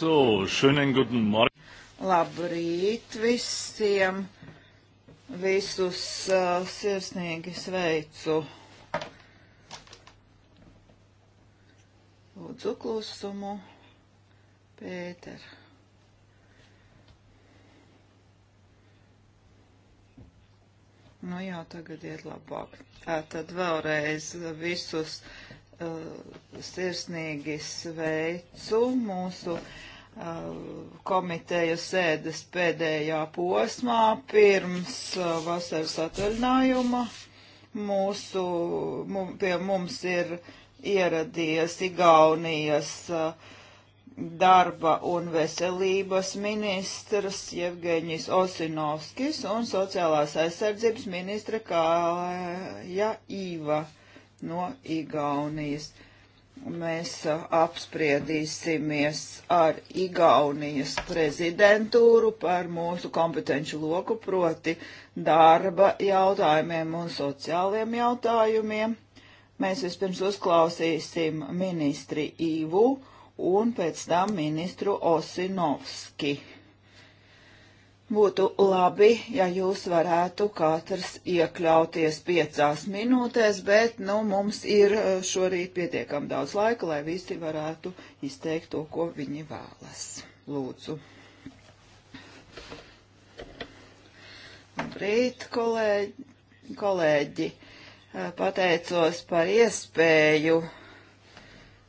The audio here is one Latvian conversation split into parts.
So, schönen guten Morgen. Labrīt visiem! Visus uh, sirsnīgi sveicu! Lūdzu klusumu, Pēter. Nu jau tagad ir labāk. Tā tad vēlreiz visus Uh, sirsnīgi sveicu mūsu uh, komiteju sēdes pēdējā posmā pirms uh, vasaras atvaļinājuma. Mūsu, mums, pie mums ir ieradies Igaunijas darba un veselības ministrs Jevgeņis Osinovskis un sociālās aizsardzības ministra Kāja Īva. Uh, no Igaunijas. Mēs apspriedīsimies ar Igaunijas prezidentūru par mūsu kompetenci loku, proti darba jautājumiem un sociāliem jautājumiem. Mēs vispirms uzklausīsim ministri Īvu un pēc tam ministru Osinovski. Būtu labi, ja jūs varētu katrs iekļauties piecās minūtēs, bet nu, mums ir eh, šorīt pietiekam daudz laika, lai visi varētu izteikt to, ko viņi vēlas. Lūdzu. Labrīt, kolēģi! kolēģi. Eh, pateicos par iespēju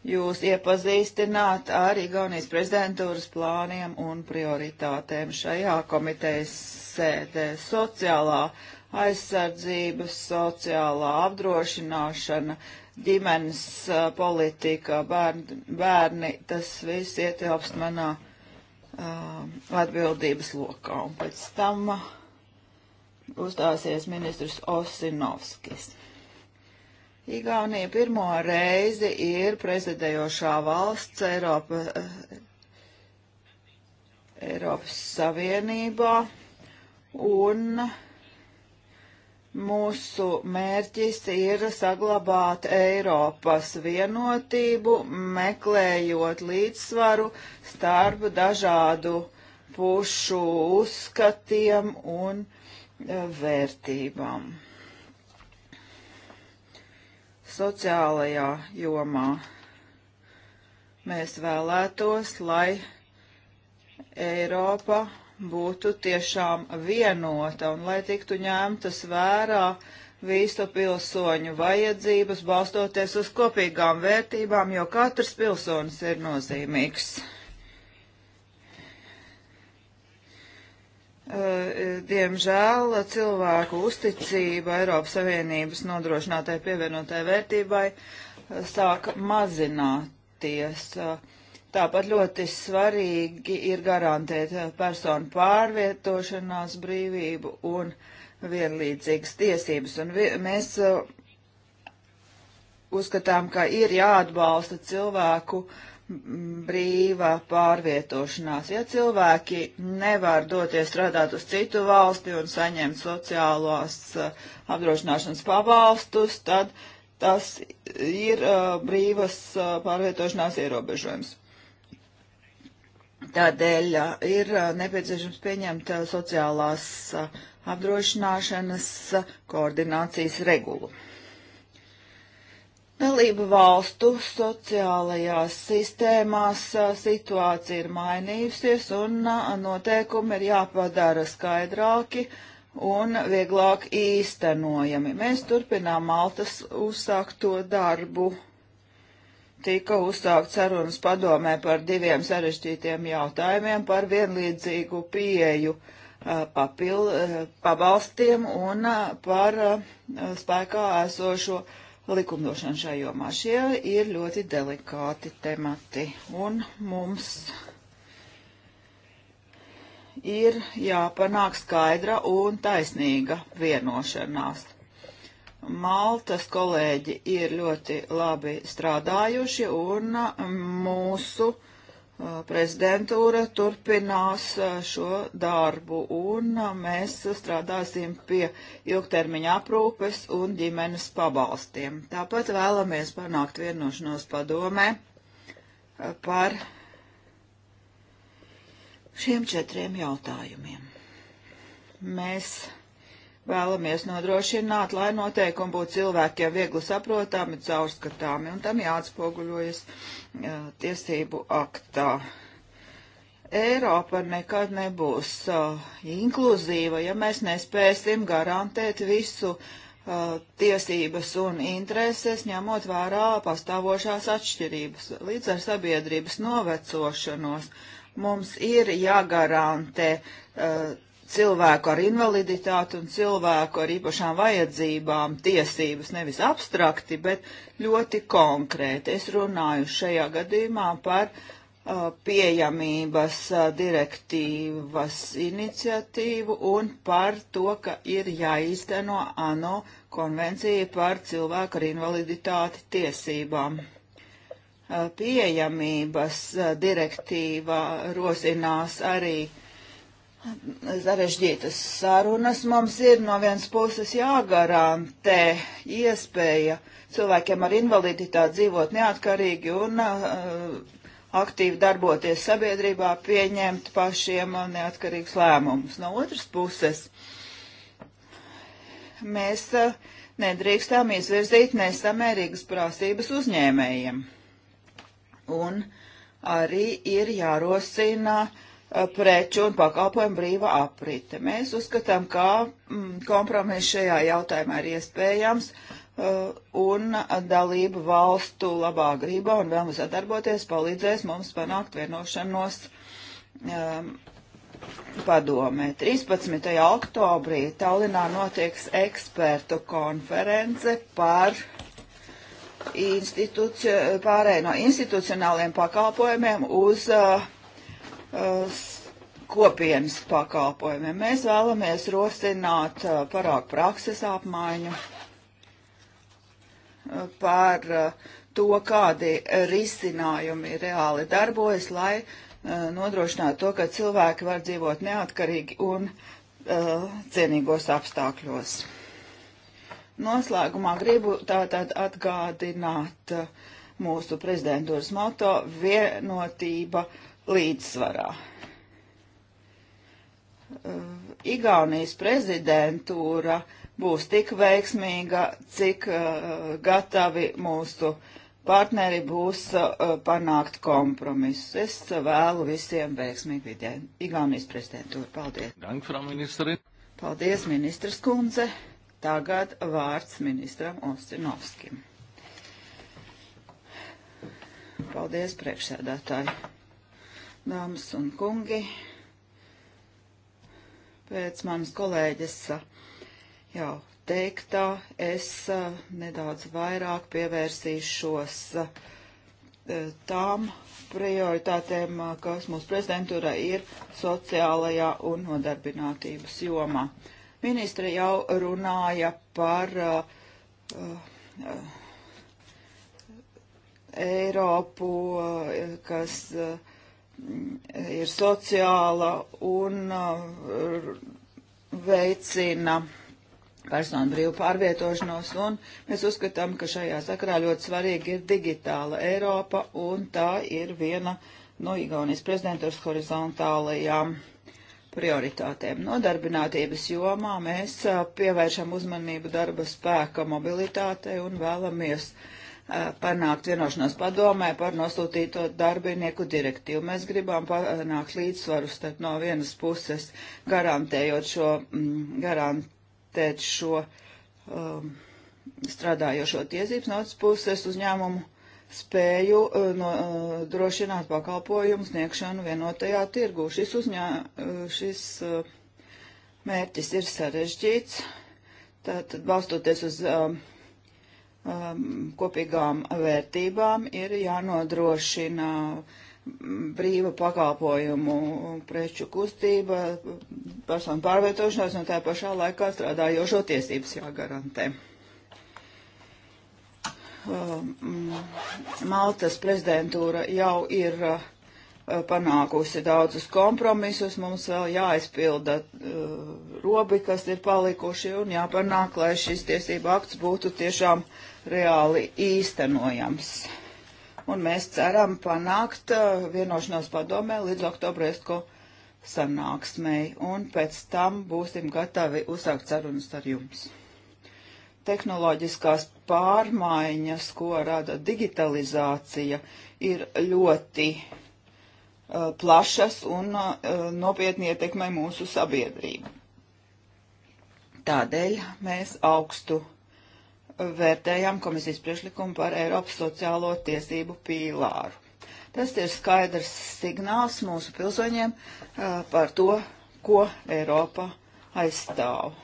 jūs iepazīstināt ar Igaunijas prezidentūras plāniem un prioritātēm šajā komitejas sēdē. Sociālā aizsardzība, sociālā apdrošināšana, ģimenes politika, bērni, bērni tas viss ietilpst manā um, atbildības lokā. Un pēc tam uzstāsies ministrs Osinovskis. Igaunija pirmo reizi ir prezidējošā valsts Eiropa, Eiropas Savienībā, un mūsu mērķis ir saglabāt Eiropas vienotību, meklējot līdzsvaru starp dažādu pušu uzskatiem un vērtībām sociālajā jomā. Mēs vēlētos, lai Eiropa būtu tiešām vienota un lai tiktu ņemtas vērā visu pilsoņu vajadzības, balstoties uz kopīgām vērtībām, jo katrs pilsonis ir nozīmīgs. Eh, diemžēl cilvēku uzticība Eiropas Savienības nodrošinātai pievienotai vērtībai eh, sāk mazināties. Eh, tāpat ļoti svarīgi ir garantēt personu pārvietošanās brīvību un vienlīdzīgas tiesības. Un vi mēs uzskatām, ka ir jāatbalsta cilvēku uh, brīvā pārvietošanās. Ja cilvēki nevar doties strādāt uz citu valsti un saņemt sociālās eh, apdrošināšanas pabalstus, tad tas ir eh, brīvas eh, pārvietošanās ierobežojums. Tādēļ ir nepieciešams pieņemt sociālās apdrošināšanas koordinācijas regulu. Dalību valstu sociālajās sistēmās situācija ir mainījusies un noteikumi ir jāpadara skaidrāki un vieglāk īstenojami. Mēs turpinām Maltas uzsākto darbu. Tika uzsākt sarunas padomē par diviem sarežģītiem jautājumiem par vienlīdzīgu pieeju papil, pabalstiem un par spēkā esošo uh, likumdošanu šajā jomā. Šie ir ļoti delikāti temati, un mums ir jāpanāk skaidra un taisnīga vienošanās. Maltas kolēģi ir ļoti labi strādājuši, un mūsu uh, prezidentūra turpinās šo darbu un mēs strādāsim pie ilgtermiņa aprūpes un ģimenes pabalstiem. Tāpat vēlamies panākt vienošanos padomē par šiem četriem jautājumiem. Mēs Vēlamies nodrošināt, lai noteikumi būtu cilvēkiem viegli saprotami, caurskatāmi, un tam jāatspoguļojas jā, eh, tiesību aktā. Eiropa nekad nebūs uh, inkluzīva, ja mēs nespēsim garantēt visu uh, tiesības un intereses, ņemot vērā pastāvošās atšķirības. Līdz ar sabiedrības novecošanos mums ir jāgarantē uh, cilvēku ar invaliditāti un cilvēku ar īpašām vajadzībām tiesības nevis abstrakti, bet ļoti konkrēti. Es runāju šajā gadījumā par uh, pieejamības uh, direktīvas iniciatīvu un par to, ka ir jāizteno ANO konvencija par cilvēku ar invaliditāti tiesībām uh, pieejamības uh, direktīva rosinās arī sarežģītas sarunas mums ir no vienas puses jāgarantē iespēja cilvēkiem ar invaliditāti dzīvot neatkarīgi un uh, aktīvi darboties sabiedrībā, pieņemt pašiem neatkarīgus lēmumus. No otras puses, mēs uh, nedrīkstām izvirzīt nesamērīgas prasības uzņēmējiem. Un arī ir jārosina uh, Eh, preču un pakalpojumu brīva aprite. Mēs uzskatām, ka mm, kompromiss šajā jautājumā ir iespējams eh, un dalību valstu labā grība un vēlme sadarboties palīdzēs mums panākt vienošanos um, padomē. 13. oktobrī Tallinā notieks ekspertu konference par pārēju no institucionāliem pakalpojumiem uz uh, Uh, kopienas pakalpojumiem. Mēs vēlamies rosināt uh, parāk prakses apmaiņu uh, par to, kādi risinājumi reāli darbojas, lai nodrošinātu to, ka cilvēki var dzīvot neatkarīgi un uh, cienīgos apstākļos. Noslēgumā gribu tātad atgādināt mūsu prezidentūras moto vienotība uh, līdzsvarā. Igaunijas prezidentūra būs tik veiksmīga, cik uh, gatavi mūsu partneri būs uh, panākt kompromisu. Es vēlu visiem veiksmīgu vidēju. Igaunijas prezidentūra, paldies. Dank, frau ministri. Paldies, ministras kundze. Tagad vārds ministram Ostinovskim. Paldies, priekšsēdētāji dāmas un kungi. Pēc manas kolēģis jau teiktā es nedaudz vairāk pievērsīšos e, tām prioritātēm, kas mūsu prezidentūra ir sociālajā un nodarbinātības jomā. Ministri jau runāja par uh, uh, Eiropu, kas uh, ir sociāla un uh, veicina personu brīvu pārvietošanos, un mēs uzskatām, ka šajā sakarā ļoti svarīgi ir digitāla Eiropa, un tā ir viena no Igaunijas prezidentūras horizontālajām prioritātēm. Nodarbinātības jomā mēs uh, pievēršam uzmanību darba spēka mobilitātei un vēlamies uh, panākt vienošanos padomē par nosūtīto darbinieku direktīvu. Mēs gribam panākt līdzsvaru starp no vienas puses garantējot šo, mm, garantēt šo um, strādājošo tiesības, no otras puses uzņēmumu spēju no, drošināt pakalpojumu sniegšanu vienotajā tirgū. Šis, uzņā, šis mērķis ir sarežģīts, tātad balstoties uz um, um, kopīgām vērtībām ir jānodrošina mm, brīva pakalpojumu preču kustība, personu pārvietošanās un tā pašā laikā strādājošo tiesības jāgarantē. Um, Maltas prezidentūra jau ir uh, panākusi daudzus kompromisus, mums vēl jāizpilda uh, robi, kas ir palikuši, un jāpanāk, lai šis tiesība akts būtu tiešām uh, reāli īstenojams. Un mēs ceram panākt uh, vienošanos padomē līdz oktobra ESCO sanāksmei, un pēc tam būsim gatavi uzsākt sarunas ar jums. Tehnoloģiskās pārmaiņas, ko rada digitalizācija, ir ļoti uh, plašas un uh, nopietni ietekmē mūsu sabiedrību. Tādēļ mēs augstu vērtējām komisijas priekšlikumu par Eiropas sociālo tiesību pīlāru. Tas ir skaidrs signāls mūsu pilsoņiem uh, par to, ko Eiropa aizstāv.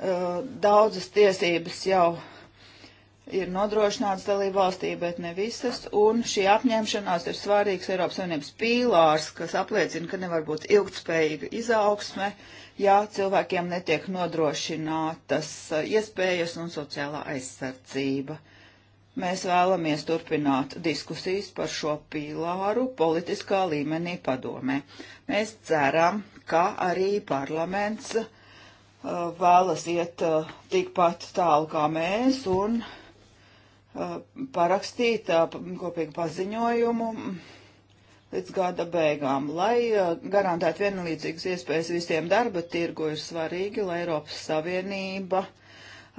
Uh, daudzas tiesības jau ir nodrošināts dalību valstī, bet ne visas, un šī apņemšanās ir svarīgs Eiropas Savienības pīlārs, kas apliecina, ka nevar būt ilgtspējīga izaugsme, uh, ja cilvēkiem netiek nodrošinātas iespējas un sociālā aizsardzība. Mēs vēlamies turpināt diskusijas par šo pīlāru politiskā līmenī padomē. Mēs ceram, ka arī parlaments uh, vēlas iet uh, tikpat tālu kā mēs un uh, parakstīt uh, kopīgu paziņojumu līdz gada beigām. Lai eh, garantētu vienlīdzīgas iespējas visiem darba tirgu, ir svarīgi, lai Eiropas Savienība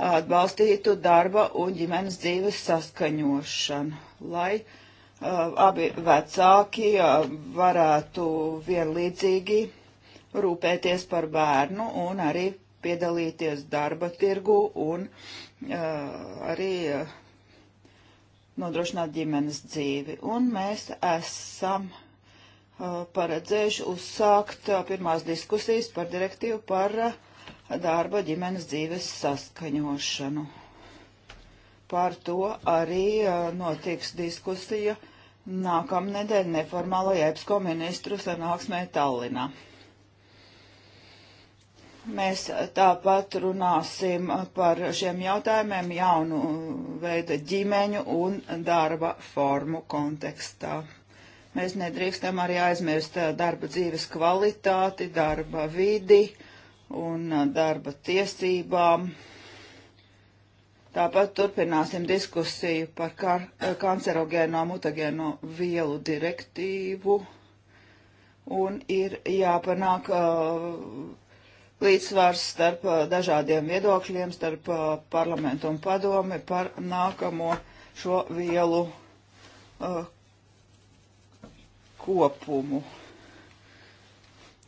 atbalstītu darba un ģimenes dzīves saskaņošanu, lai uh, abi vecāki uh, varētu vienlīdzīgi rūpēties par bērnu un arī piedalīties darba tirgu un uh, arī uh, nodrošināt ģimenes dzīvi. Un mēs esam uh, paredzējuši uzsākt uh, pirmās diskusijas par direktīvu par uh, darba ģimenes dzīves saskaņošanu. Par to arī uh, notiks diskusija nākamnedēļ neformālajā EPSCO ministru sanāksmē Tallinā. Mēs eh, tāpat runāsim par šiem jautājumiem jaunu eh, veidu ģimeņu un darba formu kontekstā. Mēs nedrīkstam arī aizmirst eh, darba dzīves kvalitāti, darba vidi un darba tiesībām. Tāpat turpināsim diskusiju par kar, kancerogēno mutagēno vielu direktīvu un ir jāpanāk uh, līdzsvars starp uh, dažādiem viedokļiem, starp uh, parlamentu un padomi par nākamo šo vielu uh, kopumu.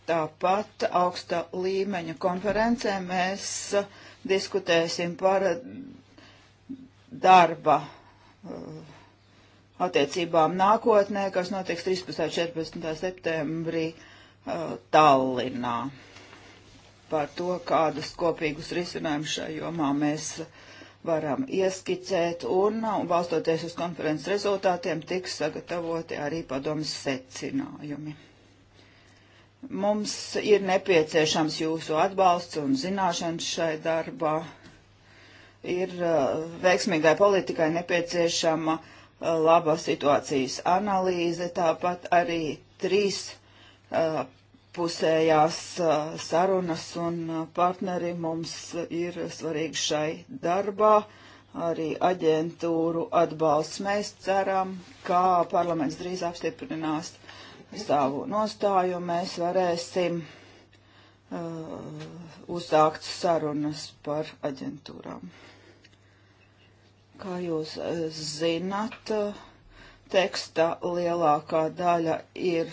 Tāpat augsta līmeņa konferencē mēs uh, diskutēsim par darba uh, attiecībām nākotnē, kas notiks 13. un 14. septembrī uh, Tallinā par to, kādus kopīgus risinājumus šajā jomā mēs varam ieskicēt, un balstoties uz konferences rezultātiem tiks sagatavoti arī padomas secinājumi. Mums ir nepieciešams jūsu atbalsts un zināšanas šai darbā. Ir uh, veiksmīgai politikai nepieciešama uh, laba situācijas analīze, tāpat arī trīs uh, divpusējās eh, sarunas un eh, partneri mums ir svarīgi šai darbā. Arī aģentūru atbalsts mēs ceram, kā parlaments drīz apstiprinās savu nostāju, mēs varēsim uh, uzsākt sarunas par aģentūrām. Kā jūs zinat, teksta lielākā daļa ir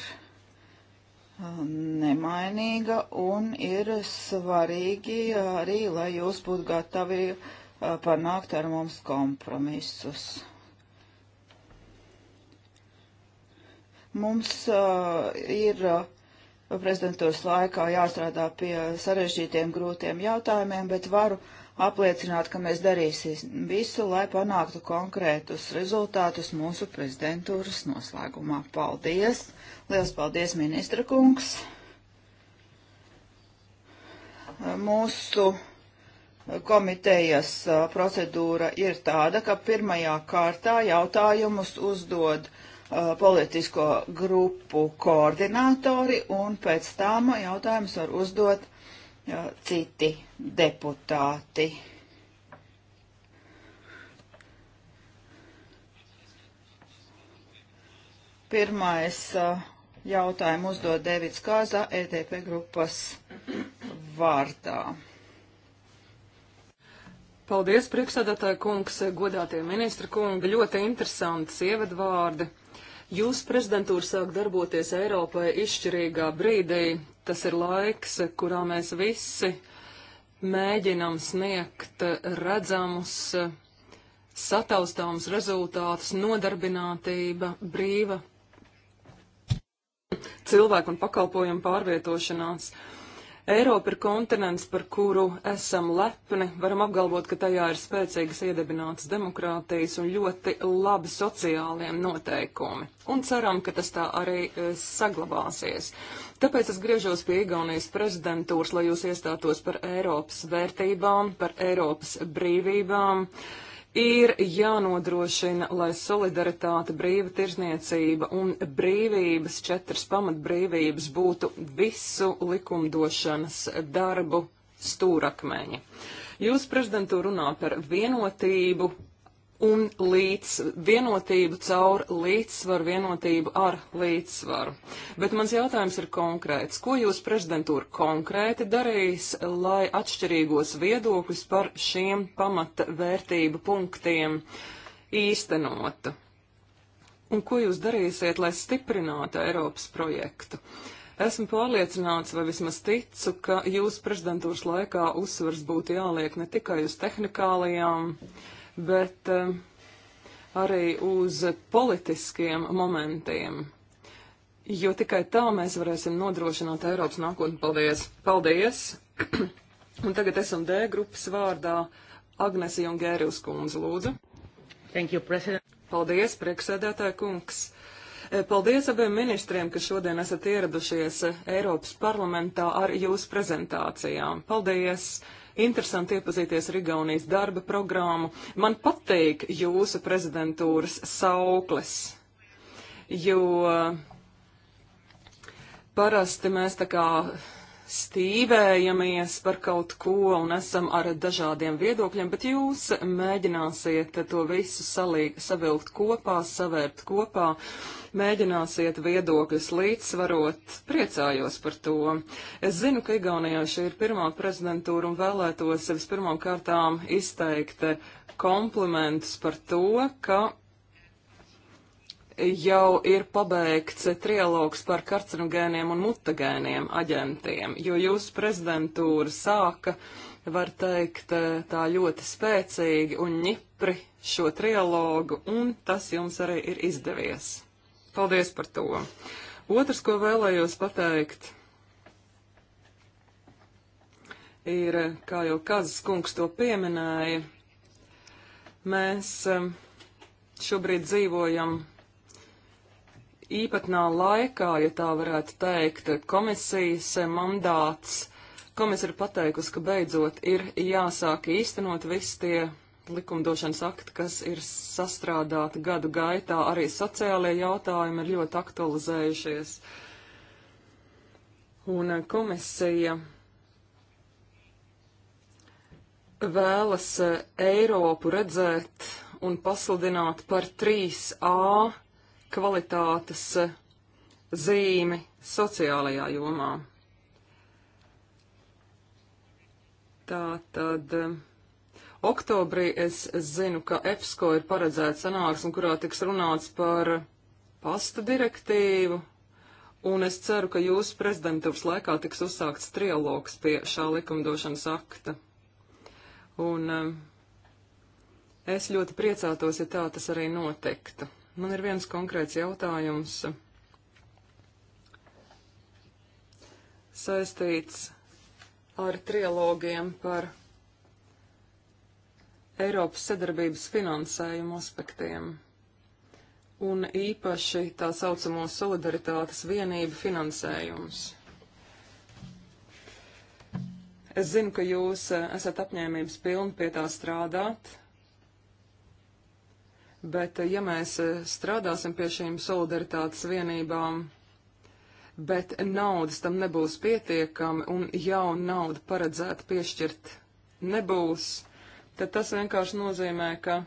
nemainīga un ir svarīgi arī, lai jūs būtu gatavi panākt ar mums kompromisus. Mums uh, ir uh, prezidentūras laikā jāstrādā pie sarežģītiem, grūtiem jautājumiem, bet varu uh, apliecināt, ka mēs darīsim visu, lai panāktu konkrētus rezultātus mūsu prezidentūras noslēgumā. Paldies! Liels paldies, ministra kungs! Mūsu komitejas procedūra ir tāda, ka pirmajā kārtā jautājumus uzdod uh, politisko grupu koordinātori un pēc tam jautājumus var uzdot citi deputāti. Pirmais uh, jautājumu uzdod Devits Kāza, ETP grupas vārdā. Paldies, priekšsēdētāja kungs, godātie ministra kungi, ļoti interesants ievadvārdi. Jūsu prezidentūra sāk darboties Eiropai izšķirīgā brīdī, tas ir laiks, kurā mēs visi mēģinam sniegt redzamus, sataustāmus rezultātus, nodarbinātība, brīva cilvēku un pakalpojumu pārvietošanās. Eiropa ir kontinents, par kuru esam lepni, varam apgalvot, ka tajā ir spēcīgas iedibinātas demokrātijas un ļoti labi sociāliem noteikumi. Un ceram, ka tas tā arī eh, saglabāsies. Tāpēc es griežos pie Igaunijas prezidentūras, lai jūs iestātos par Eiropas vērtībām, par Eiropas brīvībām. Ir jānodrošina, lai solidaritāte, brīva tirzniecība un brīvības, četras pamatbrīvības būtu visu likumdošanas darbu stūrakmeņi. Jūs prezidentu runā par vienotību, un līdz vienotību caur līdzsvaru, vienotību ar līdzsvaru. Bet mans jautājums ir konkrēts. Ko jūs prezidentūra konkrēti darīs, lai atšķirīgos viedokļus par šiem pamata vērtību punktiem īstenotu? Un ko jūs darīsiet, lai stiprinātu Eiropas projektu? Esmu pārliecināts, vai vismaz ticu, ka jūsu prezidentūras laikā uzsvars būtu jāliek ne tikai uz tehnikālajām, uh, bet eh, arī uz politiskiem momentiem. Jo tikai tā mēs varēsim nodrošināt Eiropas nākotni. Paldies! Paldies! Un tagad esam D grupas vārdā Agnese Jungērius kundze, lūdzu. Thank you, President. Paldies, prieksēdētāja kungs. Eh, paldies abiem ministriem, ka šodien esat ieradušies eh, Eiropas parlamentā ar jūsu prezentācijām. Paldies! Interesanti iepazīties ar Igaunijas darba programmu. Man patīk jūsu prezidentūras sauklis, jo parasti mēs tā kā stīvējamies par kaut ko un esam ar dažādiem viedokļiem, bet jūs mēģināsiet to visu salīg, savilkt kopā, savērt kopā, mēģināsiet viedokļus līdzsvarot, priecājos par to. Es zinu, ka Igaunijā šī ir pirmā prezidentūra un vēlētos sevis pirmām kārtām izteikt komplimentus par to, ka jau ir pabeigts trialogs par karcinogēniem un mutagēniem aģentiem, jo jūsu prezidentūra sāka, var teikt, tā ļoti spēcīgi un ņipri šo trialogu, un tas jums arī ir izdevies. Paldies par to. Otrs, ko vēlējos pateikt, ir, kā jau Kazas kungs to pieminēja, mēs um, šobrīd dzīvojam īpatnā laikā, ja tā varētu teikt, komisijas mandāts. Komisija ir pateikusi, ka beidzot ir jāsāk īstenot visi tie likumdošanas akti, kas ir sastrādāti gadu gaitā, arī sociālajie jautājumi ir ļoti aktualizējušies. Un eh, komisija vēlas eh, Eiropu redzēt un pasludināt par 3A kvalitātes eh, zīmi sociālajā jomā. Tā tad eh, oktobrī es zinu, ka EPSCO ir paredzēta sanāksme, kurā tiks runāts par pasta direktīvu, un es ceru, ka jūsu prezidentūras laikā tiks uzsākts trialogs pie šā likumdošanas akta. Un um, es ļoti priecātos, ja tā tas arī notiktu. Man ir viens konkrēts jautājums saistīts ar trilogiem par Eiropas sadarbības finansējumu aspektiem un īpaši tā saucamo solidaritātes vienību finansējums. Es zinu, ka jūs eh, esat apņēmības pilni pie tā strādāt, Bet eh, ja mēs eh, strādāsim pie šīm solidaritātes vienībām, bet naudas tam nebūs pietiekami un jauna nauda paredzēta piešķirt nebūs, tad tas vienkārši nozīmē, ka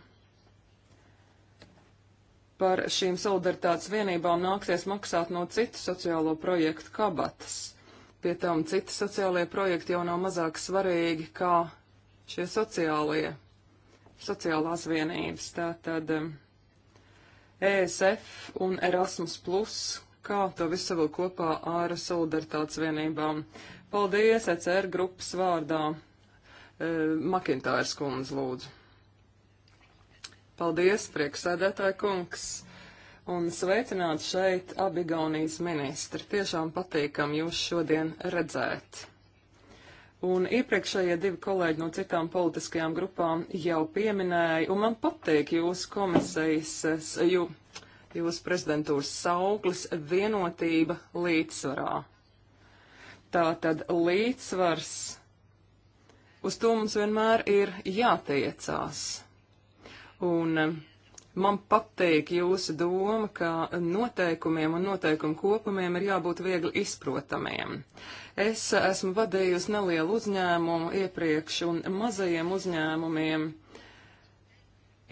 par šīm solidaritātes vienībām nāksies maksāt no citu sociālo projektu kabatas. Pie tam citi sociālie projekti jau nav mazāk svarīgi kā šie sociālie sociālās vienības, tātad um, ESF un Erasmus, plus, kā to visu savilkt kopā ar solidaritātes vienībām. Paldies, ECR grupas vārdā. Uh, Makintājas kundze, lūdzu. Paldies, prieksēdētāja kungs, un sveicināt šeit abi Gaunijas ministri. Tiešām patīkam jūs šodien redzēt. Un iepriekšējie divi kolēģi no citām politiskajām grupām jau pieminēja, un man patīk jūsu komisijas, jū, jūsu prezidentūras sauklis vienotība līdzsvarā. Tā tad līdzsvars, uz to mums vienmēr ir jātiecās. Un Man patīk jūsu doma, ka noteikumiem un noteikumu kopumiem ir jābūt viegli izprotamiem. Es esmu vadījusi nelielu uzņēmumu iepriekš, un mazajiem uzņēmumiem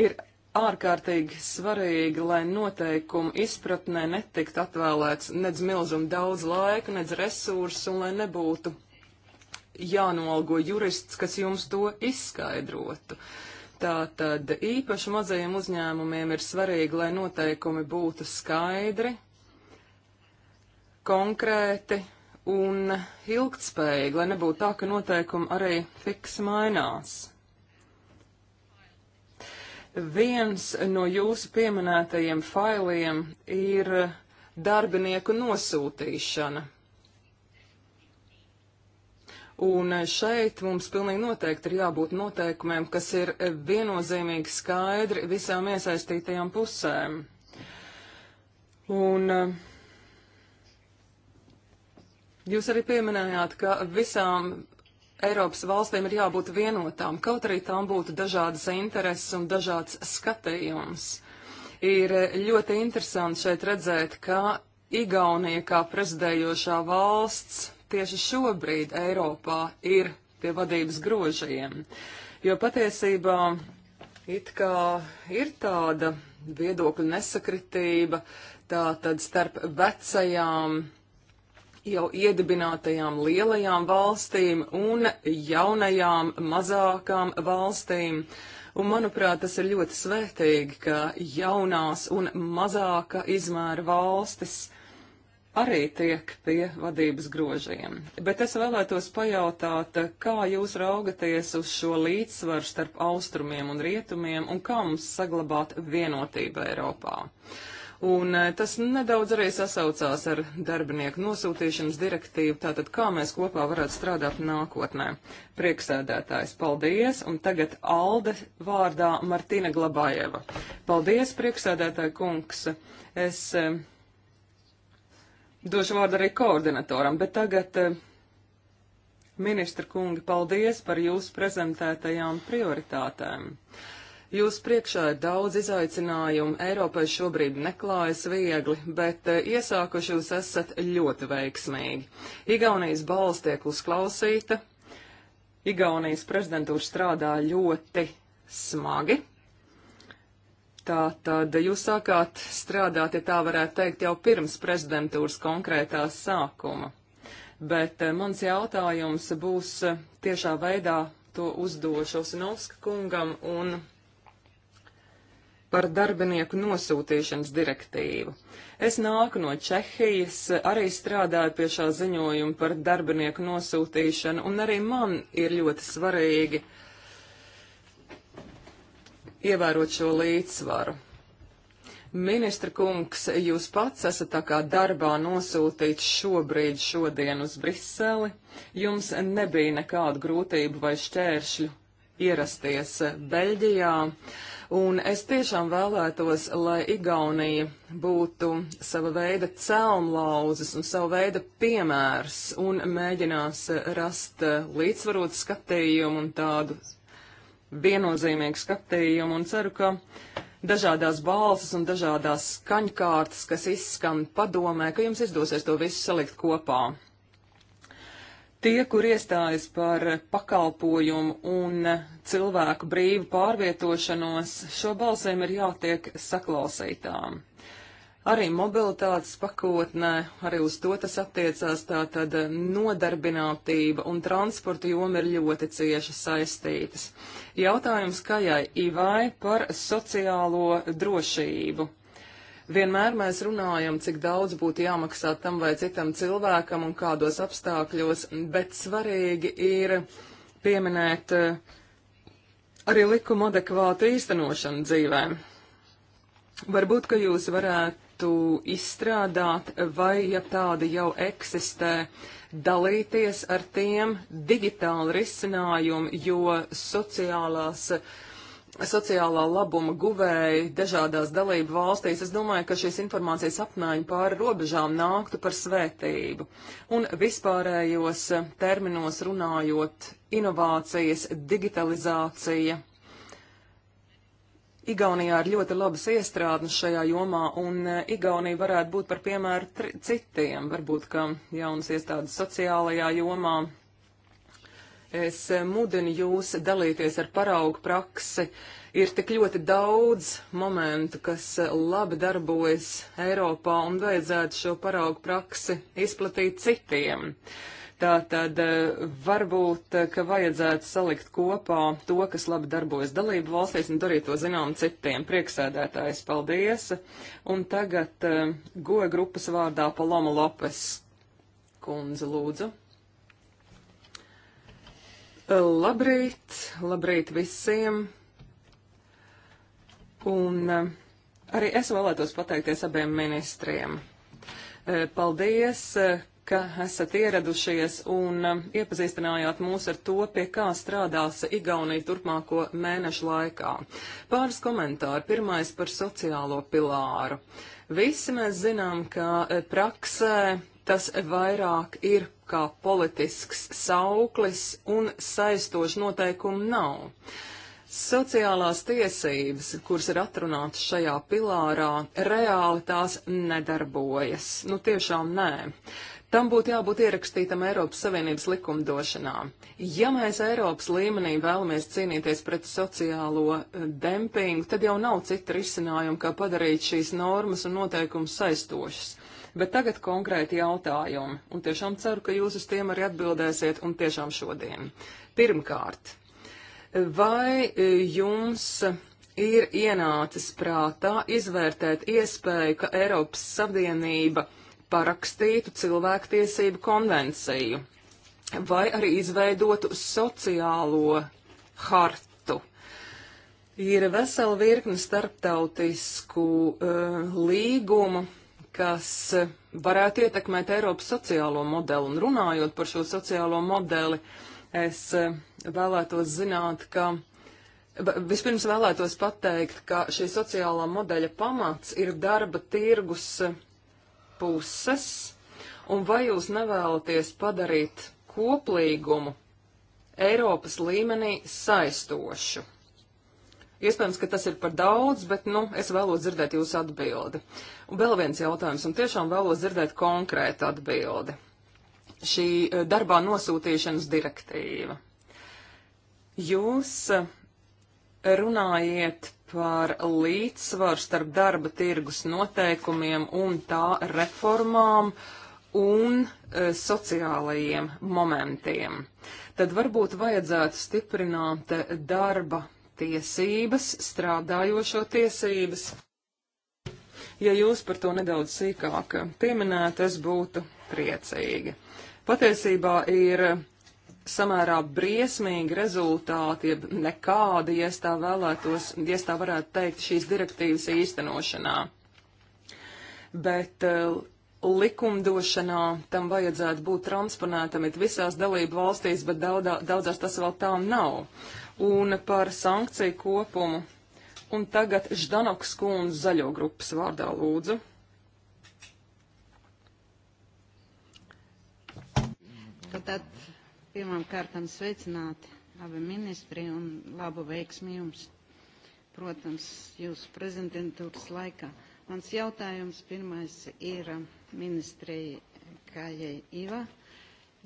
ir ārkārtīgi svarīgi, lai noteikumu izpratnē netikt atvēlēts nedz milzuma daudz laika, nedz resursu, un lai nebūtu jānolgo jurists, kas jums to izskaidrotu. Uh, Tātad īpaši mazajiem uzņēmumiem ir svarīgi, lai noteikumi būtu skaidri, konkrēti un ilgtspējīgi, lai nebūtu tā, ka noteikumi arī fiks mainās. Viens no jūsu pieminētajiem failiem ir darbinieku nosūtīšana. Un šeit mums pilnīgi noteikti ir jābūt noteikumiem, kas ir viennozīmīgi skaidri visām iesaistītajām pusēm. Un eh, jūs arī pieminējāt, ka visām Eiropas valstīm ir jābūt vienotām, kaut arī tām būtu dažādas intereses un dažāds skatījums. Ir ļoti interesanti šeit redzēt, ka Igaunija kā prezidējošā valsts tieši šobrīd Eiropā ir pie vadības grožiem. Jo patiesībā it kā ir tāda viedokļu nesakritība, tā tad starp vecajām jau iedibinātajām lielajām valstīm un jaunajām mazākām valstīm. Un, manuprāt, tas ir ļoti svētīgi, ka jaunās un mazāka izmēra valstis arī tiek pie vadības grožiem. Bet es vēlētos pajautāt, kā jūs raugaties uz šo līdzsvaru starp austrumiem un rietumiem un kā mums saglabāt vienotību Eiropā? Un eh, tas nedaudz arī sasaucās ar darbinieku nosūtīšanas direktīvu, tātad kā mēs kopā varētu strādāt nākotnē. Prieksēdētājs, paldies, un tagad Alde vārdā Martina Glabājeva. Paldies, prieksēdētāja kungs. Es eh, Došu vārdu arī koordinatoram, bet tagad, eh, ministra kungi, paldies par jūsu prezentētajām prioritātēm. Jūs priekšā ir daudz izaicinājumu, Eiropai šobrīd neklājas viegli, bet eh, iesākuši jūs esat ļoti veiksmīgi. Igaunijas balss tiek uzklausīta, Igaunijas prezidentūra strādā ļoti smagi, Tā tad jūs sākāt strādāt, ja tā varētu teikt, jau pirms prezidentūras konkrētā sākuma. Bet eh, mans jautājums būs eh, tiešā veidā to uzdošos Novska kungam un par darbinieku nosūtīšanas direktīvu. Es nāku no Čehijas, arī strādāju pie šā ziņojuma par darbinieku nosūtīšanu, un arī man ir ļoti svarīgi uh, ievērot šo līdzsvaru. Ministra kungs, jūs pats esat tā kā darbā nosūtīts šobrīd šodien uz Briseli. Jums nebija nekādu grūtību vai šķēršļu ierasties Beļģijā. Un es tiešām vēlētos, lai Igaunija būtu sava veida celmlauzes un sava veida piemērs un mēģinās rast līdzsvarot skatījumu un tādu viennozīmīgu skatījumu un ceru, ka dažādās balsis un dažādās skaņkārtas, kas izskan padomē, ka jums izdosies to visu salikt kopā. Tie, kur iestājas par pakalpojumu un cilvēku brīvu pārvietošanos, šo balsīm ir jātiek saklausītām. Arī mobilitātes pakotnē, arī uz to tas attiecās, tātad nodarbinātība un transporta joma ir ļoti cieši saistītas. Jautājums Kajai Ivai par sociālo drošību. Vienmēr mēs runājam, cik daudz būtu jāmaksā tam vai citam cilvēkam un kādos apstākļos, bet svarīgi ir pieminēt eh, arī likuma adekvātu īstenošanu dzīvē. Varbūt, ka jūs varētu varētu izstrādāt, vai ja tāda jau eksistē, dalīties ar tiem digitāli risinājumi, jo sociālās, sociālā labuma guvēji dažādās dalību valstīs, es domāju, ka šīs informācijas apmaiņa pāri robežām nāktu par svētību. Un vispārējos terminos runājot, inovācijas, digitalizācija Igaunijā ir ļoti labas iestrādnes šajā jomā, un e, Igaunija varētu būt par piemēru citiem, varbūt, ka jaunas iestādes sociālajā jomā. Es e, mudinu jūs dalīties ar paraugu praksi. Ir tik ļoti daudz momentu, kas e, labi darbojas Eiropā, un vajadzētu šo paraugu praksi izplatīt citiem. Uh, Tātad eh, varbūt, eh, ka vajadzētu salikt kopā to, kas labi darbojas dalību valstīs un darīt to zinām citiem. Prieksēdētājs, paldies! Un tagad uh, goja grupas vārdā Paloma Lopes kundze lūdzu. Labrīt, labrīt visiem! Un uh, arī es vēlētos pateikties abiem ministriem. Uh, paldies, ka esat ieradušies un um, iepazīstinājāt mūs ar to, pie kā strādās Igaunija turpmāko mēnešu laikā. Pāris komentāri. Pirmais par sociālo pilāru. Visi mēs zinām, ka e, praksē tas vairāk ir kā politisks sauklis un saistoši noteikumu nav. Sociālās tiesības, kuras ir atrunātas šajā pilārā, reāli tās nedarbojas. Nu, tiešām nē. Tam būtu jābūt ierakstītam Eiropas Savienības likumdošanā. Ja mēs Eiropas līmenī vēlamies cīnīties pret sociālo eh, dempingu, tad jau nav cita risinājuma, kā padarīt šīs normas un noteikumus saistošas. Bet tagad konkrēti jautājumi, un tiešām ceru, ka jūs uz tiem arī atbildēsiet, un tiešām šodien. Pirmkārt, vai eh, jums ir ienācis prātā izvērtēt iespēju, ka Eiropas Savienība parakstītu cilvēktiesību konvenciju vai arī izveidotu sociālo hartu. Ir vesela virkne starptautisku uh, līgumu, kas varētu ietekmēt Eiropas sociālo modeli. Un runājot par šo sociālo modeli, es uh, vēlētos zināt, ka Vispirms vēlētos pateikt, ka šī sociālā modeļa pamats ir darba tirgus puses, un vai jūs nevēlaties padarīt koplīgumu Eiropas līmenī saistošu? Iespējams, ka tas ir par daudz, bet, nu, es vēlos dzirdēt jūsu atbildi. Un vēl viens jautājums, un tiešām vēlos dzirdēt konkrētu atbildi. Šī eh, darbā nosūtīšanas direktīva. Jūs eh, runājiet par līdzsvaru starp darba tirgus noteikumiem un tā reformām un e, sociālajiem momentiem. Tad varbūt vajadzētu stiprināt e, darba tiesības, strādājošo tiesības. Ja jūs par to nedaudz sīkāk pieminētu, es būtu priecīgi. Patiesībā ir samērā briesmīgi rezultāti, ja nekādi, ja tā vēlētos, ja tā varētu teikt, šīs direktīvas īstenošanā. Bet eh, likumdošanā tam vajadzētu būt transponētam it visās dalību valstīs, bet daudā, daudzās tas vēl tā nav. Un par sankciju kopumu. Un tagad Ždanoks kundze zaļo grupas vārdā lūdzu. Tātad Pirmām kārtām sveicināti abi ministri un labu veiksmi jums, protams, jūsu prezidentūras laikā. Mans jautājums pirmais ir ministrei Kājai Iva.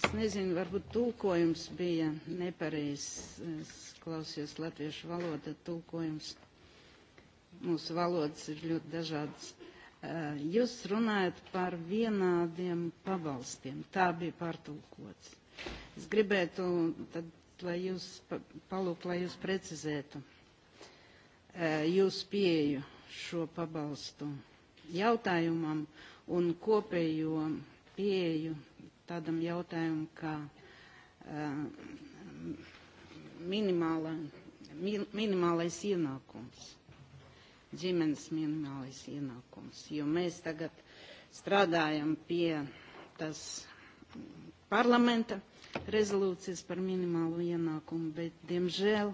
Es nezinu, varbūt tulkojums bija nepareizs. Es klausījos latviešu valoda, tulkojums. Mūsu valodas ir ļoti dažādas. Jūs runājat par vienādiem pabalstiem. Tā bija pārtulkots Es gribētu, tad, lai jūs palūk, lai jūs precizētu e, jūsu pieeju šo pabalstu jautājumam un kopējo pieeju tādam jautājumam, kā uh, minimāla, min, minimālais ienākums, ģimenes minimālais ienākums, jo mēs tagad strādājam pie tas parlamenta rezolūcijas par minimālo ienākumu, bet, diemžēl,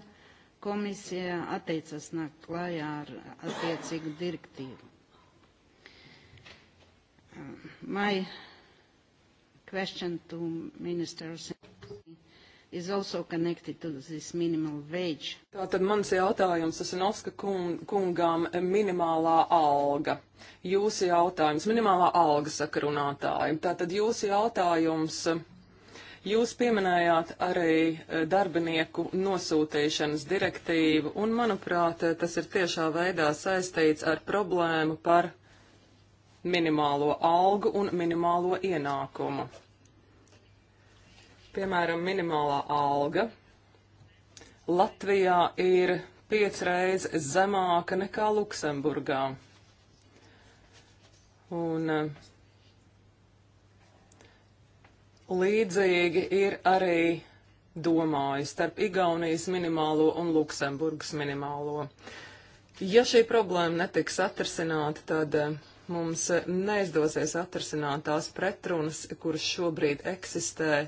komisija atteicas nākt klājā ar attiecīgu direktīvu. Um, my question to ministers is also connected to this minimal wage. Tātad mans jautājums, tas ir Noska kungām minimālā alga. Jūsu jautājums, minimālā alga sakarunātāji. Tātad jūsu jautājums Jūs pieminējāt arī e, darbinieku nosūtīšanas direktīvu, un, manuprāt, e, tas ir tiešā veidā saistīts ar problēmu par minimālo algu un minimālo ienākumu. Piemēram, minimālā alga Latvijā ir piecreiz zemāka nekā Luksemburgā. Un uh, Līdzīgi ir arī domāju starp Igaunijas minimālo un Luksemburgas minimālo. Ja šī problēma netiks atrasināta, tad eh, mums neizdosies atrasināt tās pretrunas, kuras šobrīd eksistē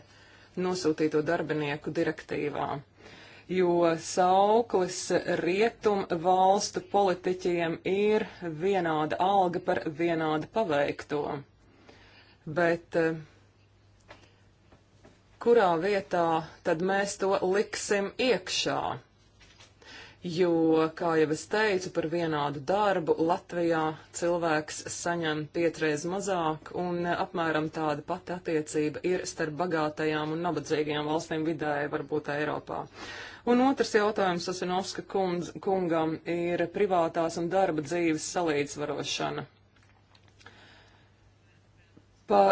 nosūtīto darbinieku direktīvā. Jo sauklis rietum valstu politiķiem ir vienāda alga par vienādu paveikto. Bet uh, kurā vietā tad mēs to liksim iekšā. Jo, kā jau es teicu, par vienādu darbu Latvijā cilvēks saņem pietreiz mazāk, un apmēram tāda pati attiecība ir starp bagātajām un nabadzīgajām valstīm vidēji, varbūt Eiropā. Un otrs jautājums Asinovska kungam ir privātās un darba dzīves salīdzvarošana. Pa,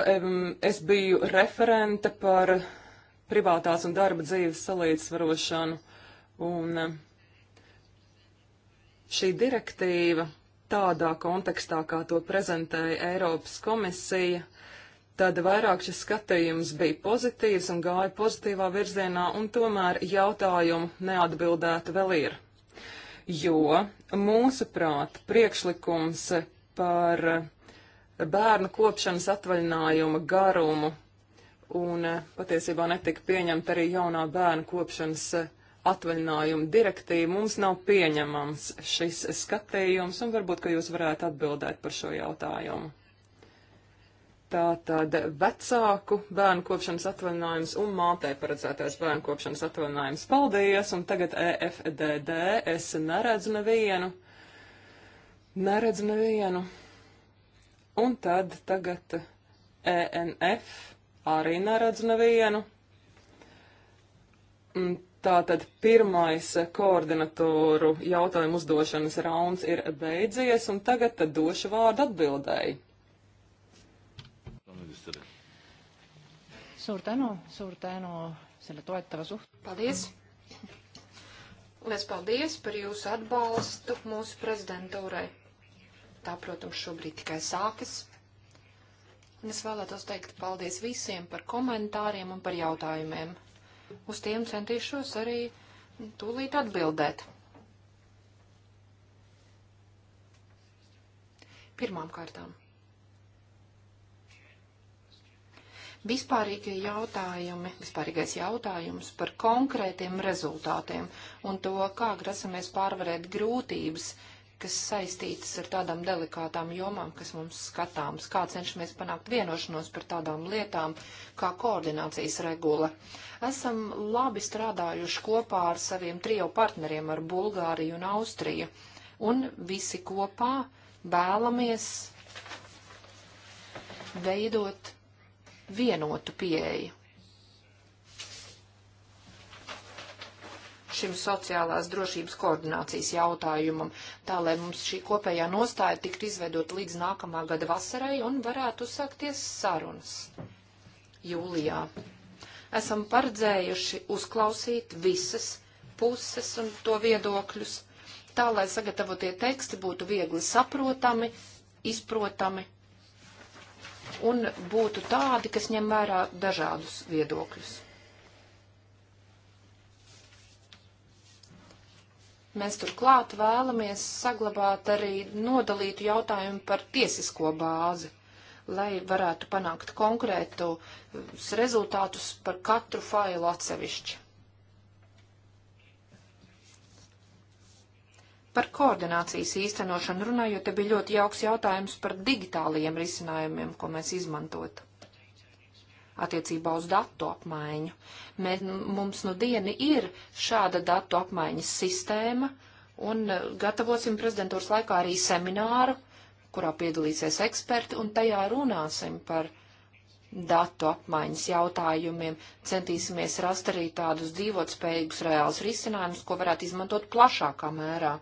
es biju referente par privātās un darba dzīves salīdzvarošanu. Un eh, šī direktīva tādā kontekstā, kā to prezentēja Eiropas komisija, tad vairāk šis skatījums bija pozitīvs un gāja pozitīvā virzienā, un tomēr jautājumu neatbildēta vēl ir. Jo, mūsuprāt, priekšlikums par bērnu kopšanas atvaļinājuma garumu un eh, patiesībā netika pieņemta arī jaunā bērnu kopšanas eh, atvaļinājuma direktīva. Mums nav pieņemams šis skatījums, un varbūt, ka jūs varētu atbildēt par šo jautājumu. Tātad vecāku bērnu kopšanas atvaļinājums un mātē paredzētais bērnu kopšanas atvaļinājums. Paldies, un tagad EFDD es neredzu nevienu. Neredzu nevienu. Un tad tagad ENF Arī neredzu nevienu. Mm, tātad pirmais koordinatoru jautājumu uzdošanas rauns ir beidzies, un tagad tad došu vārdu atbildēji. Suur tänu, suur tänu selle toetava suht-. paldies! Lies paldies par jūsu atbalstu mūsu prezidentūrai. Tā, protams, šobrīd tikai sākas. Es vēlētos teikt paldies visiem par komentāriem un par jautājumiem. Uz tiem centīšos arī tūlīt atbildēt. Pirmām kārtām. Vispārīgie jautājumi, vispārīgais jautājums par konkrētiem rezultātiem un to, kā grasamies pārvarēt grūtības, uh, kas saistītas ar tādām delikātām jomām, kas mums skatāms, kā cenšamies panākt vienošanos par tādām lietām, kā koordinācijas regula. Esam labi strādājuši kopā ar saviem trijo partneriem, ar Bulgāriju un Austriju, un visi kopā vēlamies veidot vienotu pieeju šim sociālās drošības koordinācijas jautājumam, tā lai mums šī kopējā nostāja tiktu izveidot līdz nākamā gada vasarai un varētu uzsākties sarunas jūlijā. Esam paredzējuši uzklausīt visas puses un to viedokļus, tā lai sagatavotie teksti būtu viegli saprotami, izprotami un būtu tādi, kas ņem vērā dažādus viedokļus. Mēs turklāt vēlamies saglabāt arī nodalītu jautājumu par tiesisko bāzi, lai varētu panākt konkrētus rezultātus par katru failu atsevišķi. Par koordinācijas īstenošanu runājot, te bija ļoti jauks jautājums par digitālajiem risinājumiem, ko mēs izmantotu attiecībā uz datu apmaiņu. Mē, mums nu dieni ir šāda datu apmaiņas sistēma, un e, gatavosim prezidentūras laikā arī semināru, kurā piedalīsies eksperti, un tajā runāsim par datu apmaiņas jautājumiem, centīsimies rast arī tādus dzīvotspējīgus reāls risinājumus, ko varētu izmantot plašākā mērā.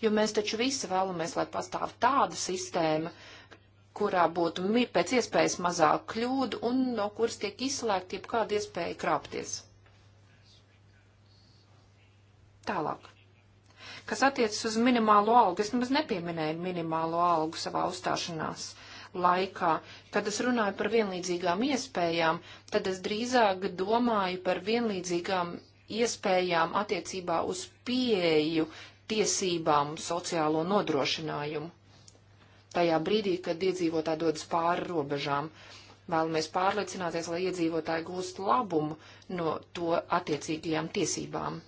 Jo mēs taču visi vēlamies, lai pastāv tāda sistēma, uh, kurā būtu pēc iespējas mazāk kļūdu un no kuras tiek izslēgta jebkāda iespēja krāpties. Tālāk. Kas attiecas uz minimālo algu, es nemaz nepieminēju minimālo algu savā uzstāšanās laikā. Kad es runāju par vienlīdzīgām iespējām, tad es drīzāk domāju par vienlīdzīgām iespējām attiecībā uz pieeju tiesībām sociālo nodrošinājumu tajā brīdī, kad iedzīvotāji dodas pāri robežām. Vēlamies pārliecināties, lai iedzīvotāji gūst labumu no to attiecīgajām tiesībām.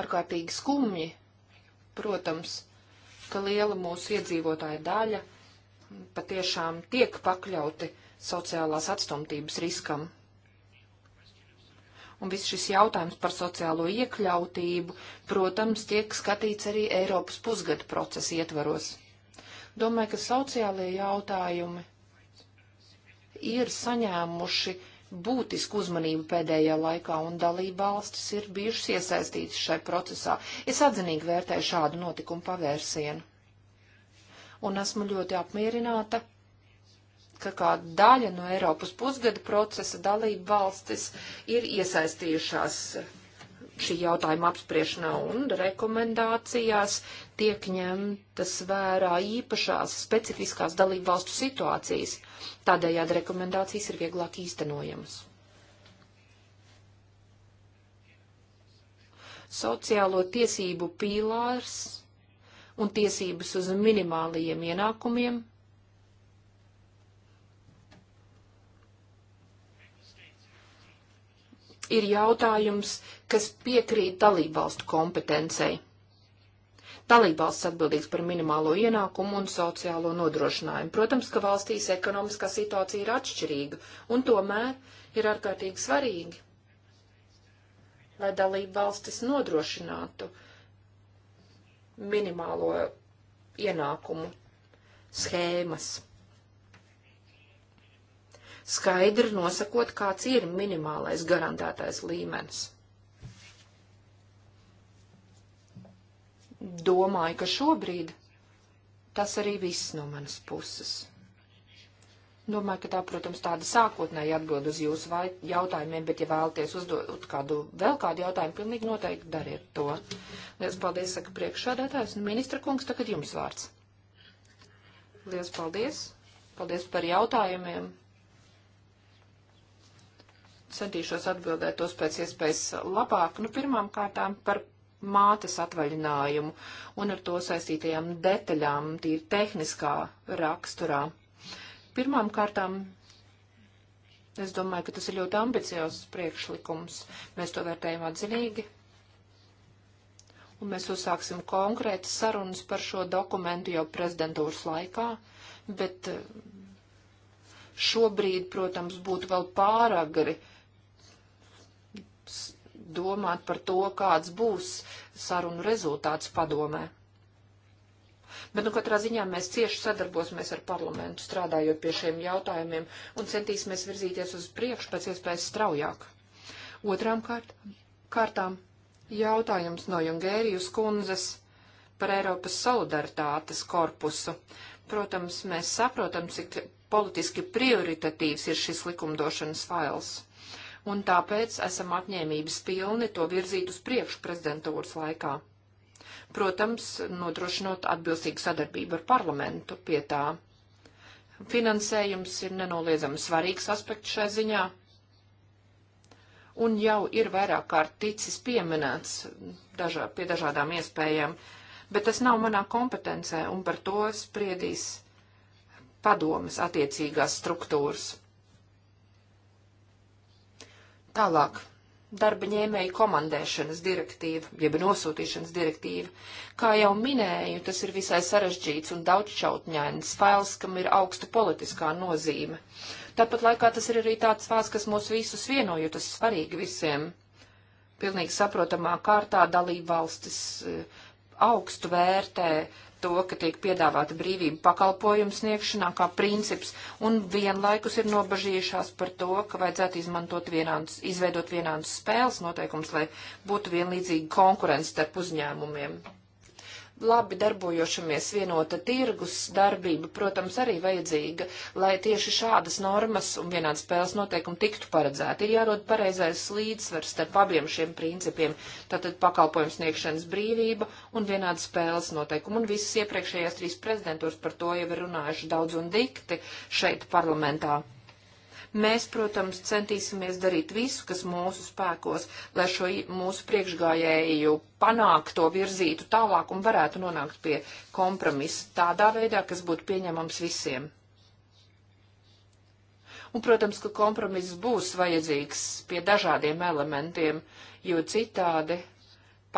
Ārkārtīgi skumji, protams, ka liela mūsu iedzīvotāja daļa patiešām tiek pakļauti sociālās atstumtības riskam un viss šis jautājums par sociālo iekļautību, protams, tiek skatīts arī Eiropas pusgada procesa ietvaros. Domāju, ka sociālie jautājumi ir saņēmuši būtisku uzmanību pēdējā laikā, un dalība valstis ir bijušas iesaistītas šai procesā. Es atzinīgi vērtēju šādu notikumu pavērsienu. Un esmu ļoti apmierināta, ka kā daļa no Eiropas pusgada procesa dalība valstis ir iesaistījušās šī jautājuma apspriešanā un rekomendācijās tiek ņemtas vērā īpašās specifiskās dalību valstu situācijas. Tādējādi rekomendācijas ir vieglāk īstenojamas. Sociālo tiesību pīlārs un tiesības uz minimālajiem ienākumiem ir jautājums, kas piekrīt dalībvalstu kompetencei. Dalībvalsts atbildīgs par minimālo ienākumu un sociālo nodrošinājumu. Protams, ka valstīs ekonomiskā situācija ir atšķirīga, un tomēr ir ārkārtīgi svarīgi, lai dalībvalstis nodrošinātu minimālo ienākumu schēmas skaidri nosakot, kāds ir minimālais garantētais līmenis. Domāju, ka šobrīd tas arī viss no manas puses. Domāju, ka tā, protams, tāda sākotnēja atbild uz jūsu jautājumiem, bet, ja vēlaties uzdot kādu, vēl kādu jautājumu, pilnīgi noteikti dariet to. Lielas paldies, saka priekšādātājs. Nu, ministra kungs, tagad jums vārds. Lielas paldies. Paldies par jautājumiem centīšos atbildēt tos pēc iespējas labāk. Nu, pirmām kārtām par mātes atvaļinājumu un ar to saistītajām detaļām, tīri tehniskā raksturā. Pirmām kārtām Es domāju, ka tas ir ļoti ambiciozs priekšlikums. Mēs to vērtējam atzinīgi. Un mēs uzsāksim konkrētas sarunas par šo dokumentu jau prezidentūras laikā, bet eh, šobrīd, protams, būtu vēl pāragri domāt par to, kāds būs sarunu rezultāts padomē. Bet, nu, katrā ziņā mēs cieši sadarbosimies ar parlamentu, strādājot pie šiem jautājumiem un centīsimies virzīties uz priekšu pēc iespējas straujāk. Otrām kārt, kārtām jautājums no Jungērijas kundzes par Eiropas solidaritātes korpusu. Protams, mēs saprotam, cik politiski prioritatīvs ir šis likumdošanas fails un tāpēc esam apņēmības pilni to virzīt uz priekšu prezidentūras laikā. Protams, nodrošinot atbilstīgu sadarbību ar parlamentu pie tā. Finansējums ir nenoliedzami svarīgs aspekts šai ziņā, un jau ir vairāk kārt ticis pieminēts dažā, pie dažādām iespējām, bet tas nav manā kompetencē, un par to spriedīs padomas attiecīgās struktūras. Tālāk darba ņēmēju komandēšanas direktīva, jeb nosūtīšanas direktīva. Kā jau minēju, tas ir visai sarežģīts un daudzšķautņains fails, kam ir augsta politiskā nozīme. Tāpat laikā tas ir arī tāds fails, kas mūs visus vieno, jo tas ir svarīgi visiem. Pilnīgi saprotamā kārtā dalība valstis eh, augstu vērtē to, ka tiek piedāvāta brīvība pakalpojumu sniegšanā kā princips, un vienlaikus ir nobažījušās par to, ka vajadzētu izmantot vienādus, izveidot vienādus spēles noteikumus, lai būtu vienlīdzīga konkurence starp uzņēmumiem labi darbojošamies vienota tirgus darbība, protams, arī vajadzīga, lai tieši šādas normas un vienādas spēles noteikumi tiktu paredzēti. Ir jārod pareizais līdzsvars starp abiem šiem principiem - tātad pakalpojums sniegšanas brīvība un vienādas spēles noteikumi. Un visas iepriekšējās trīs prezidentūras par to jau ir runājuši daudz un dikti šeit parlamentā. Mēs, protams, centīsimies darīt visu, kas mūsu spēkos, lai šo mūsu priekšgājēju panākto virzītu tālāk un varētu nonākt pie kompromisa tādā veidā, kas būtu pieņemams visiem. Un, protams, ka kompromiss būs vajadzīgs pie dažādiem elementiem, jo citādi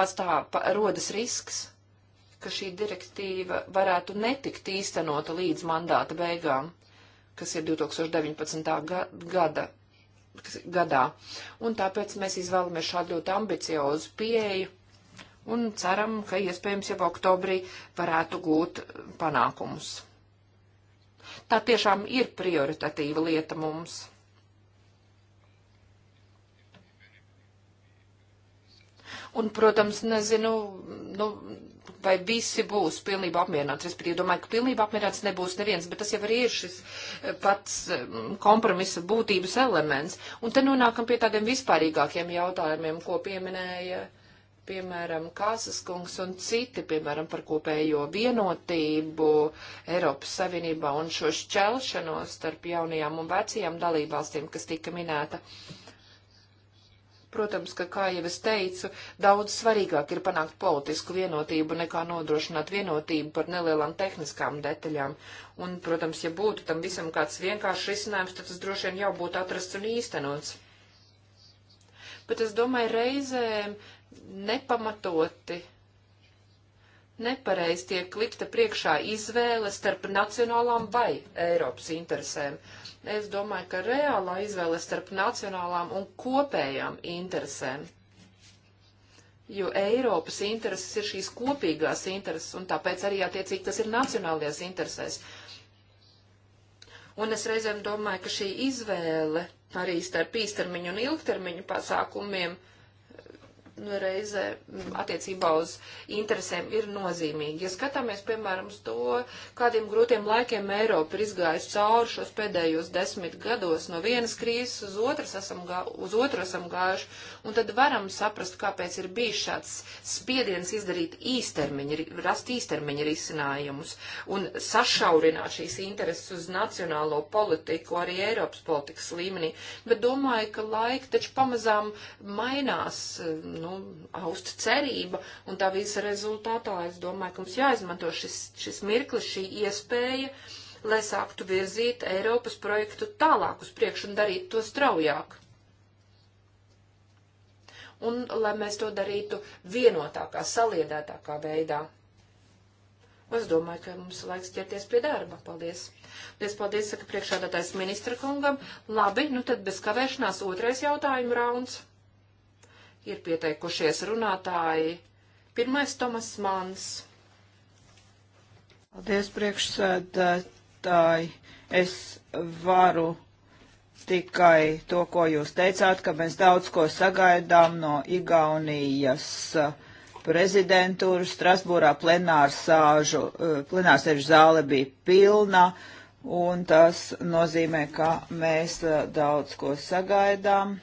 pastāv, pa, rodas risks, ka šī direktīva varētu netikt īstenota līdz mandāta beigām kas ir 2019. gada, gadā. Un tāpēc mēs izvēlamies šādu ļoti ambiciozu pieeju un ceram, ka iespējams jau oktobrī varētu gūt panākumus. Tā tiešām ir prioritatīva lieta mums. Un, protams, nezinu, nu, vai visi būs pilnībā apmierināti. Respektīvi, domāju, ka pilnībā apmierināts nebūs neviens, bet tas jau arī ir šis eh, pats mm, kompromisa būtības elements. Un te nonākam pie tādiem vispārīgākiem jautājumiem, ko pieminēja, piemēram, Kāsas kungs un citi, piemēram, par kopējo vienotību Eiropas Savienībā un šo šķelšanos starp jaunajām un vecajām dalībvalstīm, kas tika minēta. Uh, Protams, ka, kā jau es teicu, daudz svarīgāk ir panākt politisku vienotību nekā nodrošināt vienotību par nelielām tehniskām detaļām. Un, protams, ja būtu tam visam kāds vienkāršs risinājums, tad tas droši vien jau būtu atrasts un īstenots. Bet es domāju, reizēm nepamatoti nepareiz tiek likta priekšā izvēle starp nacionālām vai Eiropas interesēm. Es domāju, ka reālā izvēle starp nacionālām un kopējām interesēm. Jo Eiropas intereses ir šīs kopīgās intereses, un tāpēc arī attiecīgi tas ir nacionālajās interesēs. Un es reizēm domāju, ka šī izvēle arī starp īstermiņu un ilgtermiņu pasākumiem uh, Nu, reizē mm, attiecībā uz interesēm ir nozīmīgi. Ja skatāmies, piemēram, uz to, kādiem grūtiem laikiem Eiropa ir izgājusi cauri šos pēdējos desmit gados, no vienas krīzes uz, otras esam gā, uz otru esam gājuši, un tad varam saprast, kāpēc ir bijis šāds spiediens izdarīt īstermiņa, rast īstermiņa risinājumus un sašaurināt šīs intereses uz nacionālo politiku, arī Eiropas politikas līmenī. Bet domāju, ka laika taču pamazām mainās mm, nu, aust cerība, un tā visa rezultātā es domāju, ka mums jāizmanto šis, šis mirklis, šī iespēja, lai sāktu virzīt Eiropas projektu tālāk uz priekšu un darīt to straujāk. Un lai mēs to darītu vienotākā, saliedētākā veidā. Es domāju, ka mums laiks ķerties pie darba. Paldies. Paldies, paldies, saka priekšādātais ministra kungam. Labi, nu tad bez kavēšanās otrais jautājuma rauns ir pieteikušies runātāji. Pirmais Tomas Mans. Paldies, priekšsēdētāji. Es varu tikai to, ko jūs teicāt, ka mēs daudz ko sagaidām no Igaunijas uh, prezidentūru. Strasbūrā plenārsāžu, uh, plenārsēžu zāle bija pilna, un tas nozīmē, ka mēs uh, daudz ko sagaidām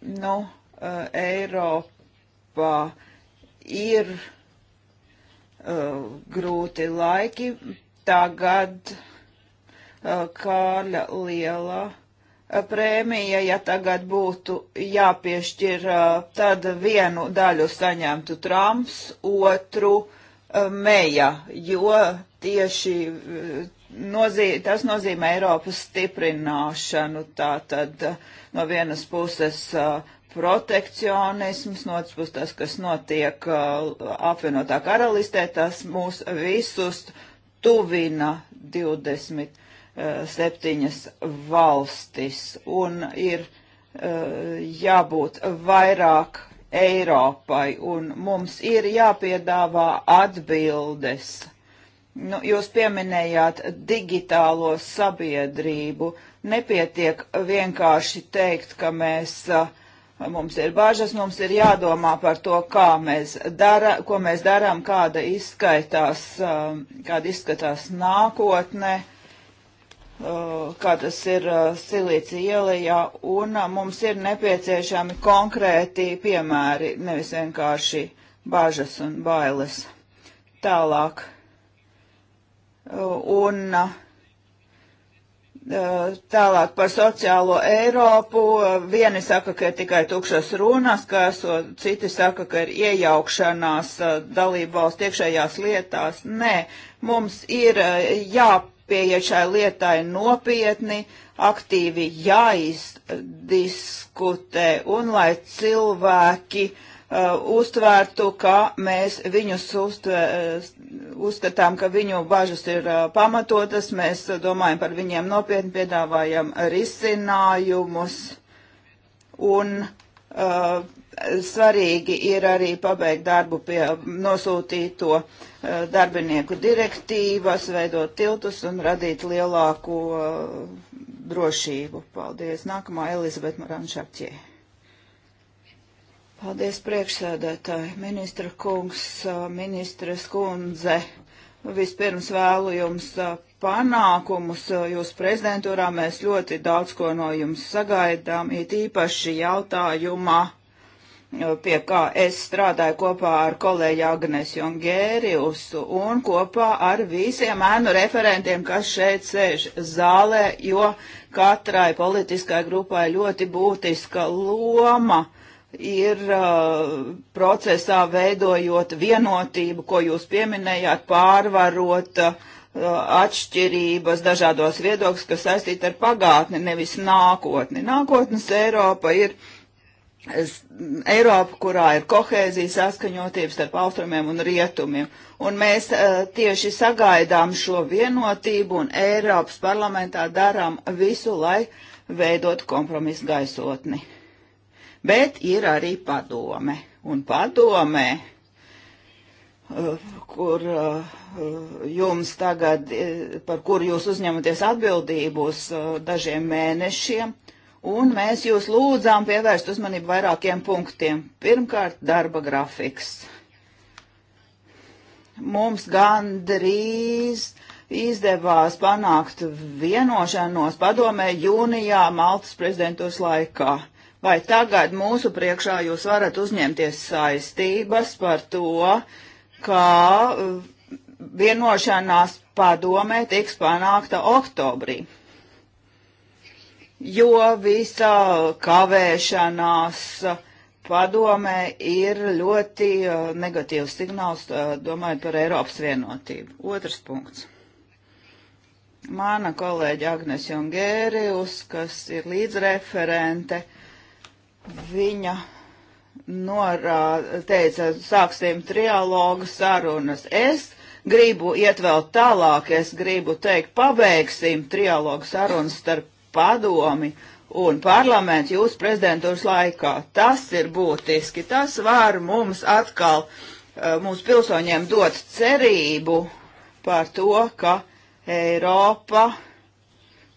nu, eh, Eiropā ir eh, grūti laiki. Tagad eh, Kārļa liela prēmija, ja tagad būtu jāpiešķir, tad vienu daļu saņemtu Trumps, otru Meja, jo tieši nozī, tas nozīmē Eiropas stiprināšanu, tātad eh, no vienas puses eh, protekcionisms, no otras puses tas, kas notiek eh, apvienotā karalistē, tas mūs visus tuvina 27 valstis un ir jābūt vairāk Eiropai un mums ir jāpiedāvā atbildes Nu, jūs pieminējāt digitālo sabiedrību. Nepietiek vienkārši teikt, ka mēs, mums ir bažas, mums ir jādomā par to, kā mēs dara, ko mēs darām, kāda izskaitās, kāda izskatās nākotne, kā tas ir Silīcija ielijā, un mums ir nepieciešami konkrēti piemēri, nevis vienkārši bažas un bailes. Tālāk un eh, tālāk par sociālo Eiropu. Vieni saka, ka ir tikai tukšas runas, ka esot, citi saka, ka ir iejaukšanās eh, dalību valsts iekšējās lietās. Nē, mums ir eh, jāpieiet šai lietai nopietni, aktīvi jāizdiskutē un lai cilvēki uh, Uh, uztvērtu, ka mēs viņus uztver, uh, uzskatām, ka viņu bažas ir uh, pamatotas, mēs uh, domājam par viņiem nopietni, piedāvājam risinājumus. Un uh, svarīgi ir arī pabeigt darbu pie nosūtīto uh, darbinieku direktīvas, veidot tiltus un radīt lielāku drošību. Paldies. Nākamā Elizabete Moranšakķie. Paldies, priekšsēdētāji, ministra kungs, ministres kundze. Vispirms vēlu jums panākumus jūsu prezidentūrā. Mēs ļoti daudz ko no jums sagaidām, it īpaši jautājumā, pie kā es strādāju kopā ar kolēģi Agnes Jongēriusu un kopā ar visiem ēnu referentiem, kas šeit sēž zālē, jo katrai politiskai grupai ļoti būtiska loma ir uh, procesā veidojot vienotību, ko jūs pieminējāt, pārvarot uh, atšķirības dažādos viedokļos, kas saistīti ar pagātni, nevis nākotni. Nākotnes Eiropa ir es, Eiropa, kurā ir kohēzija saskaņotības starp austrumiem un rietumiem. Un mēs uh, tieši sagaidām šo vienotību un Eiropas parlamentā darām visu, lai veidot kompromisu gaisotni bet ir arī padome. Un padomē, eh, kur eh, jums tagad, eh, par kuru jūs uzņematies atbildību uz dažiem mēnešiem, un mēs jūs lūdzām pievērst uzmanību vairākiem punktiem. Pirmkārt, darba grafiks mums gandrīz izdevās panākt vienošanos padomē jūnijā Maltas prezidentūras laikā vai tagad mūsu priekšā jūs varat uzņemties saistības par to, ka uh, vienošanās padomē tiks panākta oktobrī. Jo visa kavēšanās padomē ir ļoti uh, negatīvs signāls, uh, domājot par Eiropas vienotību. Otrs punkts. Mana kolēģa Agnes Jungērius, kas ir līdzreferente, uh, viņa norāda, teica, sāksim trialogu sarunas. Es gribu iet vēl tālāk, es gribu teikt, pabeigsim trialogu sarunas starp padomi un parlamentu jūsu prezidentūras laikā. Tas ir būtiski, tas var mums atkal, eh, mūsu pilsoņiem dot cerību par to, ka Eiropa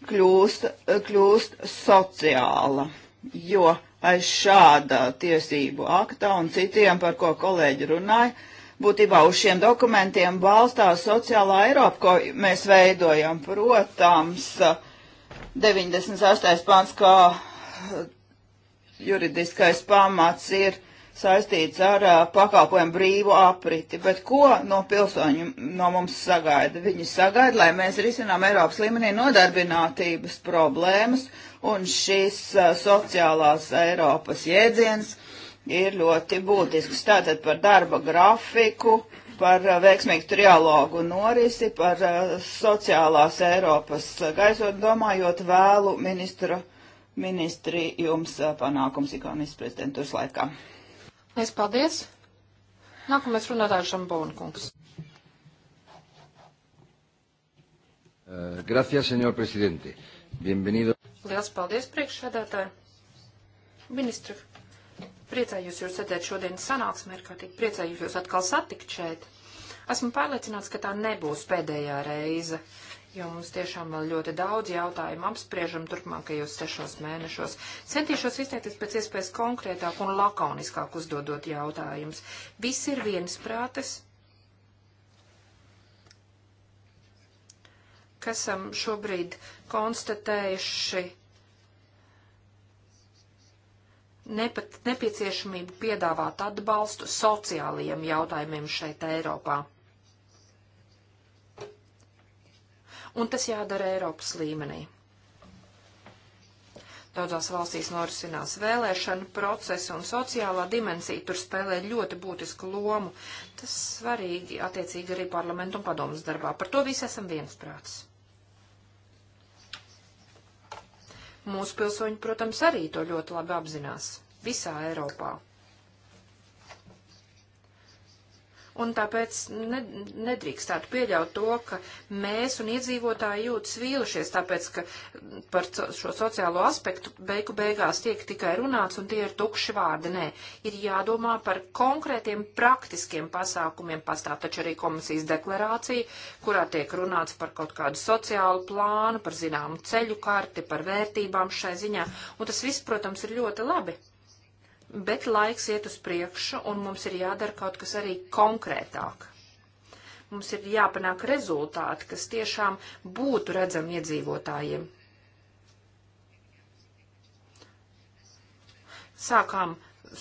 kļūst, kļūst sociāla, jo aiz šāda tiesību akta un citiem, par ko kolēģi runāja. Būtībā uz šiem dokumentiem balstās sociālā Eiropa, ko mēs veidojam. Protams, 98. pāns, kā juridiskais pamats ir saistīts ar uh, pakalpojumu brīvu apriti, bet ko no pilsoņu no mums sagaida? Viņi sagaida, lai mēs risinām Eiropas līmenī nodarbinātības problēmas un šis uh, sociālās Eiropas jēdziens ir ļoti būtisks. Tātad par darba grafiku, par uh, veiksmīgu trialogu norisi, par uh, sociālās Eiropas gaisot, domājot vēlu ministru, ministri jums panākums Igaunijas prezidentūras laikā. Es paldies. Nākamais runātājs Šambona kungs. Eh, gracias, señor presidente. Bienvenido. Liels paldies, priekšsēdētāji. Ministra, priecājos jūs redzēt šodien sanāksmē, kā tik priecājos jūs atkal satikt šeit. Esmu pārliecināts, ka tā nebūs pēdējā reize, jo mums tiešām vēl ļoti daudz jautājumu apspriežam turpmākajos sešos mēnešos. Centīšos izteikties pēc iespējas konkrētāk un lakoniskāk uzdodot jautājumus. Viss ir vienas prātes, ka esam šobrīd konstatējuši nepat, nepieciešamību piedāvāt atbalstu sociālajiem jautājumiem šeit Eiropā. Un tas jādara Eiropas līmenī. Daudzās valstīs norisinās vēlēšana procesi un sociālā dimensija tur spēlē ļoti būtisku lomu. Tas svarīgi attiecīgi arī parlamentu un padomas darbā. Par to visi esam viensprāts. Mūsu pilsoņi, protams, arī to ļoti labi apzinās visā Eiropā. un tāpēc nedrīkstētu pieļaut to, ka mēs un iedzīvotāji jūtas vīlušies, tāpēc, ka par šo sociālo aspektu beigu beigās tiek tikai runāts un tie ir tukši vārdi. Nē, ir jādomā par konkrētiem praktiskiem pasākumiem. Pastāv taču arī komisijas deklarācija, kurā tiek runāts par kaut kādu sociālu plānu, par zināmu ceļu karti, par vērtībām šai ziņā, un tas viss, protams, ir ļoti labi bet laiks iet uz priekšu un mums ir jādara kaut kas arī konkrētāk. Mums ir jāpanāk rezultāti, kas tiešām būtu redzami iedzīvotājiem. Sākām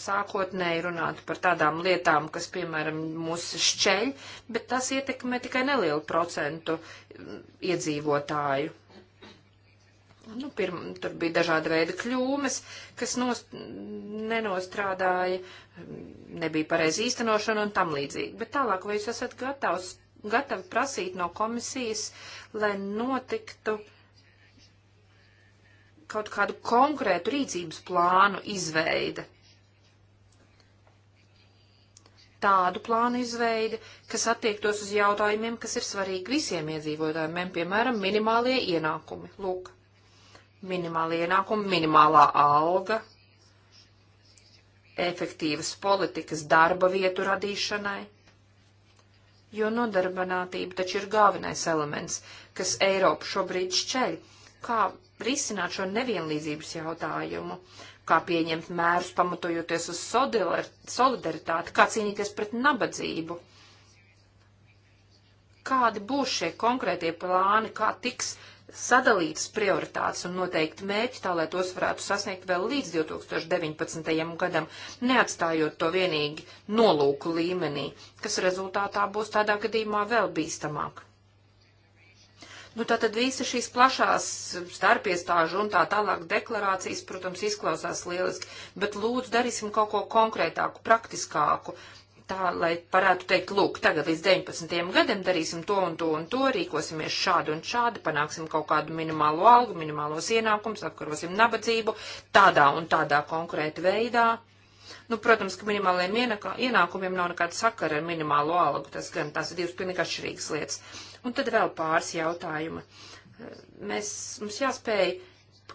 sākotnēji runāt par tādām lietām, kas, piemēram, mūs šķeļ, bet tas ietekmē tikai nelielu procentu iedzīvotāju. Nu, pirm, tur bija dažāda veida kļūmes, kas nost, nenostrādāja, nebija pareizi īstenošana un tam līdzīgi. Bet tālāk, vai jūs esat gatavs, gatavi prasīt no komisijas, lai notiktu kaut kādu konkrētu rīcības plānu izveide? tādu plānu izveidi, kas attiektos uz jautājumiem, kas ir svarīgi visiem iedzīvotājiem, piemēram, minimālie ienākumi. Lūk minimāla ienākuma, minimālā alga, efektīvas politikas darba vietu radīšanai, jo nodarbinātība taču ir galvenais elements, kas Eiropu šobrīd šķeļ. Kā risināt šo nevienlīdzības jautājumu, kā pieņemt mērus pamatojoties uz solidaritāti, kā cīnīties pret nabadzību? Kādi būs šie konkrētie plāni, kā tiks sadalītas prioritātes un noteikti mērķi, tā lai tos varētu sasniegt vēl līdz 2019. gadam, neatstājot to vienīgi nolūku līmenī, kas rezultātā būs tādā gadījumā vēl bīstamāk. Nu, tātad visa šīs plašās starpiestāžu un tā tālāk deklarācijas, protams, izklausās lieliski, bet lūdzu darīsim kaut ko konkrētāku, praktiskāku, tā, lai varētu teikt, lūk, tagad līdz 19. gadam darīsim to un to un to, rīkosimies šādi un šādi, panāksim kaut kādu minimālo algu, minimālos ienākums, apkarosim nabadzību tādā un tādā konkrēta veidā. Nu, protams, ka minimāliem ienākumiem nav nekāda sakara ar minimālo algu, tas gan tās ir divas pilnīgi atšķirīgas lietas. Un tad vēl pāris jautājuma. Mēs, mums jāspēj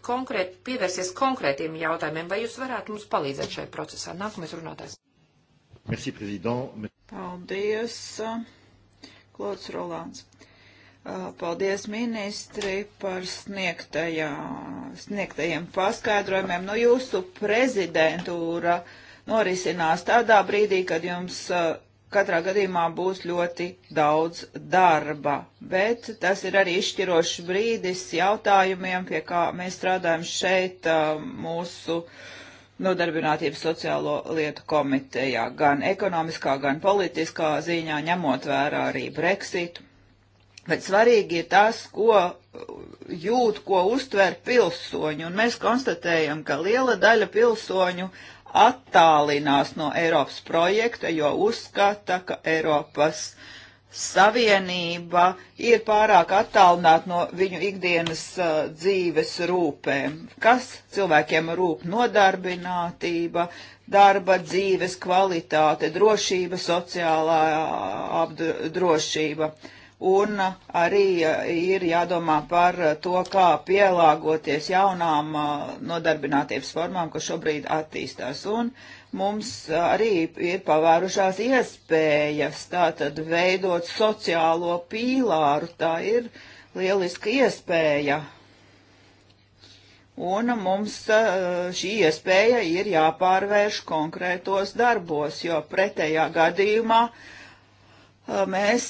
konkrēt, pievērsties konkrētiem jautājumiem, vai jūs varētu mums palīdzēt šajā procesā. Nākamais runātājs. Merci, prezident. Paldies, Klods Rolāns. Paldies, ministri, par sniegtajā, sniegtajiem paskaidrojumiem. Nu, jūsu prezidentūra norisinās tādā brīdī, kad jums uh, katrā gadījumā būs ļoti daudz darba, bet tas ir arī izšķirošs brīdis jautājumiem, pie kā mēs strādājam šeit uh, mūsu uh, Nodarbinātības sociālo lietu komitejā gan ekonomiskā, gan politiskā ziņā, ņemot vērā arī Brexitu. Bet svarīgi ir tas, ko jūt, ko uztver pilsoņi, un mēs konstatējam, ka liela daļa pilsoņu attālinās no Eiropas projekta, jo uzskata, ka Eiropas uh, Savienība ir pārāk attālināta no viņu ikdienas uh, dzīves rūpēm. Kas cilvēkiem rūp nodarbinātība, darba dzīves kvalitāte, drošība, sociālā uh, apdrošība. Un uh, arī uh, ir jādomā par to, kā pielāgoties jaunām uh, nodarbinātības formām, kas šobrīd attīstās. Un uh, mums arī ir pavērušās iespējas tātad veidot sociālo pīlāru. Tā ir lieliska iespēja. Un mums šī iespēja ir jāpārvērš konkrētos darbos, jo pretējā gadījumā mēs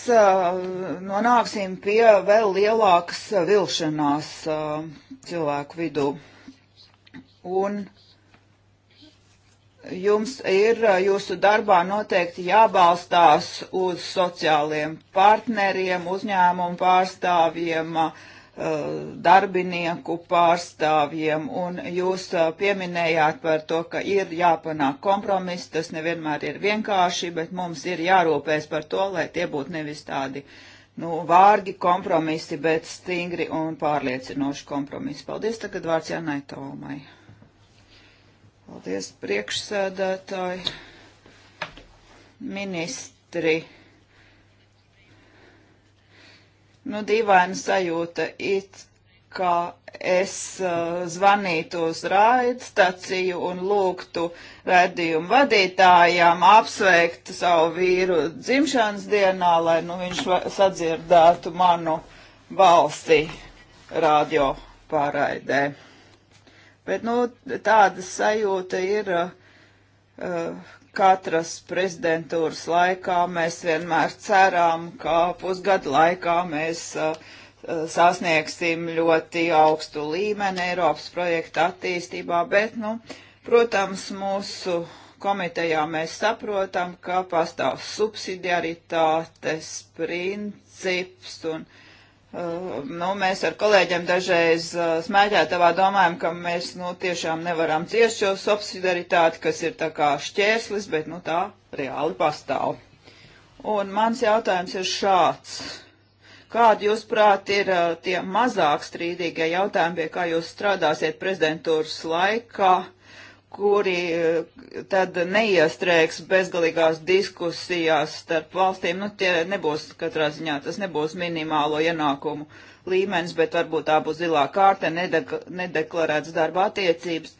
nonāksim pie vēl lielākas vilšanās cilvēku vidū. Un jums ir jūsu darbā noteikti jābalstās uz sociāliem partneriem, uzņēmumu pārstāvjiem, darbinieku pārstāvjiem, un jūs pieminējāt par to, ka ir jāpanāk kompromiss, tas nevienmēr ir vienkārši, bet mums ir jārūpēs par to, lai tie būtu nevis tādi nu, vārgi kompromisi, bet stingri un pārliecinoši kompromisi. Paldies, tagad vārds Janai Tomai. Paldies, priekšsēdētāji, ministri. Nu, dīvaina sajūta it kā es uh, zvanītu uz raidstaciju un lūgtu raidījumu vadītājām apsveikt savu vīru dzimšanas dienā, lai nu, viņš sadzirdētu manu valsti radio pārraidē. Bet nu, tāda sajūta ir uh, katras prezidentūras laikā. Mēs vienmēr ceram, ka pusgadu laikā mēs uh, uh, sasniegsim ļoti augstu līmeni Eiropas projekta attīstībā, bet, nu, protams, mūsu komitejā mēs saprotam, ka pastāv subsidiaritātes princips un uh, Uh, nu, mēs ar kolēģiem dažreiz uh, smēķētavā domājam, ka mēs nu, tiešām nevaram ciest šo subsidiaritāti, kas ir tā kā šķērslis, bet nu, tā reāli pastāv. Un mans jautājums ir šāds. Kādi jūs prāt ir uh, tie mazāk strīdīgie jautājumi, pie kā jūs strādāsiet prezidentūras laikā? kuri eh, tad neiestrēgs bezgalīgās diskusijās starp valstīm. Nu, tie nebūs katrā ziņā, tas nebūs minimālo ienākumu līmenis, bet varbūt tā būs zilā kārta, nedek nedeklarēts darba attiecības.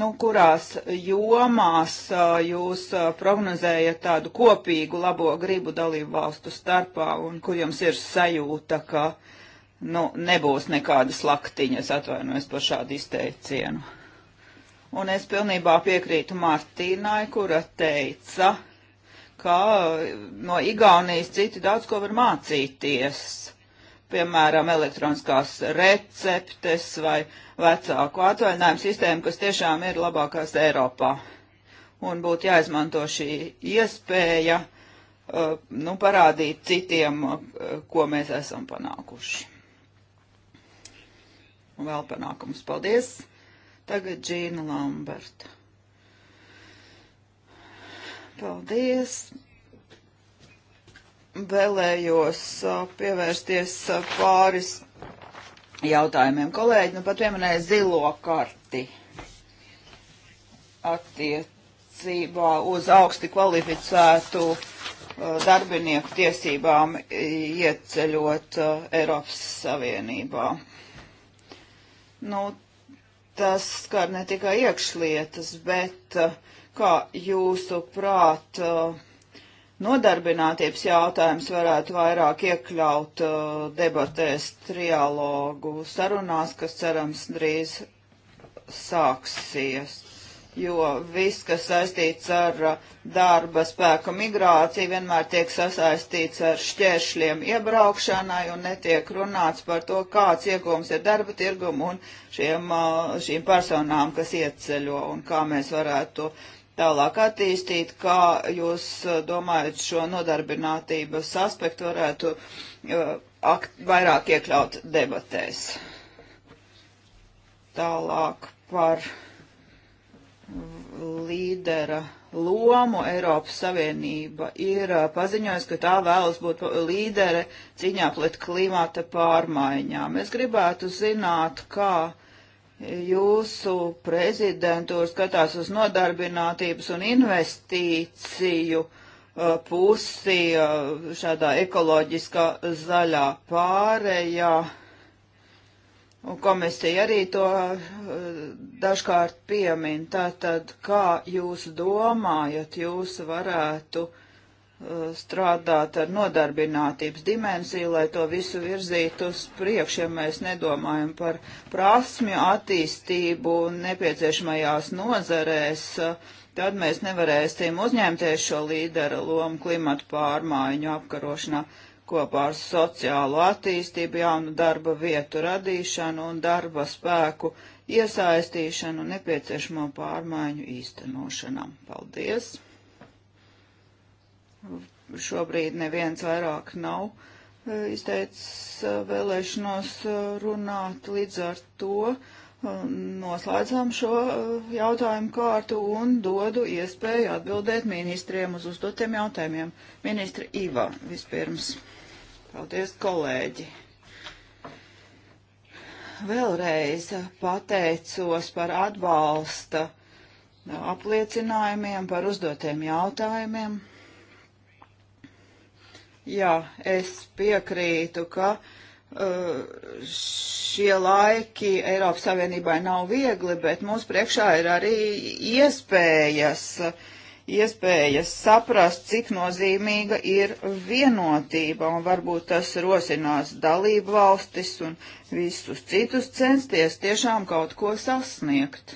Nu, kurās jomās eh, jūs eh, prognozējat tādu kopīgu labo gribu dalību valstu starpā un kur jums ir sajūta, ka nu, nebūs nekādas laktiņas, atvainojos par šādu izteicienu? Un es pilnībā piekrītu Martīnai, kura teica, ka uh, no Igaunijas citi daudz ko var mācīties. Piemēram, elektroniskās receptes vai vecāku atvaļinājumu sistēmu, kas tiešām ir labākās Eiropā. Un būtu jāizmanto šī iespēja, uh, nu, parādīt citiem, uh, ko mēs esam panākuši. Un vēl panākums. Paldies! Tagad Džīna Lamberta. Paldies! Vēlējos uh, pievērsties uh, pāris jautājumiem. Kolēģi, nu pat pieminēja zilo karti attiecībā uz augsti kvalificētu uh, darbinieku tiesībām ieceļot Eiropas Savienībā. Nu, tas skar ne tikai iekšlietas, bet uh, kā jūsu prāt uh, nodarbinātības jautājums varētu vairāk iekļaut uh, debatēs, trialogu, sarunās, kas cerams drīz sāksies jo viss, kas saistīts ar uh, darba spēka migrāciju, vienmēr tiek sasaistīts ar šķēršļiem iebraukšanai un netiek runāts par to, kāds iegūms ir darba tirgumu un šiem, uh, šīm personām, kas ieceļo un kā mēs varētu tālāk attīstīt, kā jūs uh, domājat šo nodarbinātības aspektu varētu uh, akt, vairāk iekļaut debatēs. Tālāk par līdera lomu Eiropas Savienība ir uh, paziņojusi, ka tā vēlas būt līdere cīņā pret klimata pārmaiņām. Es gribētu zināt, kā jūsu prezidentūra skatās uz nodarbinātības un investīciju uh, pusi uh, šādā ekoloģiskā zaļā pārējā. Ja Un komisija arī to eh, dažkārt piemin. Tātad, kā jūs domājat, jūs varētu eh, strādāt ar nodarbinātības dimensiju, lai to visu virzītu uz priekšu, ja mēs nedomājam par prasmju attīstību nepieciešamajās nozarēs, eh, tad mēs nevarēsim uzņemties šo līdera lomu klimatu pārmaiņu apkarošanā. Uh, kopā ar sociālo attīstību, jaunu darba vietu radīšanu un darba spēku iesaistīšanu nepieciešamo pārmaiņu īstenošanam. Paldies! Šobrīd neviens vairāk nav e, izteicis e, vēlēšanos e, runāt līdz ar to. Noslēdzām šo jautājumu kārtu un dodu iespēju atbildēt ministriem uz uzdotiem jautājumiem. Ministri Iva vispirms. Paldies, kolēģi! Vēlreiz pateicos par atbalsta apliecinājumiem, par uzdotiem jautājumiem. Jā, es piekrītu, ka uh, šie laiki Eiropas Savienībai nav viegli, bet mums priekšā ir arī iespējas uh, iespējas saprast, cik nozīmīga ir vienotība, un varbūt tas rosinās dalību valstis un visus citus censties tiešām kaut ko sasniegt.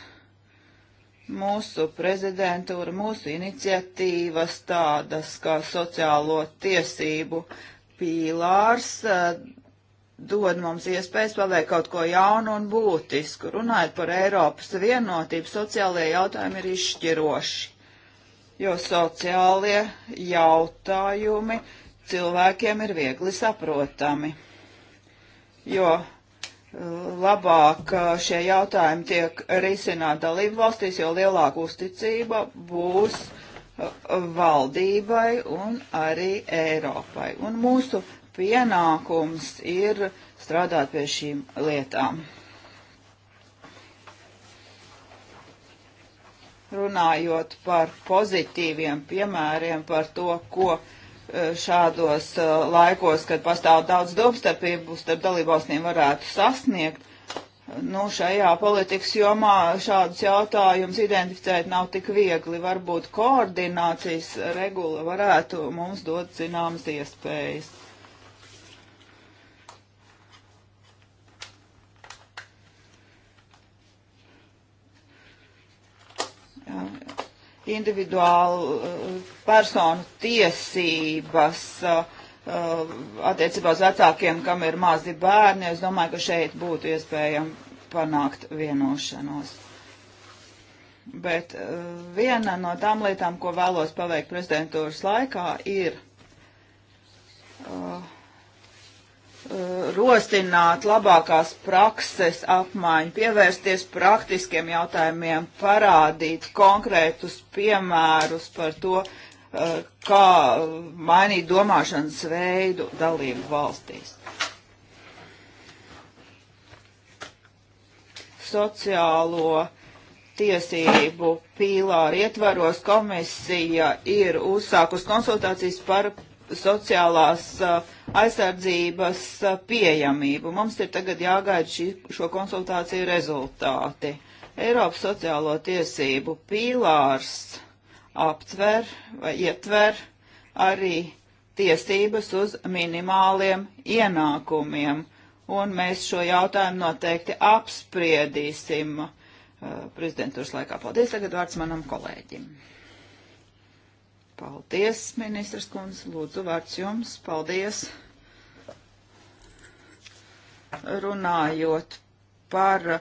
Mūsu prezidentūra, mūsu iniciatīvas tādas kā sociālo tiesību pīlārs eh, dod mums iespējas paveikt kaut ko jaunu un būtisku. Runājot par Eiropas vienotību, sociālajie jautājumi ir izšķiroši jo sociālie jautājumi cilvēkiem ir viegli saprotami, jo eh, labāk eh, šie jautājumi tiek risināti dalību valstīs, jo lielāka uzticība būs eh, valdībai un arī Eiropai. Un mūsu pienākums ir strādāt pie šīm lietām. runājot par pozitīviem piemēriem, par to, ko e, šādos e, laikos, kad pastāv daudz domstarpību starp dalībvalstīm varētu sasniegt. Nu, šajā politikas jomā šādus jautājumus identificēt nav tik viegli. Varbūt koordinācijas regula varētu mums dot zināmas iespējas. individuālu eh, personu tiesības eh, attiecībā uz vecākiem, kam ir mazi bērni. Es domāju, ka šeit būtu iespējams panākt vienošanos. Bet eh, viena no tām lietām, ko vēlos paveikt prezidentūras laikā, ir uh, Eh, rosināt labākās prakses apmaiņu, pievērsties praktiskiem jautājumiem, parādīt konkrētus piemērus par to, eh, kā mainīt domāšanas veidu dalību valstīs. Sociālo tiesību pīlāru ietvaros komisija ir uzsākus konsultācijas par sociālās uh, aizsardzības uh, pieejamību. Mums ir tagad jāgaida šī, šo konsultāciju rezultāti. Eiropas sociālo tiesību pīlārs aptver vai ietver arī tiesības uz minimāliem ienākumiem, un mēs šo jautājumu noteikti apspriedīsim uh, prezidentūras laikā. Paldies, tagad vārds manam kolēģim. Paldies, ministrs kundze, lūdzu vārds jums. Paldies. Runājot par uh,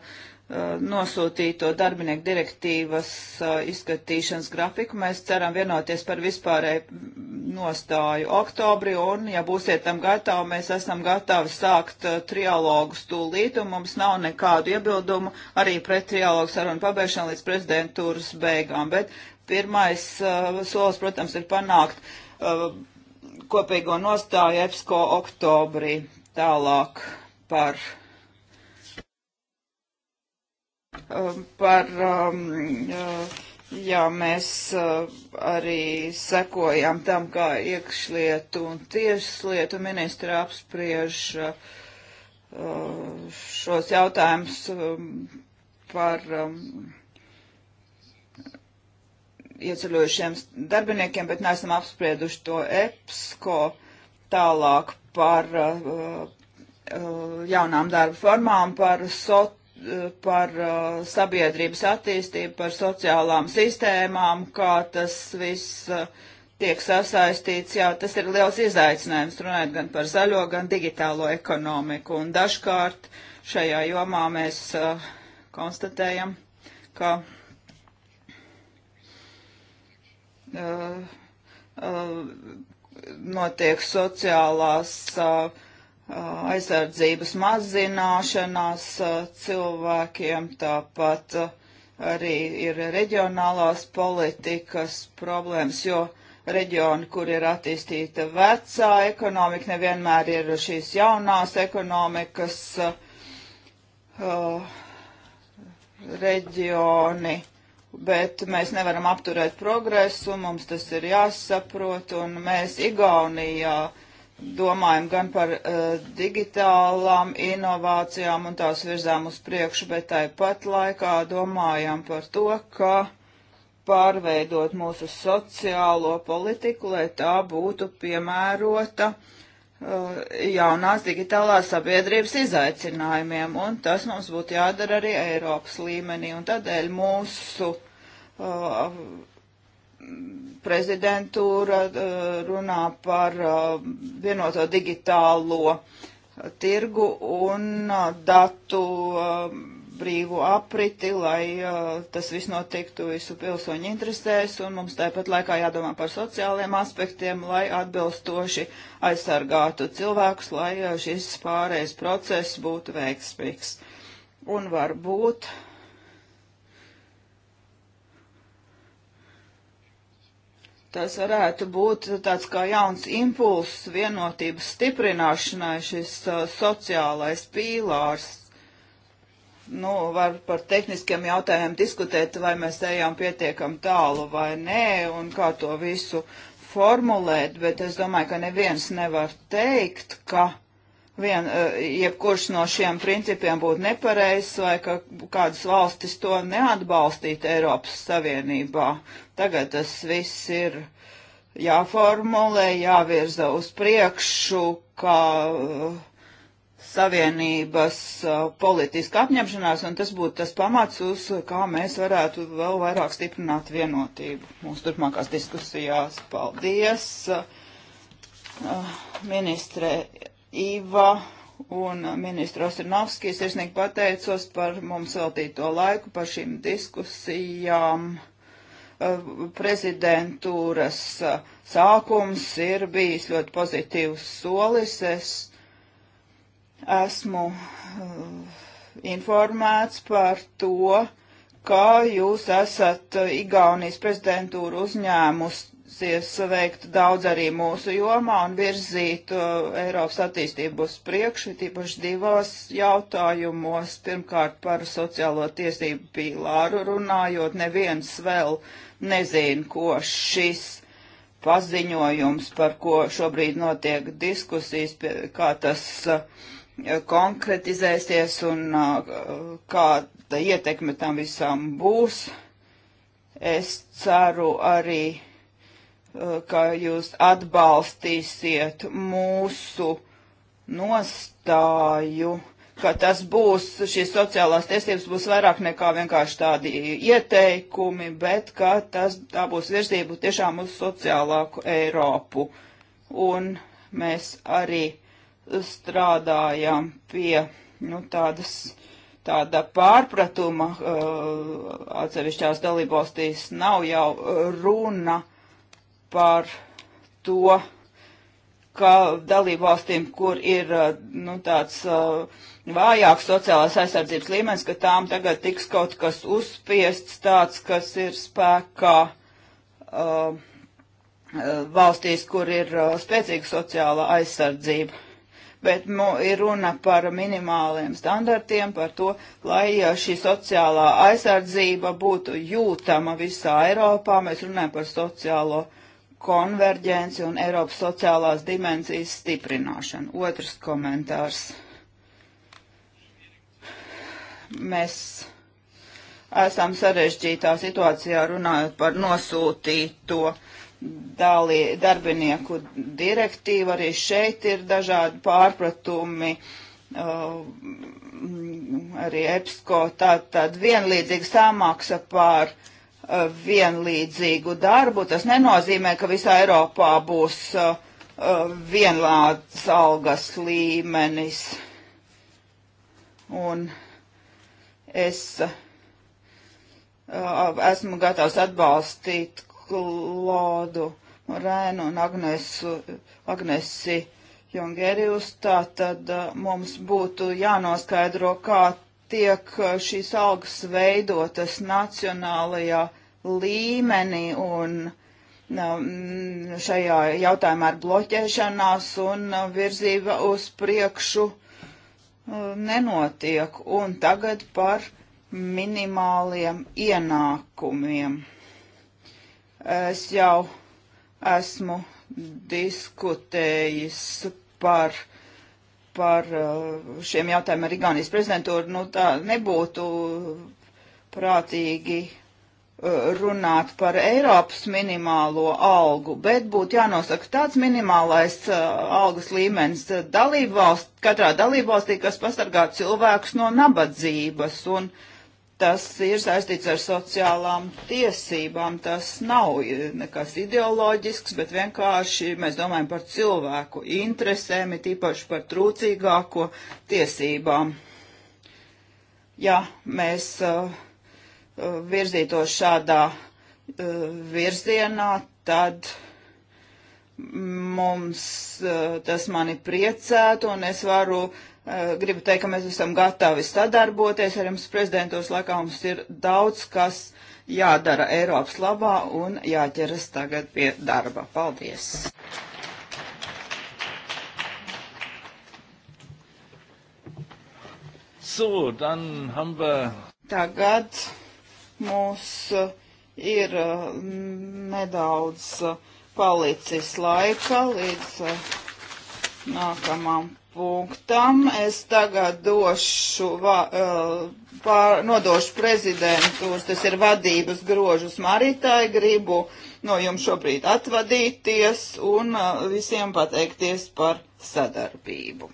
nosūtīto darbinieku direktīvas uh, izskatīšanas grafiku, mēs ceram vienoties par vispārēju mm, nostāju oktobri, un, ja būsiet tam gatavi, mēs esam gatavi sākt uh, trialogu stūlīt, un mums nav nekādu iebildumu arī pret trialogu sarunu pabeigšanu līdz prezidentūras beigām, bet Pirmais uh, solis, protams, ir panākt uh, kopīgo nostāju EPSCO oktobrī tālāk par, uh, par um, uh, jā, mēs uh, arī sekojam tam, kā iekšlietu un tieslietu ministra apspriež uh, šos jautājumus um, par um, ieceļojušiem darbiniekiem, bet neesam apsprieduši to EPSCO tālāk par uh, uh, jaunām darba formām, par, so, par uh, sabiedrības attīstību, par sociālām sistēmām, kā tas viss uh, tiek sasaistīts. Jā, tas ir liels izaicinājums runājot gan par zaļo, gan digitālo ekonomiku. Un dažkārt šajā jomā mēs uh, konstatējam, ka Uh, uh, notiek sociālās uh, aizsardzības mazināšanās cilvēkiem, tāpat arī ir reģionālās politikas problēmas, jo reģioni, kur ir attīstīta vecā ekonomika, nevienmēr ir šīs jaunās ekonomikas uh, reģioni. Uh, bet mēs nevaram apturēt progresu, mums tas ir jāsaprot, un mēs Igaunijā domājam gan par uh, digitālām inovācijām un tās virzām uz priekšu, bet tāpat laikā domājam par to, ka pārveidot mūsu sociālo politiku, lai tā būtu piemērota uh, jaunās digitālās sabiedrības izaicinājumiem, un tas mums būtu jādara arī Eiropas līmenī, un tādēļ mūsu Uh, prezidentūra uh, runā par uh, vienoto digitālo tirgu un datu brīvu apriti, lai uh, tas viss notiktu visu pilsoņu interesēs, un mums tāpat laikā jādomā par sociāliem aspektiem, lai atbilstoši aizsargātu cilvēkus, lai uh, šis pārējais process būtu veiksmīgs. Un varbūt Tas varētu būt tāds kā jauns impulss vienotības stiprināšanai, šis uh, sociālais pīlārs. Nu, var par tehniskiem jautājumiem diskutēt, vai mēs ejam pietiekam tālu vai nē, un kā to visu formulēt, bet es domāju, ka neviens nevar teikt, ka vien, uh, jebkurš no šiem principiem būtu nepareizs vai ka kādas valstis to neatbalstītu Eiropas Savienībā. Tagad tas viss ir jāformulē, jāvirza uz priekšu, kā uh, savienības uh, politiska apņemšanās, un tas būtu tas pamats, uz kā mēs varētu vēl vairāk stiprināt vienotību mūsu turpmākās diskusijās. Paldies, uh, uh ministre Iva un ministra Ostrinovskis. Es nīgi pateicos par mums veltīto laiku, par šīm diskusijām prezidentūras sākums ir bijis ļoti pozitīvs solis. Es esmu informēts par to, ka jūs esat Igaunijas prezidentūru uzņēmus izdevies veikt daudz arī mūsu jomā un virzīt uh, Eiropas attīstību uz priekšu, tīpaši divos jautājumos. Pirmkārt, par sociālo tiesību pīlāru runājot, neviens vēl nezina, ko šis paziņojums, par ko šobrīd notiek diskusijas, pie, kā tas uh, konkretizēsies un uh, kāda ietekme tam visam būs. Es ceru arī ka jūs atbalstīsiet mūsu nostāju, ka tas būs, šīs sociālās tiesības būs vairāk nekā vienkārši tādi ieteikumi, bet ka tas, tā būs virzība tiešām uz sociālāku Eiropu. Un mēs arī strādājam pie, nu, tādas tāda pārpratuma uh, atsevišķās dalībvalstīs nav jau uh, runa par to, ka dalībvalstīm, kur ir eh, nu, tāds uh, vājāks sociālās aizsardzības līmenis, ka tām tagad tiks kaut kas uzspiests tāds, kas ir spēkā uh, valstīs, kur ir uh, spēcīga sociāla aizsardzība. Bet nu, ir runa par minimāliem standartiem, par to, lai šī sociālā aizsardzība būtu jūtama visā Eiropā. Mēs runājam par sociālo aizsardzību konverģenci un Eiropas sociālās dimensijas stiprināšanu. Otrs komentārs. Mēs esam sarežģītā situācijā runājot par nosūtīto dāli, darbinieku direktīvu. Arī šeit ir dažādi pārpratumi. Uh, arī EPSCO tā tad vienlīdzīga samaksa pār uh, Eh, vienlīdzīgu darbu. Tas nenozīmē, ka visā Eiropā būs eh, eh, vienlāds algas līmenis. Un es esmu gatavs atbalstīt Klodu Rēnu un Agnesu, Agnesi Jungerius. Tātad mums būtu jānoskaidro, kā tiek eh, šīs algas veidotas nacionālajā līmenī un eh, šajā jautājumā ar bloķēšanās un eh, virzība uz priekšu nenotiek. Un tagad par minimāliem ienākumiem. Es jau esmu diskutējis par uh, par uh, šiem jautājumiem ar Igaunijas prezidentūru, nu tā nebūtu prātīgi uh, runāt par Eiropas minimālo algu, bet būtu jānosaka tāds minimālais uh, algas līmenis dalībvalst, katrā dalībvalstī, kas pasargā cilvēkus no nabadzības un uh, Tas ir saistīts ar sociālām tiesībām. Tas nav nekas ideoloģisks, bet vienkārši mēs domājam par cilvēku interesēm, it īpaši par trūcīgāko tiesībām. Ja mēs uh, uh, virzītos šādā uh, virzienā, tad mums uh, tas mani priecētu, un es varu Eh, gribu teikt, ka mēs esam gatavi sadarboties ar jums prezidentos, laikā mums ir daudz, kas jādara Eiropas labā un jāķeras tagad pie darba. Paldies! So, dann haben wir. Tagad mums eh, ir eh, nedaudz palicis laika līdz nākamām punktam. Es tagad došu, va, eh, pār, nodošu prezidentūras, tas ir vadības grožus Maritai, gribu no jums šobrīd atvadīties un eh, visiem pateikties par sadarbību.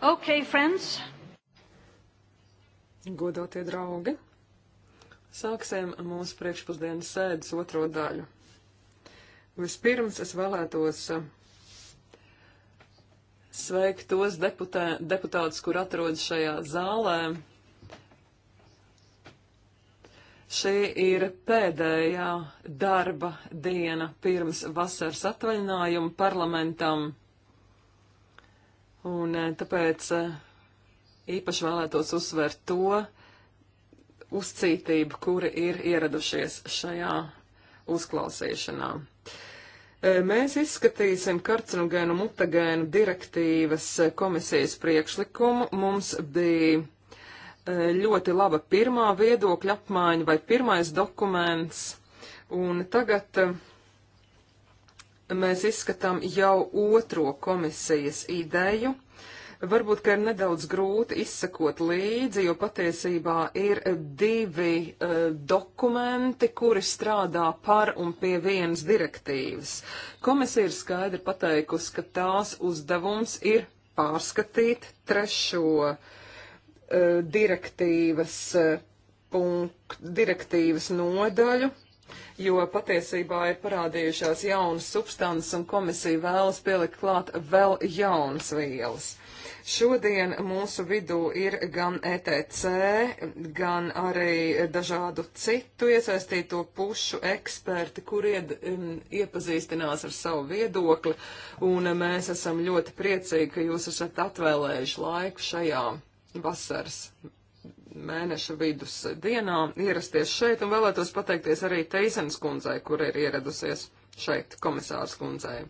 Ok, friends. Godotie draugi, sāksim mūsu priekšpusdienas sēdes otro daļu. Vispirms es vēlētos eh, sveikt tos deputē, deputātus, kur atrodas šajā zālē. Šī ir pēdējā darba diena pirms vasaras atvaļinājuma parlamentam. Un eh, tāpēc eh, īpaši vēlētos uzsvērt to uzcītību, kuri ir ieradušies šajā uzklausīšanā. Eh, mēs izskatīsim karcinogēnu mutagēnu direktīvas komisijas priekšlikumu. Mums bija ļoti laba pirmā viedokļa apmaiņa vai pirmais dokuments. Un tagad mēs izskatām jau otro komisijas ideju. Varbūt, ka ir nedaudz grūti izsakot līdzi, jo patiesībā ir divi uh, dokumenti, kuri strādā par un pie vienas direktīvas. Komisija ir skaidri pateikusi, ka tās uzdevums ir pārskatīt trešo uh, direktīvas, uh, punkt, direktīvas nodaļu, jo patiesībā ir parādījušās jaunas substances un komisija vēlas pielikt klāt vēl jaunas vielas. Šodien mūsu vidū ir gan ETC, gan arī dažādu citu iesaistīto pušu eksperti, kuri um, iepazīstinās ar savu viedokli, un mēs esam ļoti priecīgi, ka jūs esat atvēlējuši laiku šajā vasaras mēneša vidus dienām ierasties šeit un vēlētos pateikties arī Teisenes kundzei, kur ir ieradusies šeit komisārs kundzei.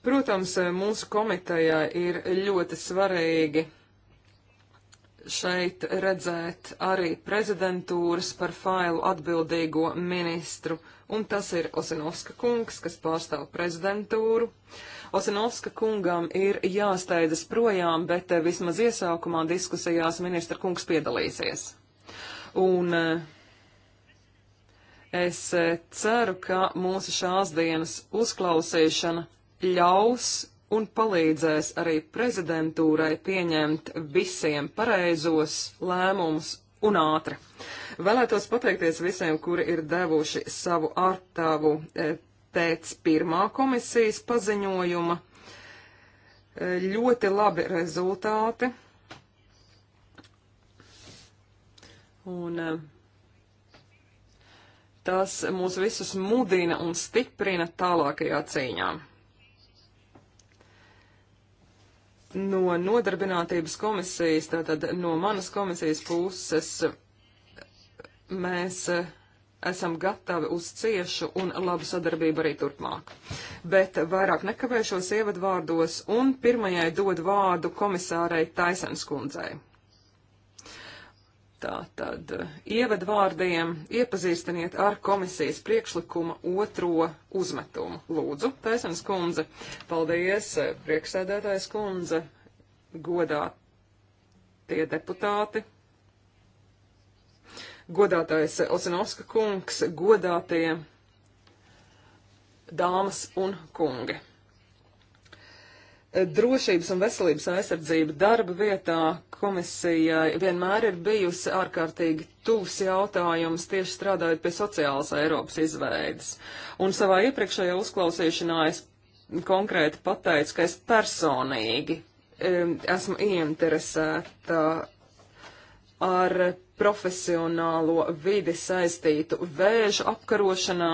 Protams, mūsu komitejā ir ļoti svarīgi šeit redzēt arī prezidentūras par failu atbildīgo ministru, un tas ir Osinovska kungs, kas pārstāv prezidentūru. Uh, Osenovska kungam ir jāsteidzas projām, bet eh, vismaz iesākumā diskusijās ministra kungs piedalīsies. Un eh, es eh, ceru, ka mūsu šās dienas uzklausīšana ļaus un palīdzēs arī prezidentūrai pieņemt visiem pareizos lēmumus un ātri. Vēlētos pateikties visiem, kuri ir devuši savu ārtavu e, pēc pirmā komisijas paziņojuma ļoti labi rezultāti. Un eh, tas mūs visus mudina un stiprina tālākajā cīņā. No nodarbinātības komisijas, tātad no manas komisijas puses, mēs eh, esam gatavi uz ciešu un labu sadarbību arī turpmāk. Bet vairāk nekavēšos ievadvārdos un pirmajai dod vārdu komisārai Taisens kundzei. Tātad eh, ievadvārdiem iepazīstiniet ar komisijas priekšlikuma otro uzmetumu. Lūdzu, Taisens kundze, paldies, eh, priekšsēdētājs kundze, godā tie deputāti, godātais Osinovska kungs, godātie dāmas un kungi. Drošības un veselības aizsardzība darba vietā komisijai vienmēr ir bijusi ārkārtīgi tuvs jautājums tieši strādājot pie sociālas Eiropas izveidas. Un savā iepriekšējā uzklausīšanā es konkrēti pateicu, ka es personīgi um, esmu ieinteresēta ar profesionālo vidi saistītu vēža apkarošanā.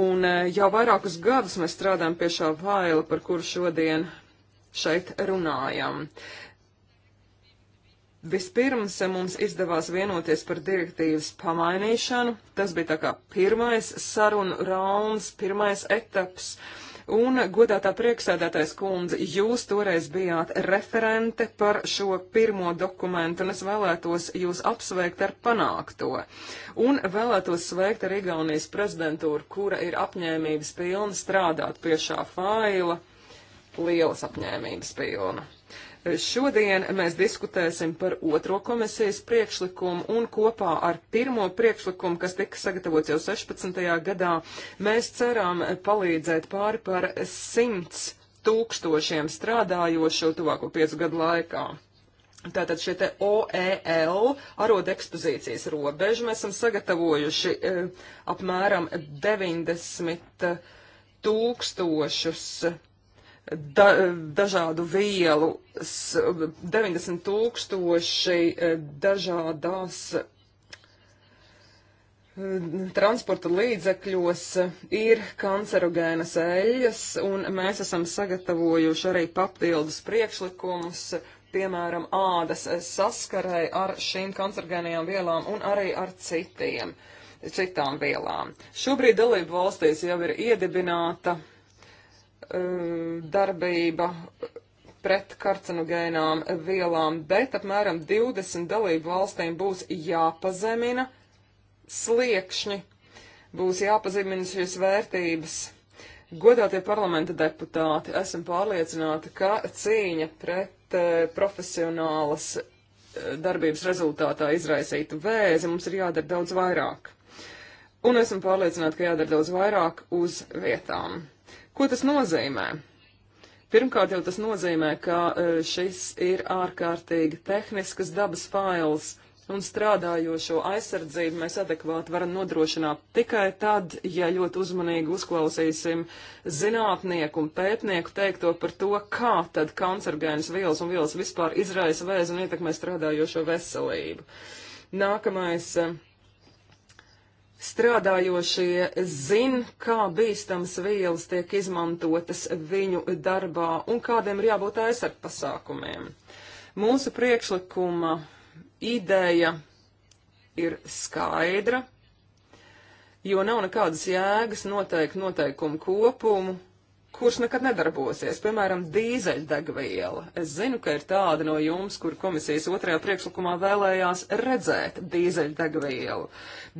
Un e, jau vairākus gadus mēs strādājam pie šā vaila, par kuru šodien šeit runājam. Vispirms e, mums izdevās vienoties par direktīvas pamainīšanu. Tas bija tā kā pirmais sarunu rauns, pirmais etaps. Uh, Un, godātā priekšsēdētājs kundze, jūs toreiz bijāt referente par šo pirmo dokumentu, un es vēlētos jūs apsveikt ar panākto. Un vēlētos sveikt ar Igaunijas prezidentūru, kura ir apņēmības pilna strādāt pie šā faila. Lielas apņēmības pilna. Šodien mēs diskutēsim par otro komisijas priekšlikumu un kopā ar pirmo priekšlikumu, kas tika sagatavots jau 16. gadā, mēs ceram palīdzēt pāri par simts tūkstošiem strādājošo tuvāko piecu gadu laikā. Tātad šie te OEL, aroda ekspozīcijas robežu, mēs esam sagatavojuši e, apmēram 90 tūkstošus da, dažādu vielu, 90 tūkstoši e, dažādās e, transporta līdzekļos ir kancerogēnas eļļas, un mēs esam sagatavojuši arī papildus priekšlikumus, piemēram, ādas saskarē ar šīm kancerogēnajām vielām un arī ar citiem, citām vielām. Šobrīd dalību valstīs jau ir iedibināta E, darbība pret karcinogēnām vielām, bet apmēram 20 dalību valstīm būs jāpazemina sliekšņi, būs jāpazemina šīs vērtības. Godātie parlamenta deputāti, esam pārliecināti, ka cīņa pret eh, profesionālas e, darbības rezultātā izraisītu vēzi mums ir jādara daudz vairāk un esmu pārliecināta, ka jādara daudz vairāk uz vietām. Ko tas nozīmē? Pirmkārt jau tas nozīmē, ka eh, šis ir ārkārtīgi tehniskas dabas fails, un strādājošo aizsardzību mēs adekvāti varam nodrošināt tikai tad, ja ļoti uzmanīgi uzklausīsim zinātnieku un pētnieku teikto par to, kā tad kancergēnas vielas un vielas vispār izraisa vēzi un ietekmē strādājošo veselību. Nākamais. Uh, strādājošie zin, kā bīstams vielas tiek izmantotas viņu darbā un kādiem ir jābūt aizsargpasākumiem. Mūsu priekšlikuma ideja ir skaidra, jo nav nekādas jēgas noteikt noteikumu kopumu, kurš nekad nedarbosies, piemēram, dīzeļdegviela. Es zinu, ka ir tāda no jums, kur komisijas otrajā priekšlikumā vēlējās redzēt dīzeļdegvielu,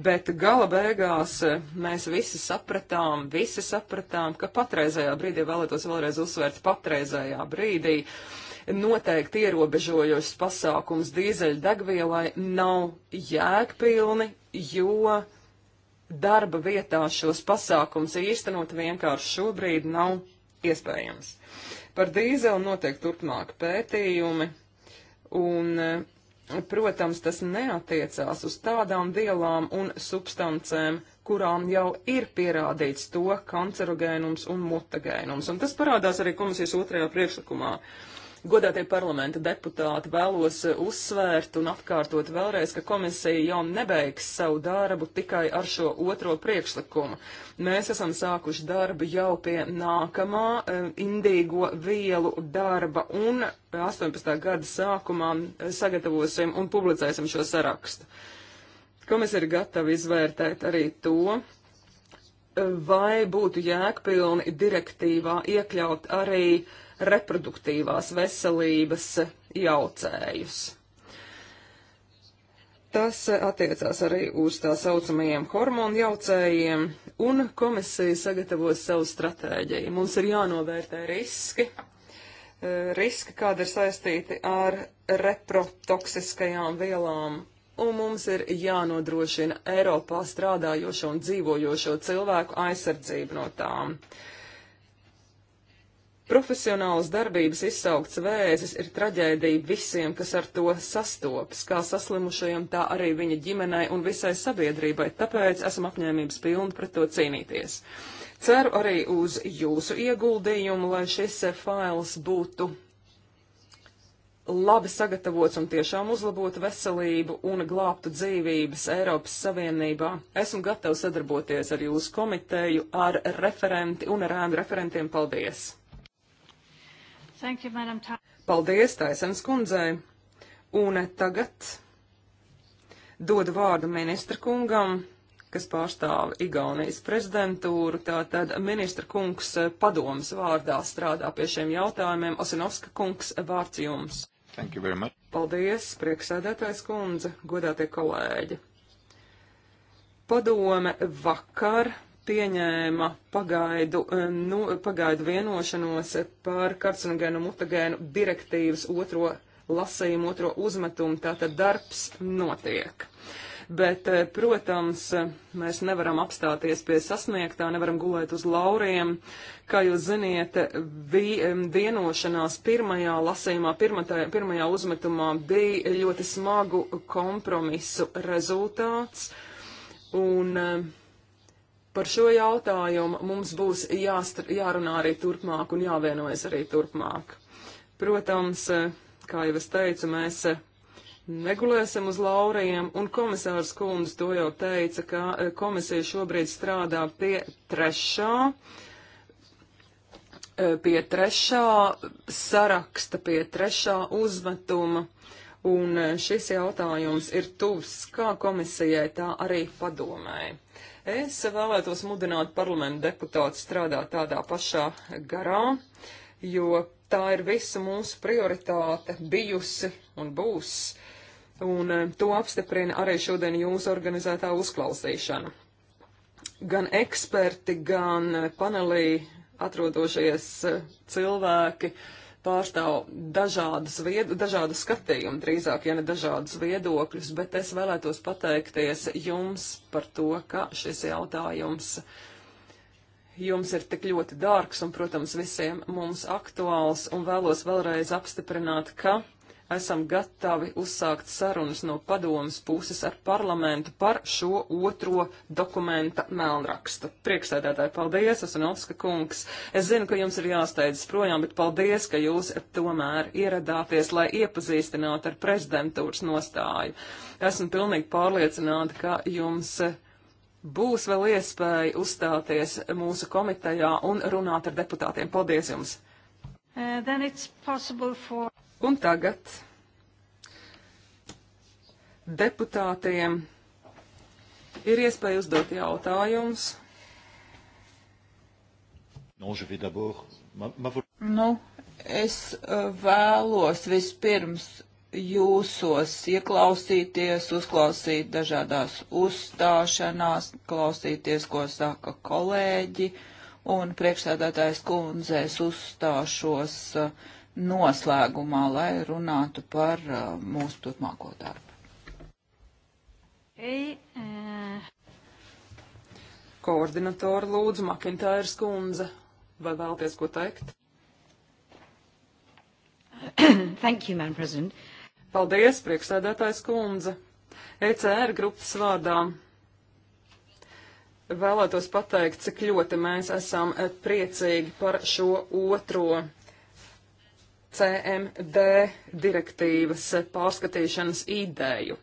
bet gala beigās eh, mēs visi sapratām, visi sapratām, ka patreizējā brīdī vēlētos vēlreiz uzsvērt patreizējā brīdī. Noteikti ierobežojošs pasākums dīzeļdegvielai nav jēgpilni, jo darba vietā šos pasākums īstenot vienkārši šobrīd nav iespējams. Par dīzeli notiek turpmāk pētījumi, un, eh, protams, tas neatiecās uz tādām vielām un substancēm, kurām jau ir pierādīts to kancerogēnums un mutagēnums, un tas parādās arī komisijas otrajā priekšlikumā. Uh, Godātie parlamenta deputāti vēlos uzsvērt un atkārtot vēlreiz, ka komisija jau nebeigs savu darbu tikai ar šo otro priekšlikumu. Mēs esam sākuši darbu jau pie nākamā e, indīgo vielu darba un 18. gada sākumā eh, sagatavosim un publicēsim šo sarakstu. Komisija ir gatava izvērtēt arī to, eh, vai būtu jēgpilni direktīvā iekļaut arī uh, reproduktīvās veselības jaucējus. Tas attiecās arī uz tā saucamajiem hormonu jaucējiem, un komisija sagatavos savu stratēģiju. Mums ir jānovērtē riski, e, riski, kāda ir saistīti ar reprotoksiskajām vielām, un mums ir jānodrošina Eiropā strādājošo un dzīvojošo cilvēku aizsardzību no tām. Uh, Profesionālas darbības izsaukts vēzis ir traģēdija visiem, kas ar to sastopas, kā saslimušajam, tā arī viņa ģimenei un visai sabiedrībai, tāpēc esam apņēmības pilni pret to cīnīties. Ceru arī uz jūsu ieguldījumu, lai šis fails būtu labi sagatavots un tiešām uzlabotu veselību un glābtu dzīvības Eiropas Savienībā. Esmu gatavs sadarboties ar jūsu komiteju, ar referenti un ar ēnu referentiem. Paldies! Thank you, Madam Ta Paldies, Taisens kundzei. Un tagad dodu vārdu ministra kungam, kas pārstāv Igaunijas prezidentūru. Tātad ministra kungs padomas vārdā strādā pie šiem jautājumiem. Osinovska kungs, vārds jums. Thank you very much. Paldies, prieksēdētājs kundze, godātie kolēģi. Padome vakar pieņēma pagaidu, eh, nu, pagaidu vienošanos par karcinogēnu mutagēnu direktīvas otro lasījumu, otro uzmetumu, tātad darbs notiek. Bet, eh, protams, mēs nevaram apstāties pie sasniegtā, nevaram gulēt uz lauriem. Kā jūs ziniet, vi, vienošanās pirmajā lasījumā, pirmatajā, pirmajā uzmetumā bija ļoti smagu kompromisu rezultāts. Un, uh, Par šo jautājumu mums būs jāstr, jārunā arī turpmāk un jāvienojas arī turpmāk. Protams, kā jau es teicu, mēs negulēsim uz lauriem, un komisārs Kunds to jau teica, ka eh, komisija šobrīd strādā pie trešā, eh, pie trešā saraksta, pie trešā uzmetuma, un eh, šis jautājums ir tuvs kā komisijai, tā arī padomēji. Es vēlētos mudināt parlamentu deputātu strādāt tādā pašā garā, jo tā ir visa mūsu prioritāte bijusi un būs. Un eh, to apstiprina arī šodien jūsu organizētā uzklausīšana. Gan eksperti, gan panelī atrodošies eh, cilvēki uh, pārstāv dažādas, vied, dažādas skatījumu, drīzāk, ja ne dažādas viedokļus, bet es vēlētos pateikties jums par to, ka šis jautājums jums ir tik ļoti dārgs un, protams, visiem mums aktuāls, un vēlos vēlreiz apstiprināt, ka esam gatavi uzsākt sarunas no padomas puses ar parlamentu par šo otro dokumenta melnrakstu. Priekšsēdētāji, paldies, esmu Novska kungs. Es zinu, ka jums ir jāsteidzas projām, bet paldies, ka jūs tomēr ieradāties, lai iepazīstinātu ar prezidentūras nostāju. Esmu pilnīgi pārliecināta, ka jums būs vēl iespēja uzstāties mūsu komitejā un runāt ar deputātiem. Paldies jums! Uh, for... Un tagad deputātiem ir iespēja uzdot jautājumus. Nu, es uh, vēlos vispirms jūsos ieklausīties, uzklausīt dažādās uzstāšanās, klausīties, ko saka kolēģi, un priekšsēdētājs kundzēs uzstāšos uh, noslēgumā, lai runātu par uh, mūsu turpmāko darbu. Ei, e... Koordinatori lūdzu, Makintājas kundze, vai vēlties ko teikt? Thank you, man president. Paldies, priekšsēdētājs kundze. ECR grupas vārdā vēlētos pateikt, cik ļoti mēs esam eh, priecīgi par šo otro CMD direktīvas pārskatīšanas ideju.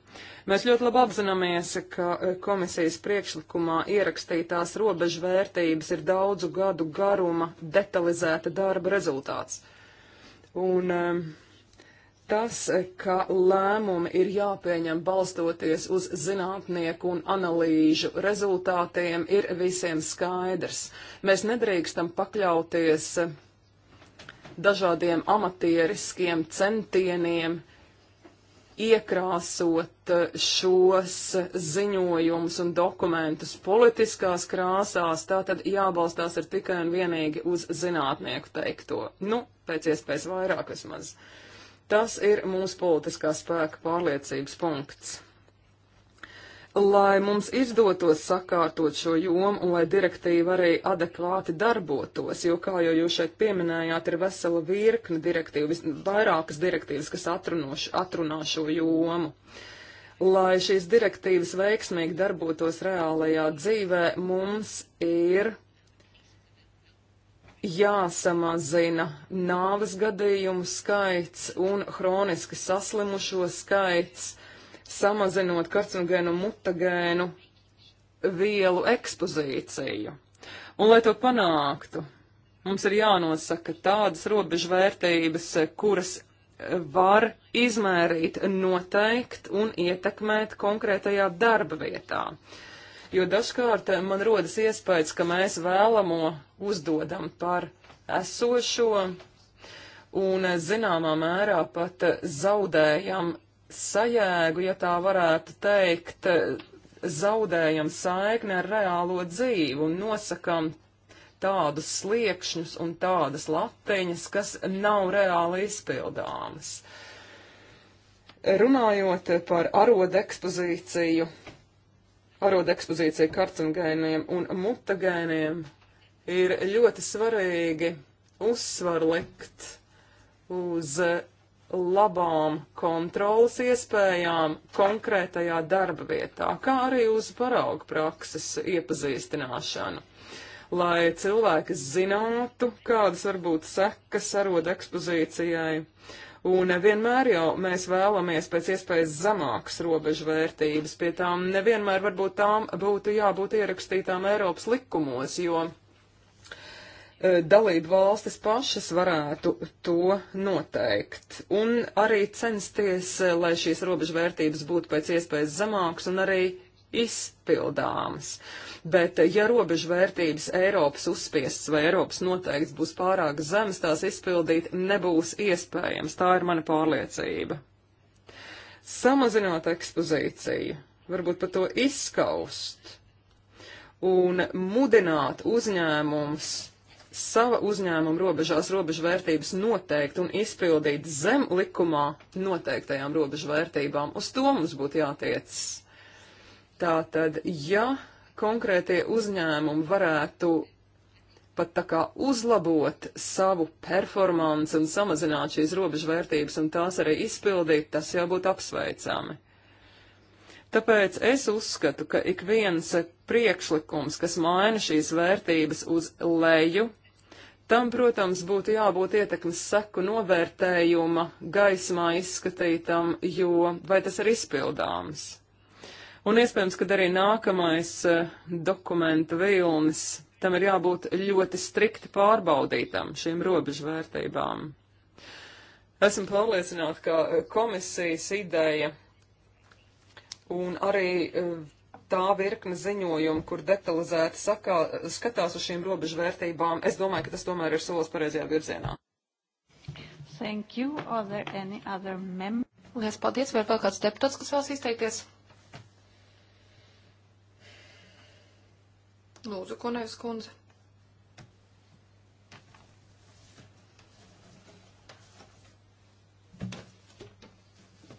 Mēs ļoti labi apzināmies, ka e, komisijas priekšlikumā ierakstītās robežvērtības ir daudzu gadu garuma detalizēta darba rezultāts. Un e, tas, e, ka lēmumi ir jāpieņem balstoties uz zinātnieku un analīžu rezultātiem, ir visiem skaidrs. Mēs nedrīkstam pakļauties dažādiem amatieriskiem centieniem iekrāsot eh, šos ziņojumus un dokumentus politiskās krāsās, tā tad jābalstās ir tikai un vienīgi uz zinātnieku teikto. Nu, pēc iespējas vairāk vismaz. Tas ir mūsu politiskā spēka pārliecības punkts lai mums izdotos sakārtot šo jomu un lai direktīva arī adekvāti darbotos, jo, kā jau jūs šeit pieminējāt, ir vesela virkne direktīvas, vairākas direktīvas, kas atrunoš, atrunā šo jomu. Lai šīs direktīvas veiksmīgi darbotos reālajā dzīvē, mums ir jāsamazina nāves gadījumu skaits un hroniski saslimušo skaits samazinot karcinogēnu mutagēnu vielu ekspozīciju. Un, lai to panāktu, mums ir jānosaka tādas robežvērtības, kuras var izmērīt, noteikt un ietekmēt konkrētajā darba vietā. Jo dažkārt man rodas iespējas, ka mēs vēlamo uzdodam par esošo un zināmā mērā pat zaudējam sajēgu, ja tā varētu teikt, zaudējam saikni ar reālo dzīvi un nosakam tādus sliekšņus un tādas latiņas, kas nav reāli izpildāmas. Runājot par arodu ekspozīciju, arodu ekspozīciju karcinogēniem un mutagēniem, ir ļoti svarīgi uzsvar likt uz labām kontrolas iespējām konkrētajā darba vietā, kā arī uz paraugu prakses iepazīstināšanu. Lai cilvēki zinātu, kādas varbūt sekas aroda ekspozīcijai, un vienmēr jau mēs vēlamies pēc iespējas zemākas robežu vērtības, pie tām nevienmēr varbūt tām būtu jābūt ierakstītām Eiropas likumos, jo Eh, dalību valstis pašas varētu to noteikt. Un arī censties, eh, lai šīs robežvērtības būtu pēc iespējas zemākas un arī izpildāmas. Bet, eh, ja robežvērtības Eiropas uzspiestas vai Eiropas noteikts būs pārāk zemas, tās izpildīt nebūs iespējams. Tā ir mana pārliecība. Samazināt ekspozīciju, varbūt pat to izskaust un mudināt uzņēmums sava uzņēmuma robežās robežu vērtības noteikt un izpildīt zem likumā noteiktajām robežu vērtībām. Uz to mums būtu jātiec. Tātad, ja konkrētie uzņēmumi varētu pat tā kā uzlabot savu performanci un samazināt šīs robežvērtības un tās arī izpildīt, tas jau būtu apsveicami. Tāpēc es uzskatu, ka ik viens priekšlikums, kas maina šīs vērtības uz leju, Tam, protams, būtu jābūt ietekmes seku novērtējuma gaismā izskatītam, jo vai tas ir izpildāms. Un iespējams, ka arī nākamais eh, dokumentu vilnis tam ir jābūt ļoti strikti pārbaudītam šīm robežvērtībām. Esmu pārliecināta, ka eh, komisijas ideja un arī eh, tā virkne ziņojumu, kur detalizēti sakā, skatās uz šīm robežvērtībām. Es domāju, ka tas tomēr ir solis pareizajā virzienā. Thank you. Are there any other members? Lielas paldies. Vai ir vēl kāds deputāts, kas vēlas izteikties? Lūdzu, Konevs kundze.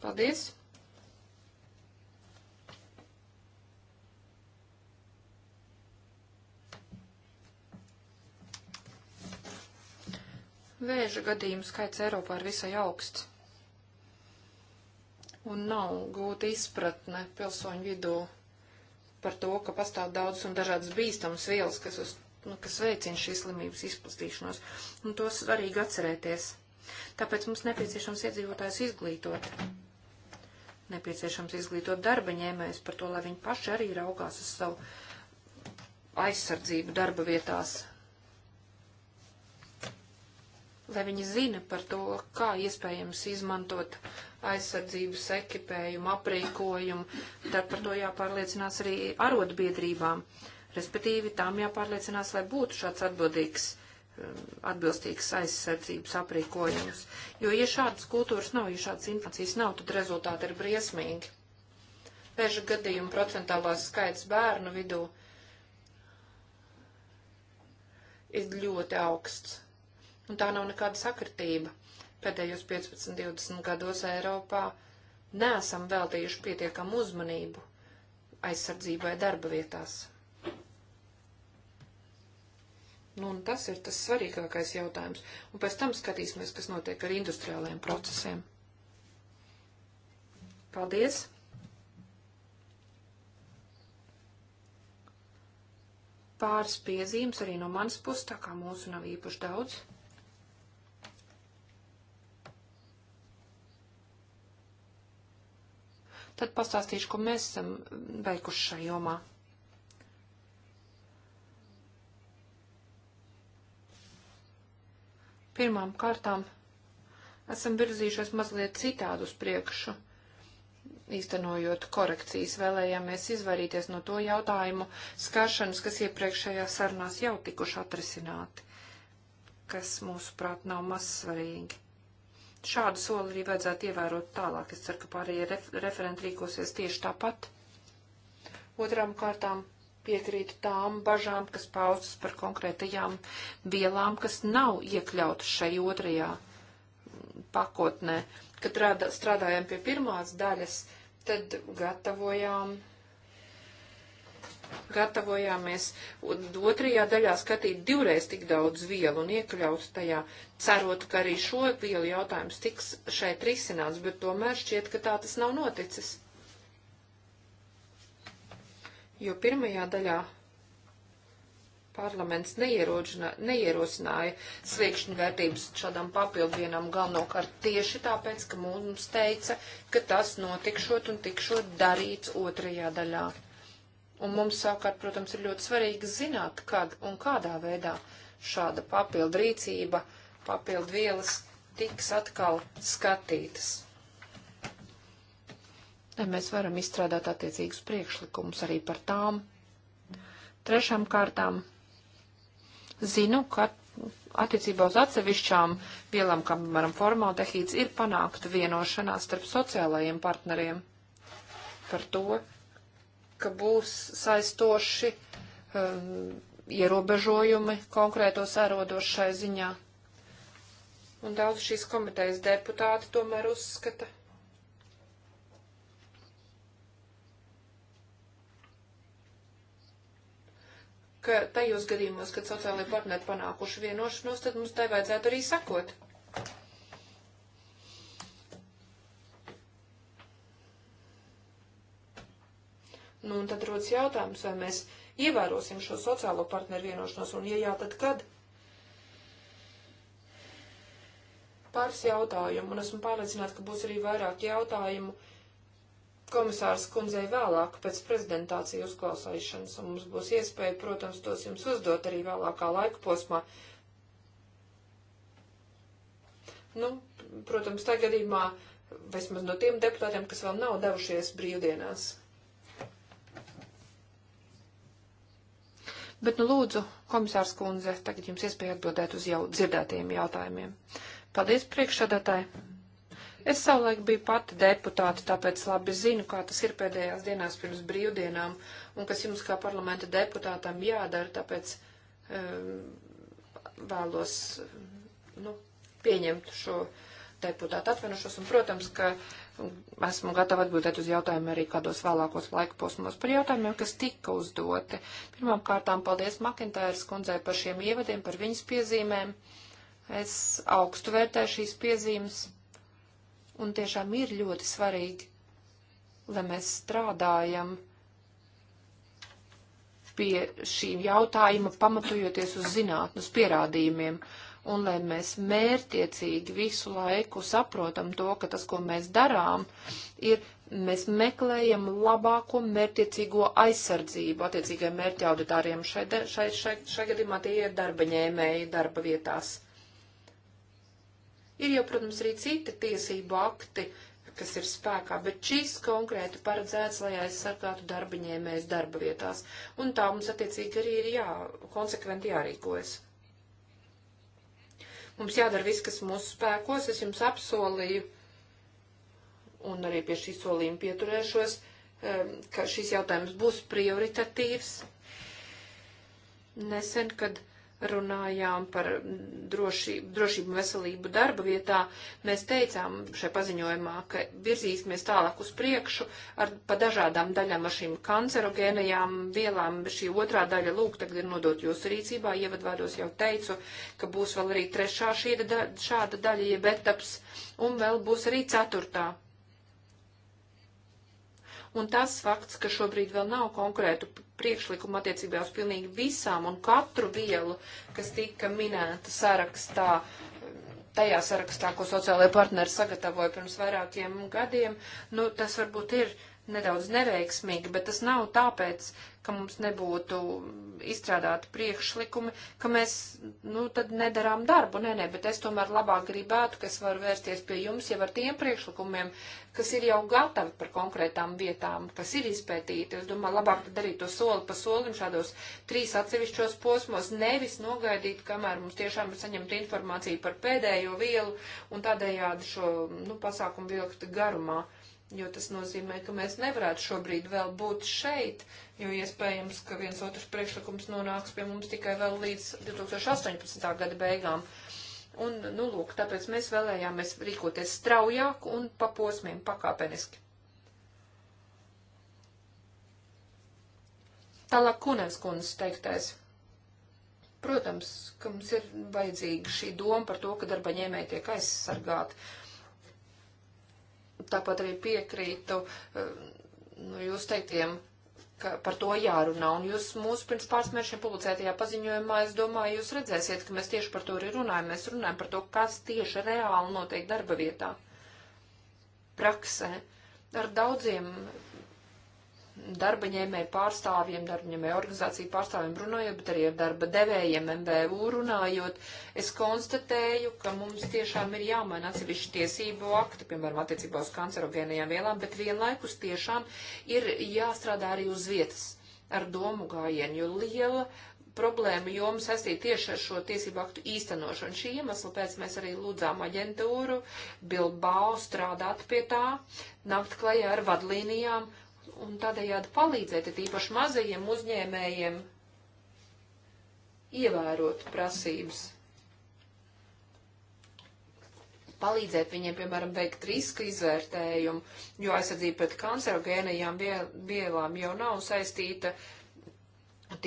Paldies! Vēža gadījumu skaits Eiropā ir visai augsts. Un nav gūta izpratne pilsoņu vidū par to, ka pastāv daudz un dažādas bīstamas vielas, kas, uz, nu, kas veicina šīs slimības izplatīšanos. Un to svarīgi atcerēties. Tāpēc mums nepieciešams iedzīvotājs izglītot. Nepieciešams izglītot darba ņēmējs par to, lai viņi paši arī raugās uz savu aizsardzību darba vietās, lai viņi zina par to, kā iespējams izmantot aizsardzības ekipējumu, aprīkojumu, tad par to jāpārliecinās arī arotbiedrībām. Respektīvi, tām jāpārliecinās, lai būtu šāds atbildīgs, um, atbilstīgs aizsardzības aprīkojums. Jo, ja šādas kultūras nav, ja šādas informācijas nav, tad rezultāti ir briesmīgi. Pēža gadījumu procentālās skaits bērnu vidū ir ļoti augsts un tā nav nekāda sakritība. Pēdējos 15-20 gados Eiropā neesam veltījuši pietiekamu uzmanību aizsardzībai darba vietās. Nu, un tas ir tas svarīgākais jautājums. Un pēc tam skatīsimies, kas notiek ar industriālajiem procesiem. Paldies! Pāris piezīmes arī no manas puses, tā kā mūsu nav īpaši daudz. tad pastāstīšu, ko mēs esam veikuši šajā jomā. Pirmām kārtām esam virzījušies mazliet citādi uz priekšu. Īstenojot korekcijas, vēlējāmies izvairīties no to jautājumu skaršanas, kas iepriekšējās sarunās jau tikuši atrisināti, kas, mūsuprāt, nav maz svarīgi. Šādu soli arī vajadzētu ievērot tālāk. Es ceru, ka pārējie ref referenti rīkosies tieši tāpat. Otrām kārtām piekrītu tām bažām, kas paustas par konkrētajām vielām, kas nav iekļautas šai otrajā pakotnē. Kad strādājām pie pirmās daļas, tad gatavojām gatavojāmies otrajā daļā skatīt divreiz tik daudz vielu un iekļaut tajā, cerot, ka arī šo vielu jautājums tiks šeit risināts, bet tomēr šķiet, ka tā tas nav noticis. Jo pirmajā daļā parlaments neierosināja sliekšņu vērtības šādām papildienām galvenokārt tieši tāpēc, ka mums teica, ka tas notikšot un tikšot darīts otrajā daļā. Un mums savukārt, protams, ir ļoti svarīgi zināt, kad un kādā veidā šāda papildu rīcība, papildu vielas tiks atkal skatītas. Lai mēs varam izstrādāt attiecīgus priekšlikumus arī par tām. Trešām kārtām zinu, ka attiecībā uz atsevišķām vielām, kā piemēram formaldehīds, ir panākta vienošanās starp sociālajiem partneriem par to, ka būs saistoši um, ierobežojumi konkrētos ārodos šai ziņā. Un daudz šīs komitejas deputāti tomēr uzskata. ka tajos gadījumos, kad sociālai partneri panākuši vienošanos, tad mums tai vajadzētu arī sakot. Nu, un tad rodas jautājums, vai mēs ievērosim šo sociālo partneru vienošanos, un ja jā, tad kad? Pāris jautājumu, un esmu pārliecināta, ka būs arī vairāk jautājumu komisārs kundzei vēlāk pēc prezidentāciju uzklausīšanas, un mums būs iespēja, protams, tos jums uzdot arī vēlākā laika posmā. Nu, protams, tā gadījumā vismaz no tiem deputātiem, kas vēl nav devušies brīvdienās. Bet, nu, lūdzu, komisārs kundze, tagad jums iespēja atbildēt uz jau dzirdētajiem jautājumiem. Paldies priekšsādātāji. Es savulaik biju pati deputāte, tāpēc labi zinu, kā tas ir pēdējās dienās pirms brīvdienām un kas jums kā parlamenta deputātam jādara, tāpēc um, vēlos, nu, pieņemt šo deputātu atvainošos un, protams, ka uh, Esmu gatava atbildēt uz jautājumiem arī kādos vēlākos laika posmos par jautājumiem, kas tika uzdoti. Pirmām kārtām paldies Makintājas kundzei par šiem ievadiem, par viņas piezīmēm. Es augstu vērtēju šīs piezīmes un tiešām ir ļoti svarīgi, lai mēs strādājam pie šīm jautājuma pamatojoties uz zinātnes pierādījumiem. Uh, un lai mēs mērtiecīgi visu laiku saprotam to, ka tas, ko mēs darām, ir mēs meklējam labāko mērķiecīgo aizsardzību attiecīgai mērķa auditāriem. Šai, šai, šai, šai gadījumā tie ir darba ņēmēji darba vietās. Ir jau, protams, arī citi tiesību akti, kas ir spēkā, bet šīs konkrēti paredzēts, lai aizsargātu darba ņēmējus darba vietās. Un tā mums attiecīgi arī ir jā, konsekventi jārīkojas. Mums jādara viss, kas mūsu spēkos, es jums apsolīju, un arī pie šī solījuma pieturēšos, um, ka šis jautājums būs prioritatīvs. Nesen, kad runājām par drošību, drošību un veselību darba vietā, mēs teicām šajā paziņojumā, ka virzīsimies tālāk uz priekšu ar pa dažādām daļām ar šīm kancerogēnajām vielām. Šī otrā daļa lūk tagad ir nodot jūsu rīcībā. Ievadvārdos jau teicu, ka būs vēl arī trešā šīda, da, šāda daļa, jeb etaps, un vēl būs arī ceturtā. Un tas fakts, ka šobrīd vēl nav konkrētu priekšlikumu attiecībā uz pilnīgi visām un katru vielu, kas tika minēta sarakstā, tajā sarakstā, ko sociālajie partneri sagatavoja pirms vairākiem gadiem. Nu, tas varbūt ir nedaudz neveiksmīgi, bet tas nav tāpēc, ka mums nebūtu izstrādāti priekšlikumi, ka mēs, nu, tad nedarām darbu. Nē, nē, bet es tomēr labāk gribētu, ka es varu vērsties pie jums jau ar tiem priekšlikumiem, kas ir jau gatavi par konkrētām vietām, kas ir izpētīti. Es domāju, labāk tad darīt to soli pa solim šādos trīs atsevišķos posmos, nevis nogaidīt, kamēr mums tiešām ir saņemta informācija par pēdējo vielu un tādējādi šo, nu, pasākumu vilkt garumā jo tas nozīmē, ka mēs nevarētu šobrīd vēl būt šeit, jo iespējams, ka viens otrs priekšlikums nonāks pie mums tikai vēl līdz 2018. gada beigām. Un, nu, lūk, tāpēc mēs vēlējāmies rīkoties straujāk un pa posmiem pakāpeniski. Tālāk Kunevs kundzes teiktais. Protams, ka mums ir vajadzīga šī doma par to, ka darba ņēmēji tiek aizsargāti Tāpat arī piekrītu eh, nu, jūs teiktiem, ka par to jārunā. Un jūs mūsu pirms pāris mēnešiem publicētajā paziņojumā, es domāju, jūs redzēsiet, ka mēs tieši par to arī runājam. Mēs runājam par to, kas tieši reāli notiek darba vietā, praksē. Ar daudziem darba ņēmēju pārstāvjiem, darba ņēmēju organizāciju pārstāvjiem runājot, bet arī ar darba devējiem MBU runājot, es konstatēju, ka mums tiešām ir jāmaina atsevišķi tiesību akti, piemēram, attiecībā uz kancerogēnajām vielām, bet vienlaikus tiešām ir jāstrādā arī uz vietas ar domu gājienu, jo liela problēma joma saistīta tieši ar šo tiesību aktu īstenošanu. Šī iemesla pēc mēs arī lūdzām aģentūru Bilbao strādāt pie tā, nākt klajā ar vadlīnijām un tādējādi palīdzēt tīpaši mazajiem uzņēmējiem ievērot prasības. Palīdzēt viņiem, piemēram, veikt riska izvērtējumu, jo aizsardzība pret kancerogēnajām vielām jau nav saistīta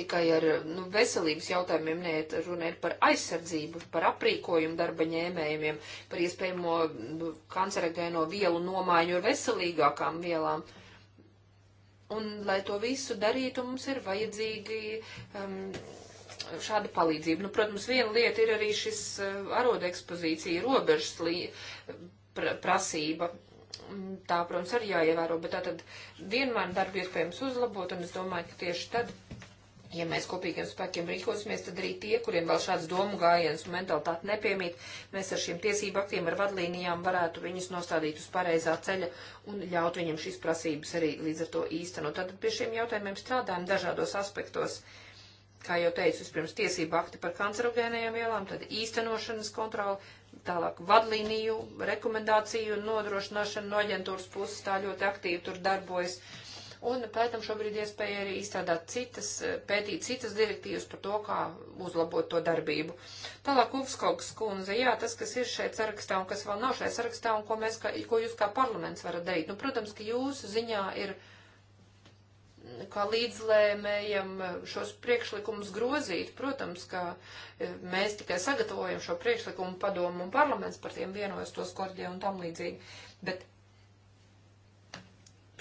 tikai ar nu, veselības jautājumiem, ne, runa ir par aizsardzību, par aprīkojumu darba ņēmējiem, par iespējamo nu, kancerogēno vielu nomaiņu ar veselīgākām vielām. Uh, Un, lai to visu darītu, mums ir vajadzīgi um, šāda palīdzība. Nu, protams, viena lieta ir arī šis uh, aroda ekspozīcija, robežas lī, pra, prasība. Tā, protams, arī jāievēro, bet tā tad vienmēr darbu iespējams uzlabot, un es domāju, ka tieši tad Ja mēs kopīgiem spēkiem rīkosimies, tad arī tie, kuriem vēl šāds domu gājiens un mentalitāte nepiemīt, mēs ar šiem tiesību aktiem, ar vadlīnijām varētu viņus nostādīt uz pareizā ceļa un ļaut viņiem šīs prasības arī līdz ar to īstenot. Tātad pie šiem jautājumiem strādājam dažādos aspektos. Kā jau teicu, vispirms tiesību akti par kancerogēnajām vielām, tad īstenošanas kontroli, tālāk vadlīniju, rekomendāciju un nodrošināšanu no aģentūras puses tā ļoti aktīvi tur darbojas. Uh, un pētam šobrīd iespēju arī izstrādāt citas, eh, pētīt citas direktīvas par to, kā uzlabot to darbību. Tālāk Uvskogs kundze, jā, tas, kas ir šeit sarakstā un kas vēl nav šeit sarakstā un ko, mēs, kā, ko jūs kā parlaments varat darīt. Nu, protams, ka jūsu ziņā ir mm, kā līdzlēmējam eh, šos priekšlikumus grozīt. Protams, ka eh, mēs tikai sagatavojam šo priekšlikumu padomu un parlaments par tiem vienojas tos korģē un tam līdzīgi. Bet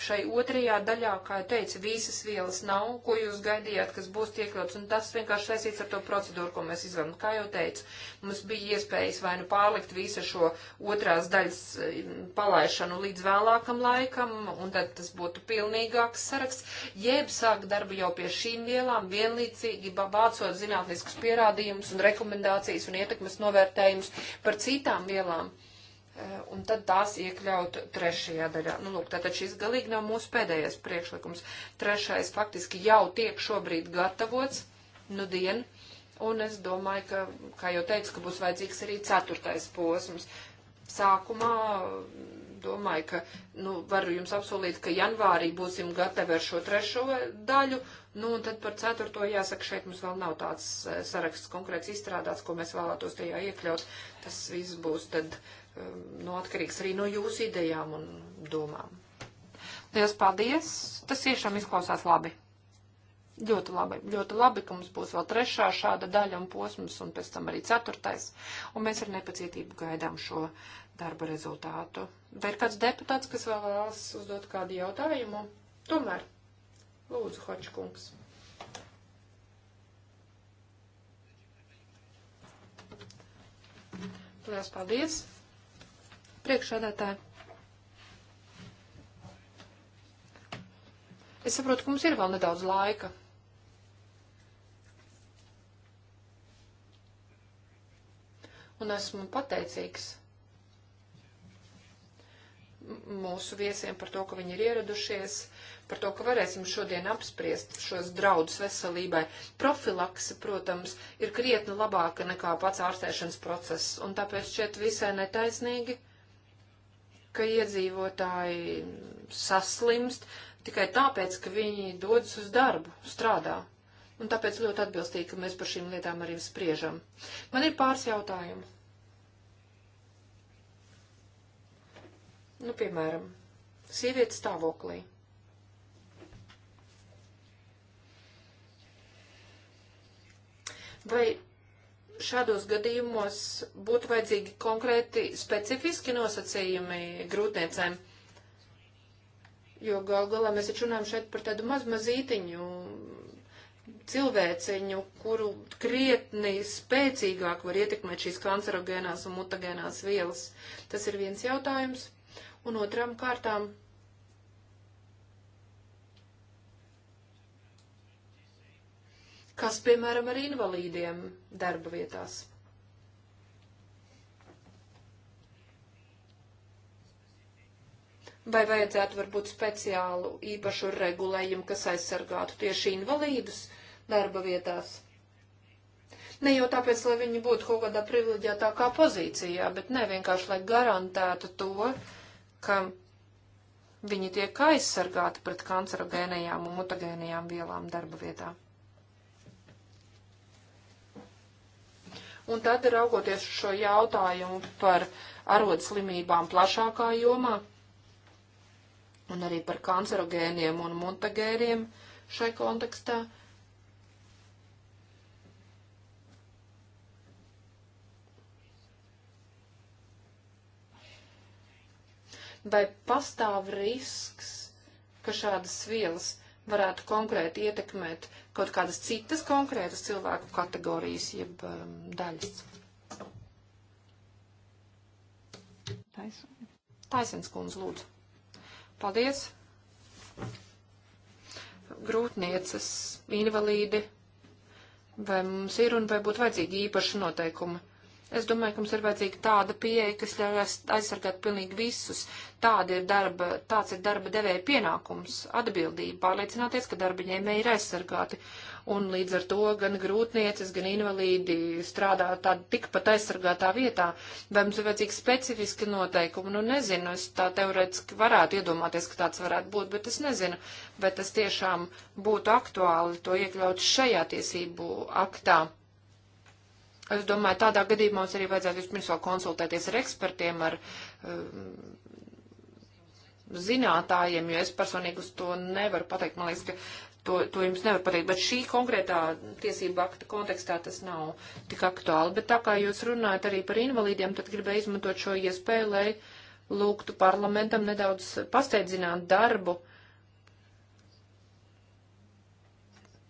šai otrajā daļā, kā jau teicu, visas vielas nav, ko jūs gaidījāt, kas būs iekļauts, un tas vienkārši saistīts ar to procedūru, ko mēs izvēlam. Kā jau teicu, mums bija iespējas vai nu pārlikt visu šo otrās daļas eh, palaišanu līdz vēlākam laikam, un tad tas būtu pilnīgāks saraksts, jeb sākt darbu jau pie šīm vielām, vienlīdzīgi bācot zinātniskus pierādījumus un rekomendācijas un ietekmes novērtējumus par citām vielām Eh, un tad tās iekļaut trešajā daļā. Nu, lūk, tātad šis galīgi nav mūsu pēdējais priekšlikums. Trešais faktiski jau tiek šobrīd gatavots, nu dien, un es domāju, ka, kā jau teicu, ka būs vajadzīgs arī ceturtais posms. Sākumā mm, domāju, ka, nu, varu jums apsolīt, ka janvārī būsim gatavi ar šo trešo daļu, nu, un tad par ceturto jāsaka, šeit mums vēl nav tāds eh, saraksts konkrēts izstrādāts, ko mēs vēlētos tajā iekļaut. Tas viss būs tad. Uh, Um, nu, atkarīgs arī no jūsu idejām un domām. Lielas paldies! Tas tiešām izklausās labi. Ļoti labi, ļoti labi, ka mums būs vēl trešā šāda daļa un posms, un pēc tam arī ceturtais, un mēs ar nepacietību gaidām šo darba rezultātu. Vai ir kāds deputāts, kas vēl vēlas uzdot kādu jautājumu? Tomēr, lūdzu, Hočkungs. Lielas paldies! priekšādātāji. Es saprotu, ka mums ir vēl nedaudz laika. Un esmu pateicīgs mūsu viesiem par to, ka viņi ir ieradušies, par to, ka varēsim šodien apspriest šos draudus veselībai. Profilakse, protams, ir krietni labāka nekā pats ārstēšanas process, un tāpēc šķiet visai netaisnīgi, uh, ka iedzīvotāji saslimst tikai tāpēc, ka viņi dodas uz darbu, strādā. Un tāpēc ļoti atbilstīgi, ka mēs par šīm lietām arī spriežam. Man ir pāris jautājumu. Nu, piemēram, sievietes stāvoklī. Vai Šādos gadījumos būtu vajadzīgi konkrēti specifiski nosacījumi grūtniecēm, jo gal galā mēs taču runājam šeit par tādu maz mazītiņu cilvēciņu, kuru krietni spēcīgāk var ietekmēt šīs kancerogēnās un mutagēnās vielas. Tas ir viens jautājums. Un otram kārtām kas, piemēram, ar invalīdiem darba vietās. Vai vajadzētu varbūt speciālu īpašu regulējumu, kas aizsargātu tieši invalīdus darba vietās? Ne jau tāpēc, lai viņi būtu kaut kādā privileģētākā pozīcijā, bet ne vienkārši, lai garantētu to, ka viņi tiek aizsargāti pret kancerogēnajām un mutagēnajām vielām darba vietā. Un tad raugoties šo jautājumu par arodslimībām plašākā jomā un arī par kancerogēniem un mutagēriem šai kontekstā. vai pastāv risks, ka šādas vielas varētu konkrēti ietekmēt kaut kādas citas konkrētas cilvēku kategorijas jeb um, daļas. Taisnība. Taisnība, kundze, lūdzu. Paldies. Grūtnieces, invalīdi, vai mums ir un vai būtu vajadzīgi īpaši noteikumi? Es domāju, ka mums ir vajadzīga tāda pieeja, kas ļauj aizsargāt pilnīgi visus. Tāda ir darba, tāds ir darba devēja pienākums, atbildība, pārliecināties, ka darba ņēmēji ir aizsargāti. Un līdz ar to gan grūtnieces, gan invalīdi strādā tādā tikpat aizsargātā vietā. Vai mums ir vajadzīgi specifiski noteikumi? Nu, nezinu, es tā teorētiski varētu iedomāties, ka tāds varētu būt, bet es nezinu, vai tas tiešām būtu aktuāli to iekļaut šajā tiesību aktā Es domāju, tādā gadījumā mums arī vajadzētu vispirms vēl konsultēties ar ekspertiem, ar um, zinātājiem, jo es personīgi uz to nevaru pateikt. Man liekas, ka to, to jums nevar pateikt, bet šī konkrētā tiesība akta kontekstā tas nav tik aktuāli. Bet tā kā jūs runājat arī par invalīdiem, tad gribēju izmantot šo iespēju, lai lūgtu parlamentam nedaudz pasteidzināt darbu. Uh,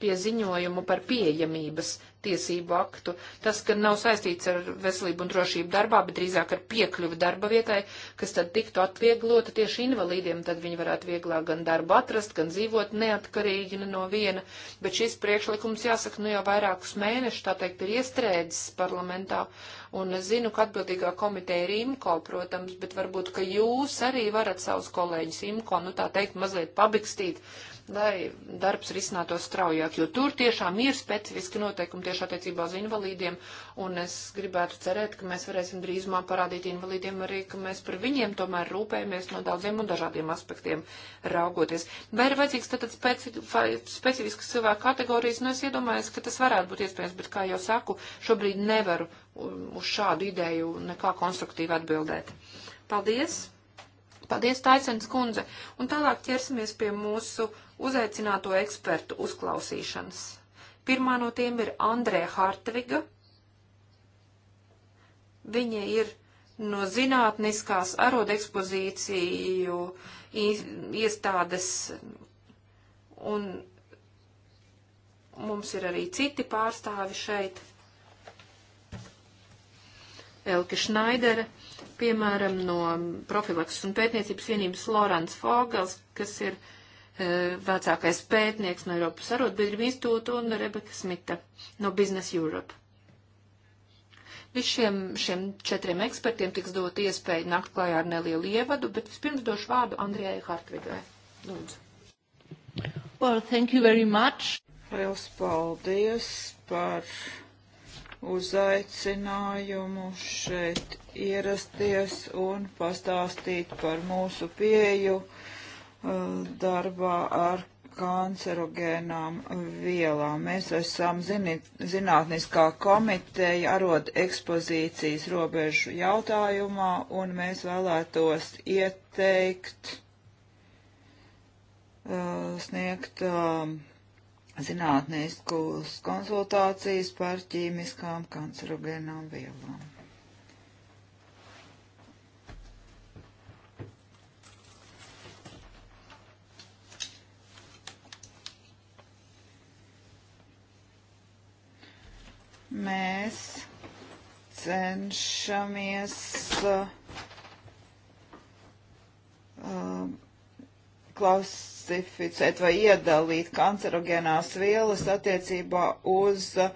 pie ziņojumu par pieejamības tiesību aktu. Tas, ka nav saistīts ar veselību un drošību darbā, bet drīzāk ar piekļuvi darba vietai, kas tad tiktu atvieglota tieši invalīdiem, tad viņi varētu vieglāk gan darbu atrast, gan dzīvot neatkarīgi no viena. Bet šis priekšlikums, jāsaka, nu jau vairākus mēnešus, tā teikt, ir iestrēdzis parlamentā. Un es zinu, ka atbildīgā komiteja ir IMCO, protams, bet varbūt, ka jūs arī varat savus kolēģus IMCO, nu tā teikt, mazliet pabikstīt lai darbs risinātos straujāk, jo tur tiešām ir specifiski noteikumi tieši attiecībā uz invalīdiem, un es gribētu cerēt, ka mēs varēsim drīzumā parādīt invalīdiem arī, ka mēs par viņiem tomēr rūpējamies no daudziem un dažādiem aspektiem raugoties. Vai ir vajadzīgs tad speci specifisks cilvēku kategorijas? Nu, es iedomājos, ka tas varētu būt iespējams, bet, kā jau saku, šobrīd nevaru um, uz šādu ideju nekā konstruktīvi atbildēt. Paldies! Paldies, Taisens kundze. Un tālāk ķersimies pie mūsu uzaicināto ekspertu uzklausīšanas. Pirmā no tiem ir Andrē Hartviga. Viņa ir no zinātniskās arodu ekspozīciju iestādes un mums ir arī citi pārstāvi šeit. Elke Šnaidere piemēram, no profilakses un pētniecības vienības Lorants Fogels, kas ir e, vecākais pētnieks no Eiropas arotbiedrību institūta un Rebeka Smita no Business Europe. Visiem šiem četriem ekspertiem tiks dot iespēja nākt klājā ar nelielu ievadu, bet vispirms došu vārdu Andrijai Hartvigai. Lūdzu. Well, thank you very much. Liels paldies par uzaicinājumu šeit ierasties un pastāstīt par mūsu pieju uh, darbā ar kancerogēnām vielām. Mēs esam zini, zinātniskā komiteja arod ekspozīcijas robežu jautājumā, un mēs vēlētos ieteikt uh, sniegt uh, zinātniskus konsultācijas par ķīmiskām kancerogēnām vielām. mēs cenšamies uh, klasificēt vai iedalīt kancerogēnās vielas attiecībā uz uh,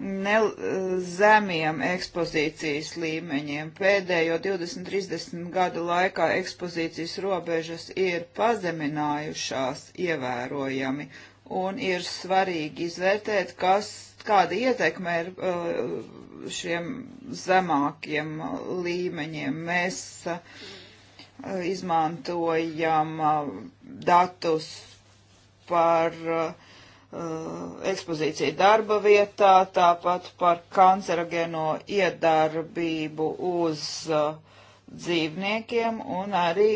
ne, uh, zemiem ekspozīcijas līmeņiem. Pēdējo 20-30 gadu laikā ekspozīcijas robežas ir pazeminājušās ievērojami, un ir svarīgi izvērtēt, kas kāda ietekme ir uh, šiem zemākiem uh, līmeņiem. Mēs uh, izmantojam datus par ekspozīciju darba vietā, tāpat par kancerogēno iedarbību uz dzīvniekiem un arī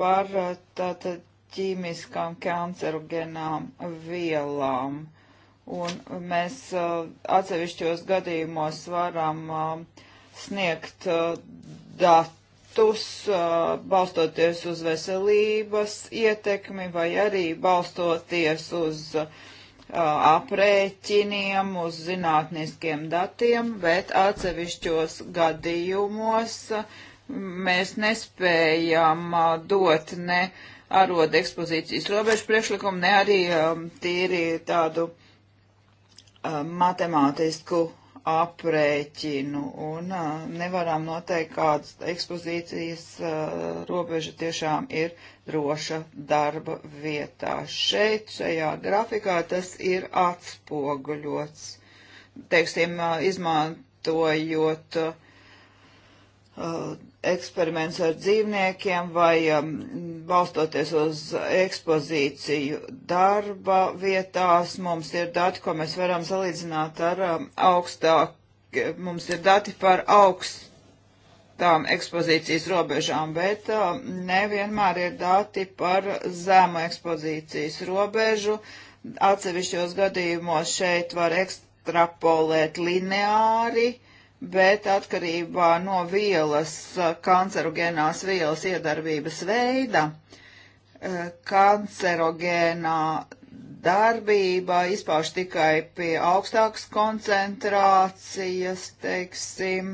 par tātad ķīmiskām kancerogenām vielām un mēs uh, atsevišķos gadījumos varam uh, sniegt uh, datus, balstoties uz veselības ietekmi vai arī balstoties uz aprēķiniem, uz zinātniskiem datiem, bet atsevišķos gadījumos mēs nespējam dot ne arodu ekspozīcijas robežu priekšlikumu, ne arī um, tīri tādu uh, matemātisku aprēķinu un nevaram noteikt, kādas ekspozīcijas robeža tiešām ir droša darba vietā. Šeit, šajā grafikā tas ir atspoguļots. Teiksim, izmantojot uh, eksperiments ar dzīvniekiem vai um, balstoties uz ekspozīciju darba vietās. Mums ir dati, ko mēs varam salīdzināt ar um, augstāk, mums ir dati par augstām ekspozīcijas robežām, bet um, nevienmēr ir dati par zemu ekspozīcijas robežu. Atsevišķos gadījumos šeit var ekstrapolēt lineāri bet atkarībā no vielas, kancerogēnās vielas iedarbības veida, eh, kancerogēnā darbība izpauž tikai pie augstākas koncentrācijas, teiksim,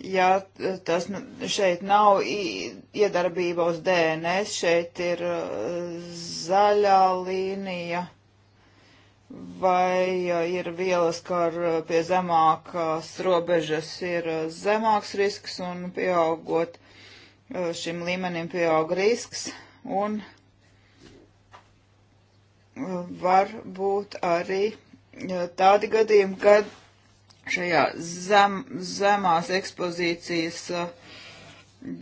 ja eh, tas nu, šeit nav iedarbība uz DNS, šeit ir eh, zaļā līnija vai ir vielas, kā pie zemākās robežas ir zemāks risks un pieaugot e, šim līmenim pieaug risks un e, var būt arī e, tādi gadījumi, kad šajā zem, zemās ekspozīcijas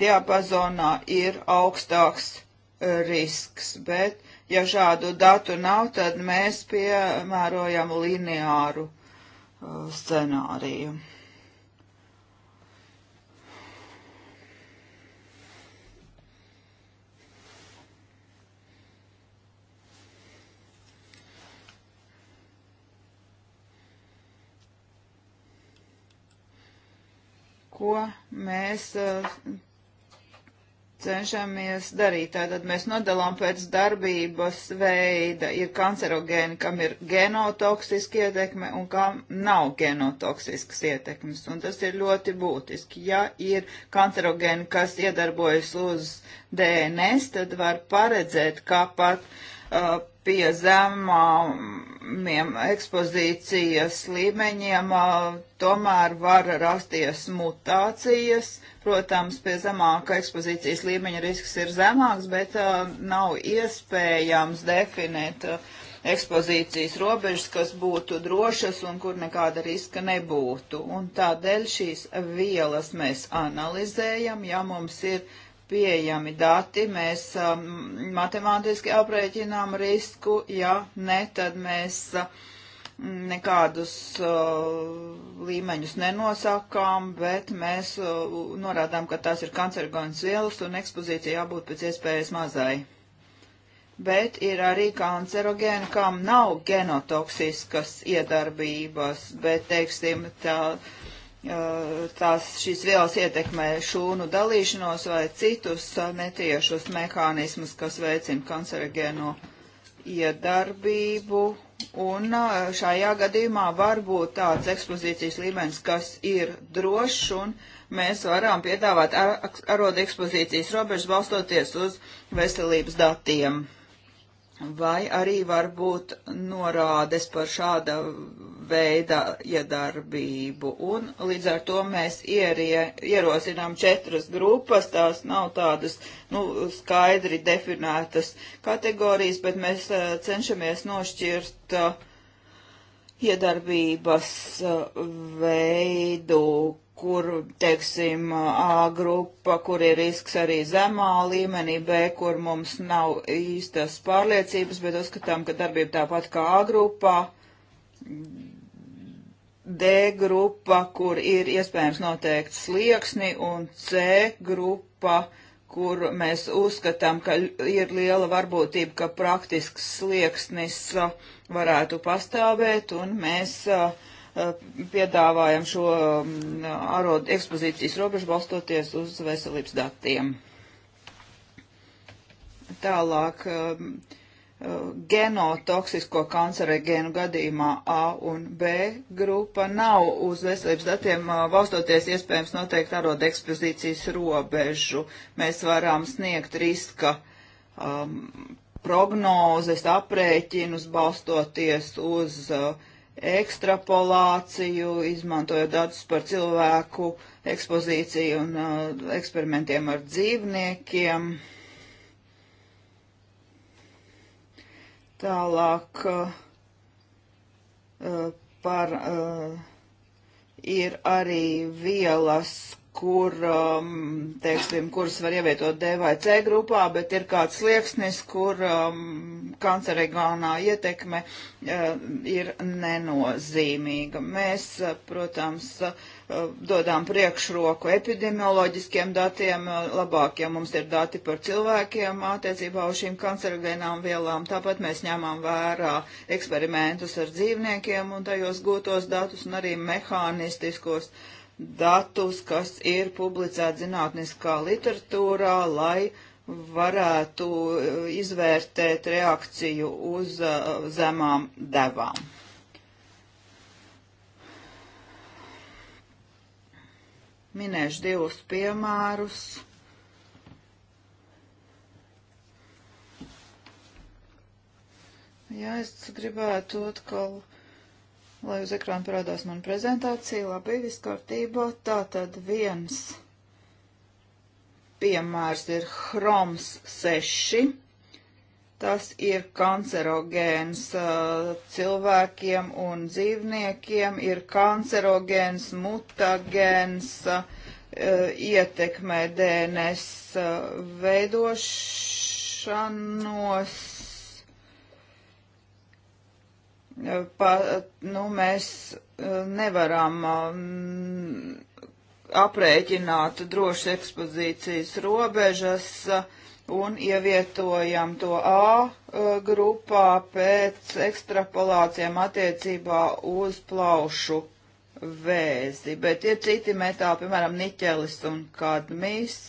diapazonā ir augstāks risks, bet uh, Ja šādu datu nav, tad mēs piemērojam lineāru uh, scenāriju. ko mēs uh, cenšamies darīt. Tātad mēs nodalām pēc darbības veida. Ir kancerogēni, kam ir genotoksiski ietekme un kam nav genotoksiskas ietekmes. Un tas ir ļoti būtiski. Ja ir kancerogēni, kas iedarbojas uz DNS, tad var paredzēt, kā pat uh, pie zemām ekspozīcijas līmeņiem tomēr var rasties mutācijas. Protams, pie zemāka ekspozīcijas līmeņa risks ir zemāks, bet nav iespējams definēt ekspozīcijas robežas, kas būtu drošas un kur nekāda riska nebūtu. Un tādēļ šīs vielas mēs analizējam, ja mums ir pieejami dati, mēs um, matemātiski aprēķinām risku, ja ne, tad mēs uh, nekādus uh, līmeņus nenosakām, bet mēs uh, norādām, ka tās ir kancerogēnas vielas un ekspozīcija jābūt pēc iespējas mazai. Bet ir arī kancerogēni, kam nav genotoksiskas iedarbības, bet, teiksim, tā. Uh, tās šīs vielas ietekmē šūnu dalīšanos vai citus netiešus mehānismus, kas veicina kancerogēno iedarbību. Un šajā gadījumā var būt tāds ekspozīcijas līmenis, kas ir drošs, un mēs varam piedāvāt arodu ekspozīcijas robežas balstoties uz veselības datiem vai arī var būt norādes par šāda veida iedarbību. Un līdz ar to mēs ierie, ierosinām četras grupas, tās nav tādas nu, skaidri definētas kategorijas, bet mēs uh, cenšamies nošķirt uh, iedarbības uh, veidu, kur, teiksim, A grupa, kur ir risks arī zemā līmenī, B, kur mums nav īstas pārliecības, bet uzskatām, ka darbība tāpat kā A grupā, D grupa, kur ir iespējams noteikts slieksni, un C grupa, kur mēs uzskatām, ka ir liela varbūtība, ka praktisks slieksnis uh, varētu pastāvēt, un mēs uh, Eh, piedāvājam šo ārodu mm, ekspozīcijas robežu balstoties uz veselības datiem. Tālāk eh, eh, genotoksisko kancerēgēnu gadījumā A un B grupa nav uz veselības datiem valstoties iespējams noteikt ārod ekspozīcijas robežu. Mēs varam sniegt riska um, prognozes, aprēķinus, balstoties uz uh, ekstrapolāciju, izmantojot datus par cilvēku ekspozīciju un uh, eksperimentiem ar dzīvniekiem. Tālāk uh, par uh, ir arī vielas, kur, um, teiksim, kuras var ievietot D vai C grupā, bet ir kāds slieksnis, kur um, kancerigānā ietekme uh, ir nenozīmīga. Mēs, uh, protams, uh, dodām priekšroku epidemioloģiskiem datiem, uh, labāk, ja mums ir dati par cilvēkiem attiecībā uz šīm kancerigēnām vielām, tāpat mēs ņemam vērā eksperimentus ar dzīvniekiem un tajos gūtos datus un arī mehānistiskos uh, datus, kas ir publicēti zinātniskā literatūrā, lai varētu eh, izvērtēt reakciju uz eh, zemām devām. Minēšu divus piemērus. Jā, es gribētu atkal. Ka lai uz ekrāna parādās mana prezentācija. Labi, viss kārtībā. Tātad viens piemērs ir Chroms 6. Tas ir kancerogēns uh, cilvēkiem un dzīvniekiem, ir kancerogēns, mutagēns, uh, ietekmē DNS uh, veidošanos pa, nu, mēs eh, nevaram um, aprēķināt droši ekspozīcijas robežas eh, un ievietojam to A eh, grupā pēc ekstrapolācijām attiecībā uz plaušu vēzi, bet ir citi metāli, piemēram, niķelis un kadmijs,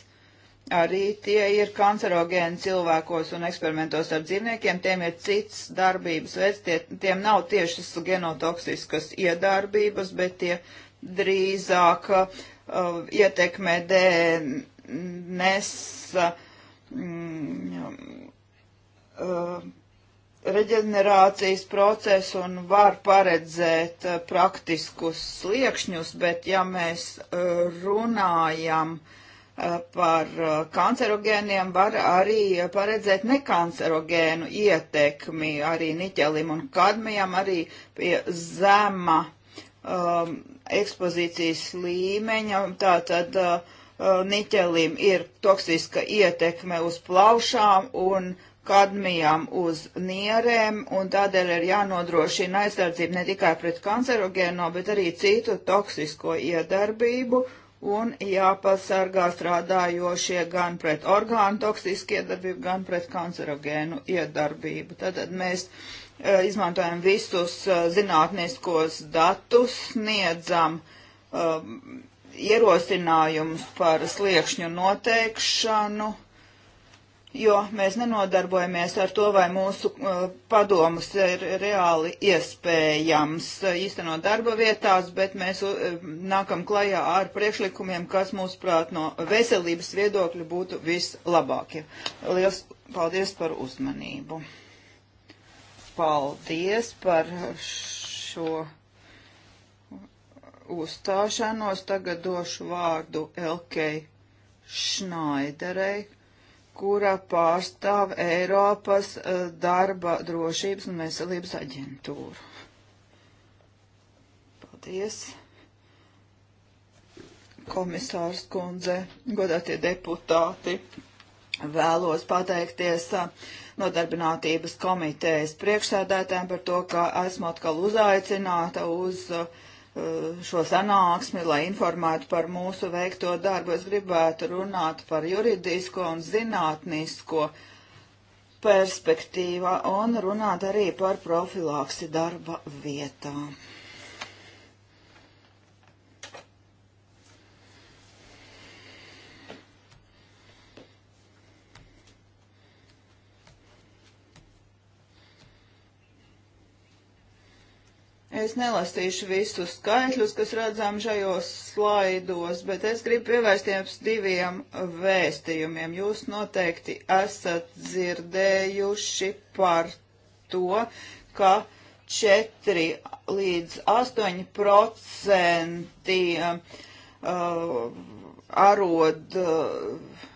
arī tie ir kancerogēni cilvēkos un eksperimentos ar dzīvniekiem, tiem ir cits darbības veids, tie, tiem nav tiešas genotoksiskas iedarbības, bet tie drīzāk uh, ietekmē DNS mm, uh, reģenerācijas procesu un var paredzēt uh, praktiskus sliekšņus, bet ja mēs uh, runājam uh, Eh, par eh, kancerogēniem var arī paredzēt nekancerogēnu ietekmi arī niķelim un kadmijam, arī pie zema um, ekspozīcijas līmeņa. Tātad uh, niķelim ir toksiska ietekme uz plaušām un kadmijam uz nierēm, un tādēļ ir jānodrošina aizsardzība ne tikai pret kancerogēno, bet arī citu toksisko iedarbību un jāpasargā strādājošie gan pret orgānu toksisku iedarbību, gan pret kancerogēnu iedarbību. Tad mēs uh, izmantojam visus uh, zinātniskos datus, sniedzam uh, ierosinājumus par sliekšņu noteikšanu jo mēs nenodarbojamies ar to, vai mūsu uh, padomus ir reāli iespējams uh, īstenot darba vietās, bet mēs uh, nākam klajā ar priekšlikumiem, kas mūsuprāt no veselības viedokļa būtu vislabākie. Lielas paldies par uzmanību. Paldies par šo uzstāšanos. Tagad došu vārdu Elkei Šnaiderei kura pārstāv Eiropas eh, darba drošības un veselības aģentūru. Paldies, komisārs kundze, godātie deputāti. Vēlos pateikties eh, nodarbinātības komitejas priekšsēdētājiem par to, ka esmu atkal uzaicināta uz uh, Uh, šo sanāksmi, lai informētu par mūsu veikto darbu. Es gribētu runāt par juridisko un zinātnisko perspektīvu un runāt arī par profilaksi darba vietām. Es nelasīšu visus skaitļus, kas redzam šajos slaidos, bet es gribu pievērsties diviem vēstījumiem. Jūs noteikti esat dzirdējuši par to, ka 4 līdz 8 procenti uh, arod uh,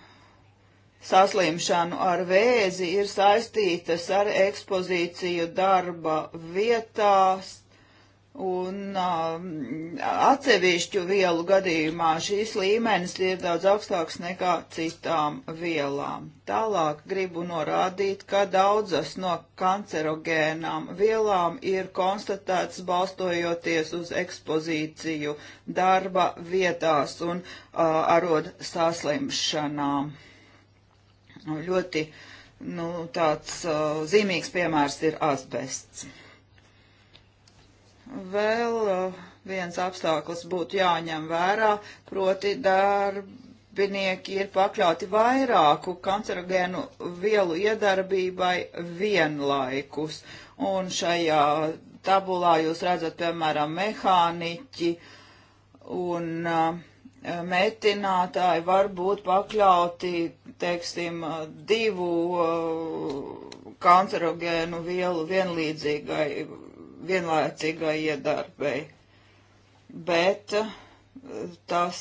saslimšanu ar vēzi ir saistītas ar ekspozīciju darba vietās Un uh, atsevišķu vielu gadījumā šīs līmenis ir daudz augstāks nekā citām vielām. Tālāk gribu norādīt, ka daudzas no kancerogēnām vielām ir konstatētas balstojoties uz ekspozīciju darba vietās un uh, arod saslimšanām. Ļoti nu, tāds uh, zīmīgs piemērs ir asbests vēl uh, viens apstākļus būtu jāņem vērā, proti darbinieki ir pakļauti vairāku kancerogēnu vielu iedarbībai vienlaikus. Un šajā tabulā jūs redzat, piemēram, mehāniķi un uh, metinātāji var būt pakļauti, teiksim, divu uh, kancerogēnu vielu vienlīdzīgai vienlaicīgai iedarbei. Bet eh, tas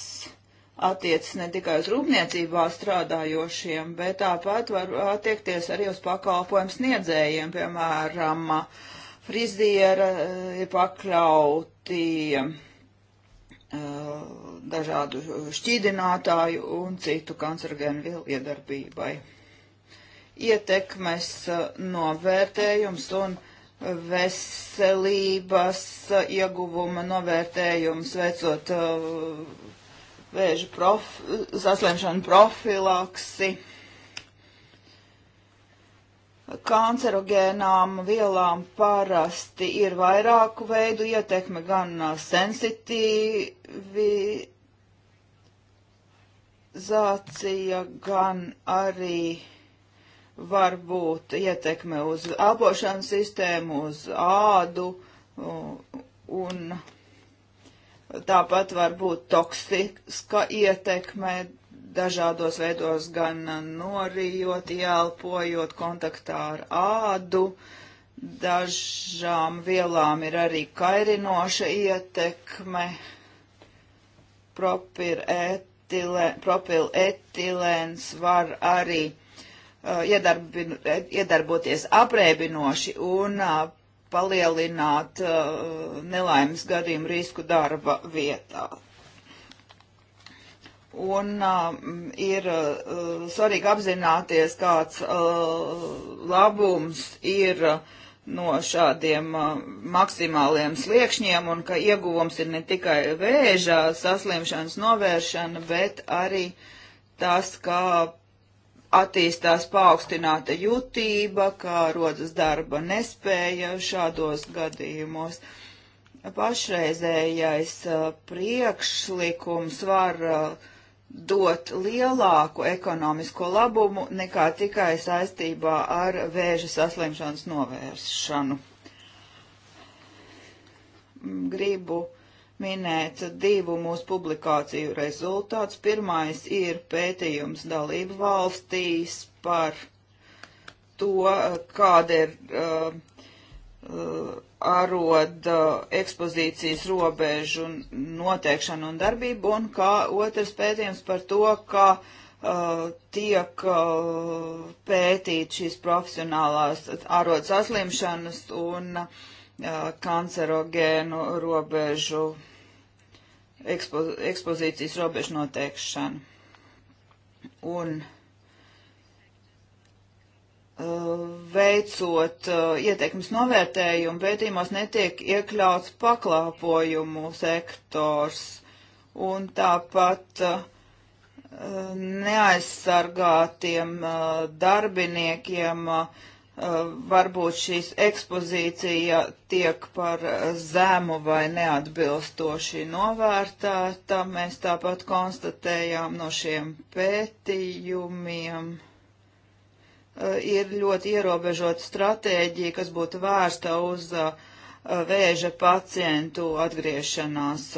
attiecas ne tikai uz rūpniecībā strādājošiem, bet tāpat var attiekties arī uz pakalpojumu sniedzējiem, piemēram, friziera eh, ir pakļauti eh, dažādu šķīdinātāju un citu kancerogēnu vielu iedarbībai. Ietekmes novērtējums un veselības ieguvuma novērtējums, veicot uh, vēža profi, saslimšanu profilaksi, kancerogēnām vielām parasti ir vairāku veidu ietekme, gan uh, sensitīvizācija, gan arī var būt ietekme uz elpošanas sistēmu, uz ādu un tāpat var būt toksiska ietekme dažādos veidos gan norijot, ielpojot kontaktā ar ādu. Dažām vielām ir arī kairinoša ietekme, propilētilēns var arī Uh, iedarboties aprēbinoši un uh, palielināt uh, nelaimes gadījumu risku darba vietā. Un uh, ir uh, svarīgi apzināties, kāds uh, labums ir no šādiem uh, maksimāliem sliekšņiem un ka ieguvums ir ne tikai vēža saslimšanas novēršana, bet arī tas, kā attīstās paaugstināta jutība, kā rodas darba nespēja šādos gadījumos. Pašreizējais priekšlikums var dot lielāku ekonomisko labumu nekā tikai saistībā ar vēža saslimšanas novēršanu. Gribu minēt divu mūsu publikāciju rezultātus. Pirmais ir pētījums dalību valstīs par to, kāda ir uh, uh, aroda uh, ekspozīcijas robežu noteikšana un darbība, un kā otrs pētījums par to, kā uh, tiek uh, pētīt šīs profesionālās arodas saslimšanas un uh, kancerogēnu robežu ekspo, ekspozīcijas robežu noteikšanu. Un uh, veicot uh, ietekmes novērtējumu, pētījumos netiek iekļauts paklāpojumu sektors un tāpat uh, neaizsargātiem darbiniekiem uh, Eh, varbūt šīs ekspozīcija tiek par zemu vai neatbilstoši novērtēta. Mēs tāpat konstatējām no šiem pētījumiem. Eh, ir ļoti ierobežota stratēģija, kas būtu vērsta uz eh, vēža pacientu atgriešanās,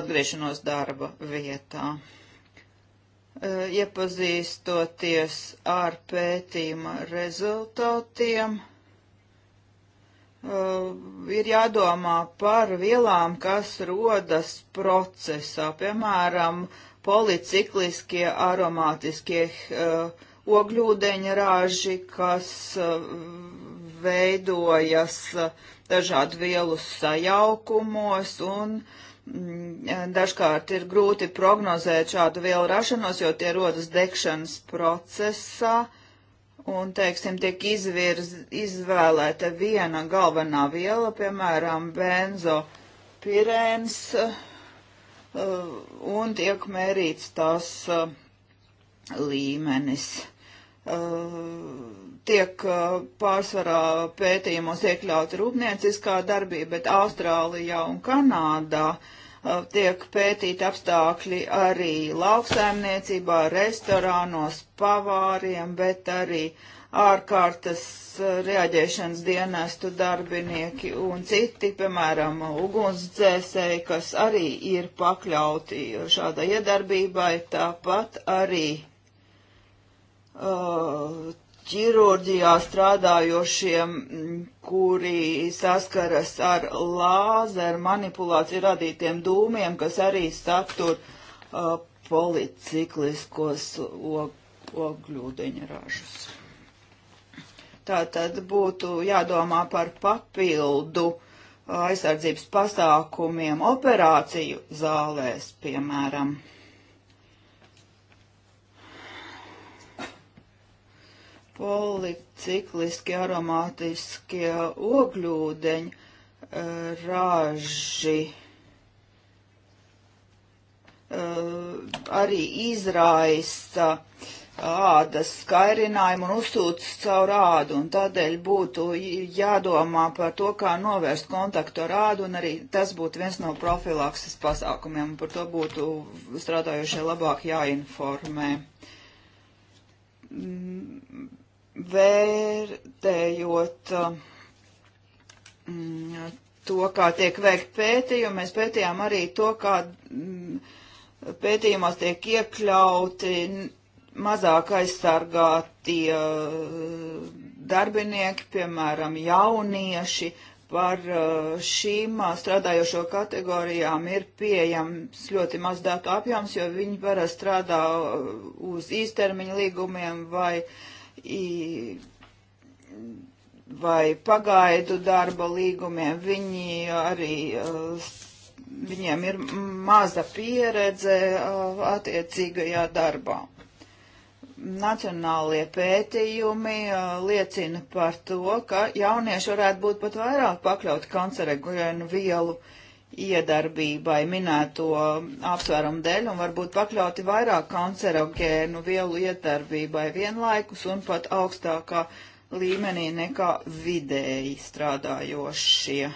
atgriešanos darba vietā. Eh, iepazīstoties ar pētījuma rezultātiem, eh, ir jādomā par vielām, kas rodas procesā, piemēram, policikliskie aromātiskie eh, ogļūdeņa raži, kas veidojas dažādu vielu sajaukumos un uh, Mm, dažkārt ir grūti prognozēt šādu vielu rašanos, jo tie rodas degšanas procesā. Un, teiksim, tiek izvirz, izvēlēta viena galvenā viela, piemēram, benzopirēns, uh, un tiek mērīts tās uh, līmenis. Uh, tiek pārsvarā pētījumos iekļauta rūpnieciskā darbība, bet Austrālijā un Kanādā uh, Uh, tiek pētīti apstākļi arī lauksaimniecībā, restorānos, pavāriem, bet arī ārkārtas uh, reaģēšanas dienestu darbinieki un citi, piemēram, ugunsdzēsēji, kas arī ir pakļauti šādai iedarbībai, tāpat arī uh, ķirurģijā strādājošiem, mm, kuri saskaras ar lāzeru manipulāciju radītiem dūmiem, kas arī satur uh, policikliskos og, ogļūdeņa ražus. Tā tad būtu jādomā par papildu aizsardzības pasākumiem operāciju zālēs, piemēram. policikliski aromātiskie ogļūdeņi eh, raži eh, arī izraisa ādas skairinājumu un uzsūcas caur ādu, un tādēļ būtu jādomā par to, kā novērst kontaktu ar ādu, un arī tas būtu viens no profilakses pasākumiem, un par to būtu strādājošie labāk jāinformē mm, vērtējot uh, mm, to, kā tiek veikt pētījumi, mēs pētījām arī to, kā mm, pētījumos tiek iekļauti mazāk aizsargātie uh, darbinieki, piemēram, jaunieši. Par uh, šīm strādājošo kategorijām ir pieejams ļoti maz datu apjoms, jo viņi var strādā uz īstermiņa līgumiem vai uh, vai pagaidu darba līgumiem, viņi arī, eh, viņiem ir maza pieredze eh, attiecīgajā darbā. Nacionālie pētījumi eh, liecina par to, ka jaunieši varētu būt pat vairāk pakļauti kancerogēnu vielu uh, iedarbībai minēto apsvērumu dēļ un varbūt pakļauti vairāk kancerogēnu vielu iedarbībai vienlaikus un pat augstākā līmenī nekā vidēji strādājošie.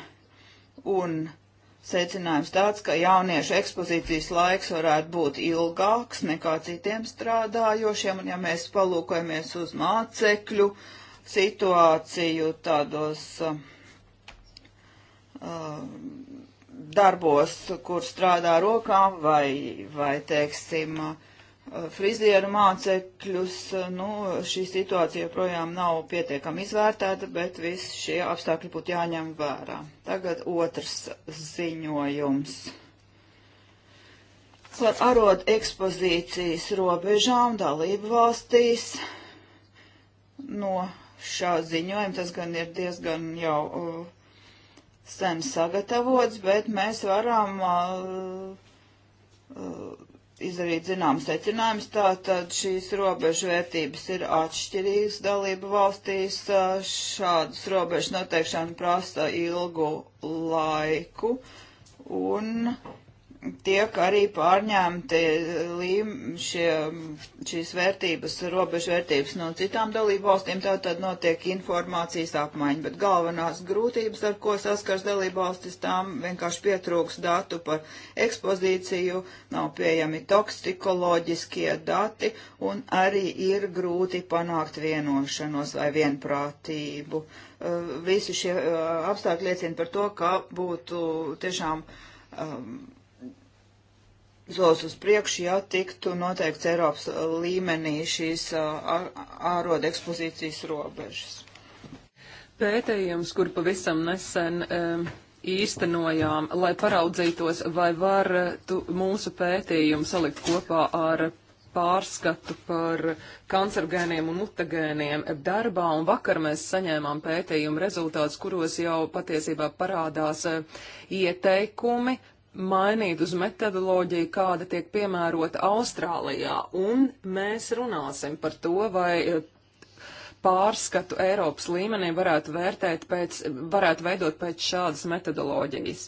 Un secinājums tāds, ka jauniešu ekspozīcijas laiks varētu būt ilgāks nekā citiem strādājošiem, un ja mēs palūkojamies uz mācekļu situāciju tādos uh, darbos, kur strādā rokām vai, vai teiksim, frizieru mācekļus, nu, šī situācija joprojām nav pietiekami izvērtēta, bet visi šie apstākļi būtu jāņem vērā. Tagad otrs ziņojums. Par arodu ekspozīcijas robežām dalību valstīs no šā ziņojuma, tas gan ir diezgan jau uh, sen sagatavots, bet mēs varam uh, uh, izdarīt zinām secinājumus. Tātad šīs robežu vērtības ir atšķirīgas dalību valstīs. Uh, šādas robežu noteikšana prasa ilgu laiku un uh, tiek arī pārņemti līm, šie, šīs vērtības, robežvērtības no citām dalību valstīm, tā tad notiek informācijas apmaiņa, bet galvenās grūtības, ar ko saskars dalību valstis, tām vienkārši pietrūks datu par ekspozīciju, nav pieejami toksikoloģiskie dati un arī ir grūti panākt vienošanos vai vienprātību. Uh, visi šie uh, apstākļi liecina par to, ka būtu tiešām um, solis uz priekšu, ja tiktu noteikts Eiropas līmenī šīs ārodu ekspozīcijas robežas. Pētījums, kur pavisam nesen um, īstenojām, lai paraudzītos, vai var tu, mūsu pētījumu salikt kopā ar pārskatu par kancerogēniem un mutagēniem darbā, un vakar mēs saņēmām pētījumu rezultātus, kuros jau patiesībā parādās ieteikumi mainīt uz metodoloģiju, kāda tiek piemērota Austrālijā, un mēs runāsim par to, vai eh, pārskatu Eiropas līmenī varētu vērtēt pēc, varētu veidot pēc šādas metodoloģijas.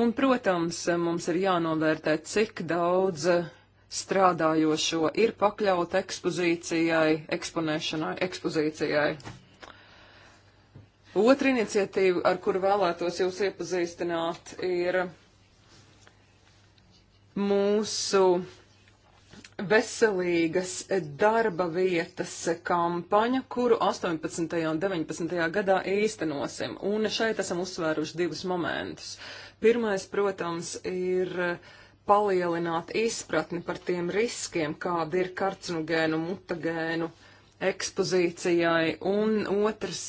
Un, protams, mums ir jānovērtē, cik daudz eh, strādājošo ir pakļaut ekspozīcijai, eksponēšanai, ekspozīcijai. Otra iniciatīva, ar kuru vēlētos jūs iepazīstināt, ir mūsu veselīgas darba vietas kampaņa, kuru 18. un 19. gadā īstenosim. Un šeit esam uzsvēruši divus momentus. Pirmais, protams, ir palielināt izpratni par tiem riskiem, kāda ir karcinogēnu, mutagēnu ekspozīcijai, un otrs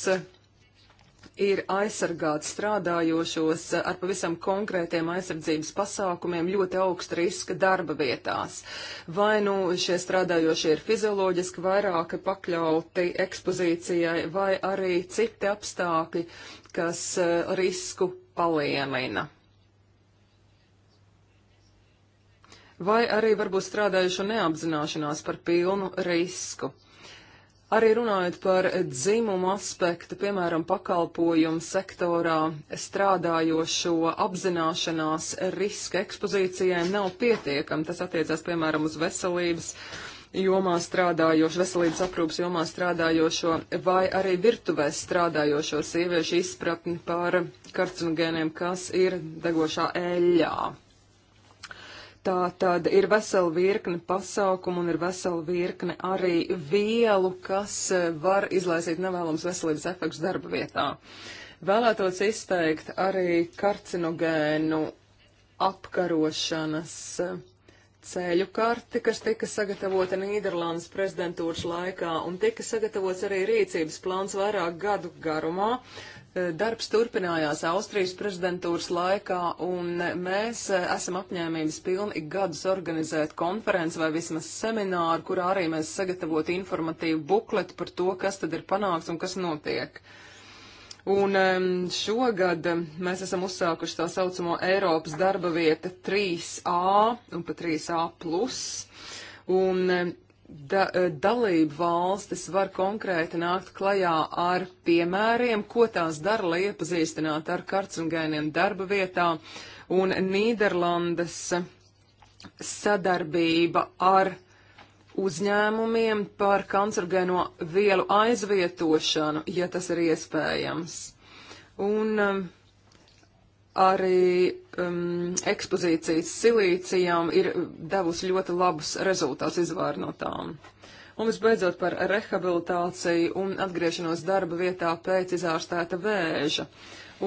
ir aizsargāt strādājošos ar pavisam konkrētiem aizsardzības pasākumiem ļoti augsta riska darba vietās. Vai nu šie strādājošie ir fizioloģiski vairāk pakļauti ekspozīcijai, vai arī citi apstākļi, kas risku palielina. Vai arī varbūt strādājušo neapzināšanās par pilnu risku. Arī runājot par dzimumu aspektu, piemēram, pakalpojumu sektorā strādājošo apzināšanās riska ekspozīcijai nav pietiekama. Tas attiecās, piemēram, uz veselības jomā strādājošo, veselības aprūpas jomā strādājošo vai arī virtuvēs strādājošo sieviešu izpratni par karcinogēniem, kas ir degošā eļļā. Tā tad ir vesela virkne pasākumu un ir vesela virkne arī vielu, kas e, var izlaisīt nevēlams veselības efekts darba vietā. Vēlētos izteikt arī karcinogēnu apkarošanas e, ceļu karti, kas tika sagatavota Nīderlandes prezidentūras laikā, un tika sagatavots arī rīcības plāns vairāk gadu garumā, Eh, darbs turpinājās Austrijas prezidentūras laikā, un mēs eh, esam apņēmības pilni ik gadus organizēt konferenci vai vismaz semināru, kurā arī mēs sagatavotu informatīvu bukletu par to, kas tad ir panākts un kas notiek. Un šogad mēs esam uzsākuši tā saucamo Eiropas darba vieta 3A un pa 3A. Plus, un da, eh, dalību valstis var konkrēti nākt klajā ar piemēriem, ko tās dara, lai iepazīstinātu ar karcinogēniem darba vietā, un Nīderlandes sadarbība ar uzņēmumiem par kancerogēno vielu aizvietošanu, ja tas ir iespējams. Un um, arī um, ekspozīcijas silīcijām ir devusi ļoti labus rezultātus izvēr no tām. Un visbeidzot par rehabilitāciju un atgriešanos darba vietā pēc izārstēta vēža.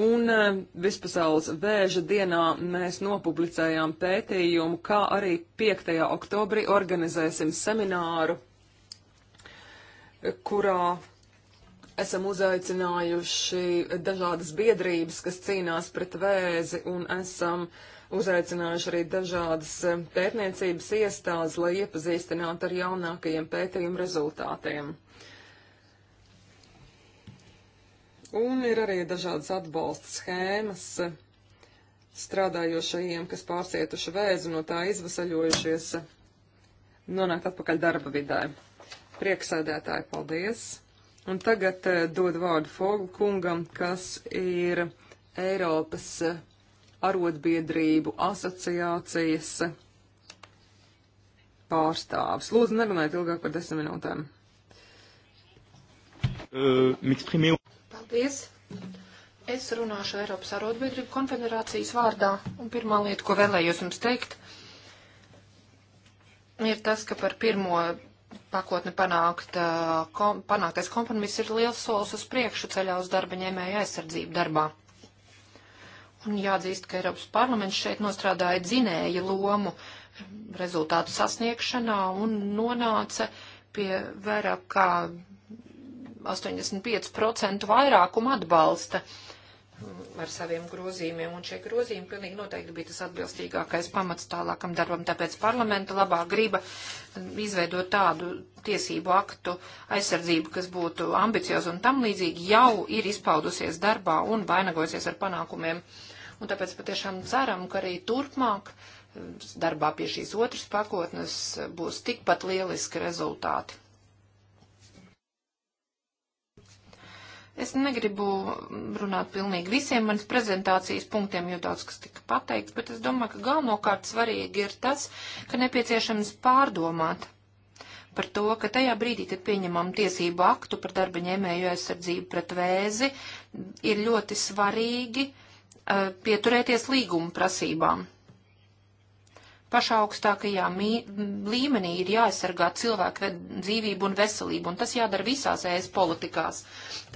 Un um, vispasaules vēža dienā mēs nopublicējām pētījumu, kā arī 5. oktobrī organizēsim semināru, kurā Esam uzaicinājuši dažādas biedrības, kas cīnās pret vēzi, un esam uzaicinājuši arī dažādas eh, pētniecības iestādes, lai iepazīstinātu ar jaunākajiem pētījumu rezultātiem. Un ir arī dažādas atbalsta schēmas eh, strādājošajiem, kas pārcietuši vēzi no tā izvasaļojušies, nonākt atpakaļ darba vidē. Prieksēdētāji, paldies! Un tagad eh, dod vārdu Fogu kungam, kas ir Eiropas eh, arotbiedrību asociācijas eh, pārstāvis. Lūdzu, nerunājiet ilgāk par desmit minūtēm. Uh, Paldies! Es runāšu Eiropas arotbiedrību konfederācijas vārdā, un pirmā lieta, ko vēlējos jums teikt, ir tas, ka par pirmo pakotni panākt, kom, panāktais kompromiss ir liels solis uz priekšu ceļā uz darba ņēmēja aizsardzību darbā. Un jāatzīst, ka Eiropas parlaments šeit nostrādāja dzinēja lomu rezultātu sasniegšanā un nonāca pie vairāk kā 85% vairākuma atbalsta uh, ar saviem grozījumiem, un šie grozījumi pilnīgi noteikti bija tas atbilstīgākais pamats tālākam darbam, tāpēc parlamenta labā griba izveidot tādu tiesību aktu aizsardzību, kas būtu ambicioza un tam līdzīgi, jau ir izpaudusies darbā un vainagosies ar panākumiem. Un tāpēc patiešām ceram, ka arī turpmāk eh, darbā pie šīs otras pakotnes eh, būs tikpat lieliski rezultāti. Es negribu runāt pilnīgi visiem manas prezentācijas punktiem, jo daudz kas tika pateikts, bet es domāju, ka galvenokārt svarīgi ir tas, ka nepieciešams pārdomāt par to, ka tajā brīdī, kad pieņemam tiesību aktu par darba ņēmēju aizsardzību pret vēzi, ir ļoti svarīgi uh, pieturēties līguma prasībām pašā augstākajā mī, līmenī ir jāaizsargā cilvēku dzīvību un veselību, un tas jādara visās ES politikās.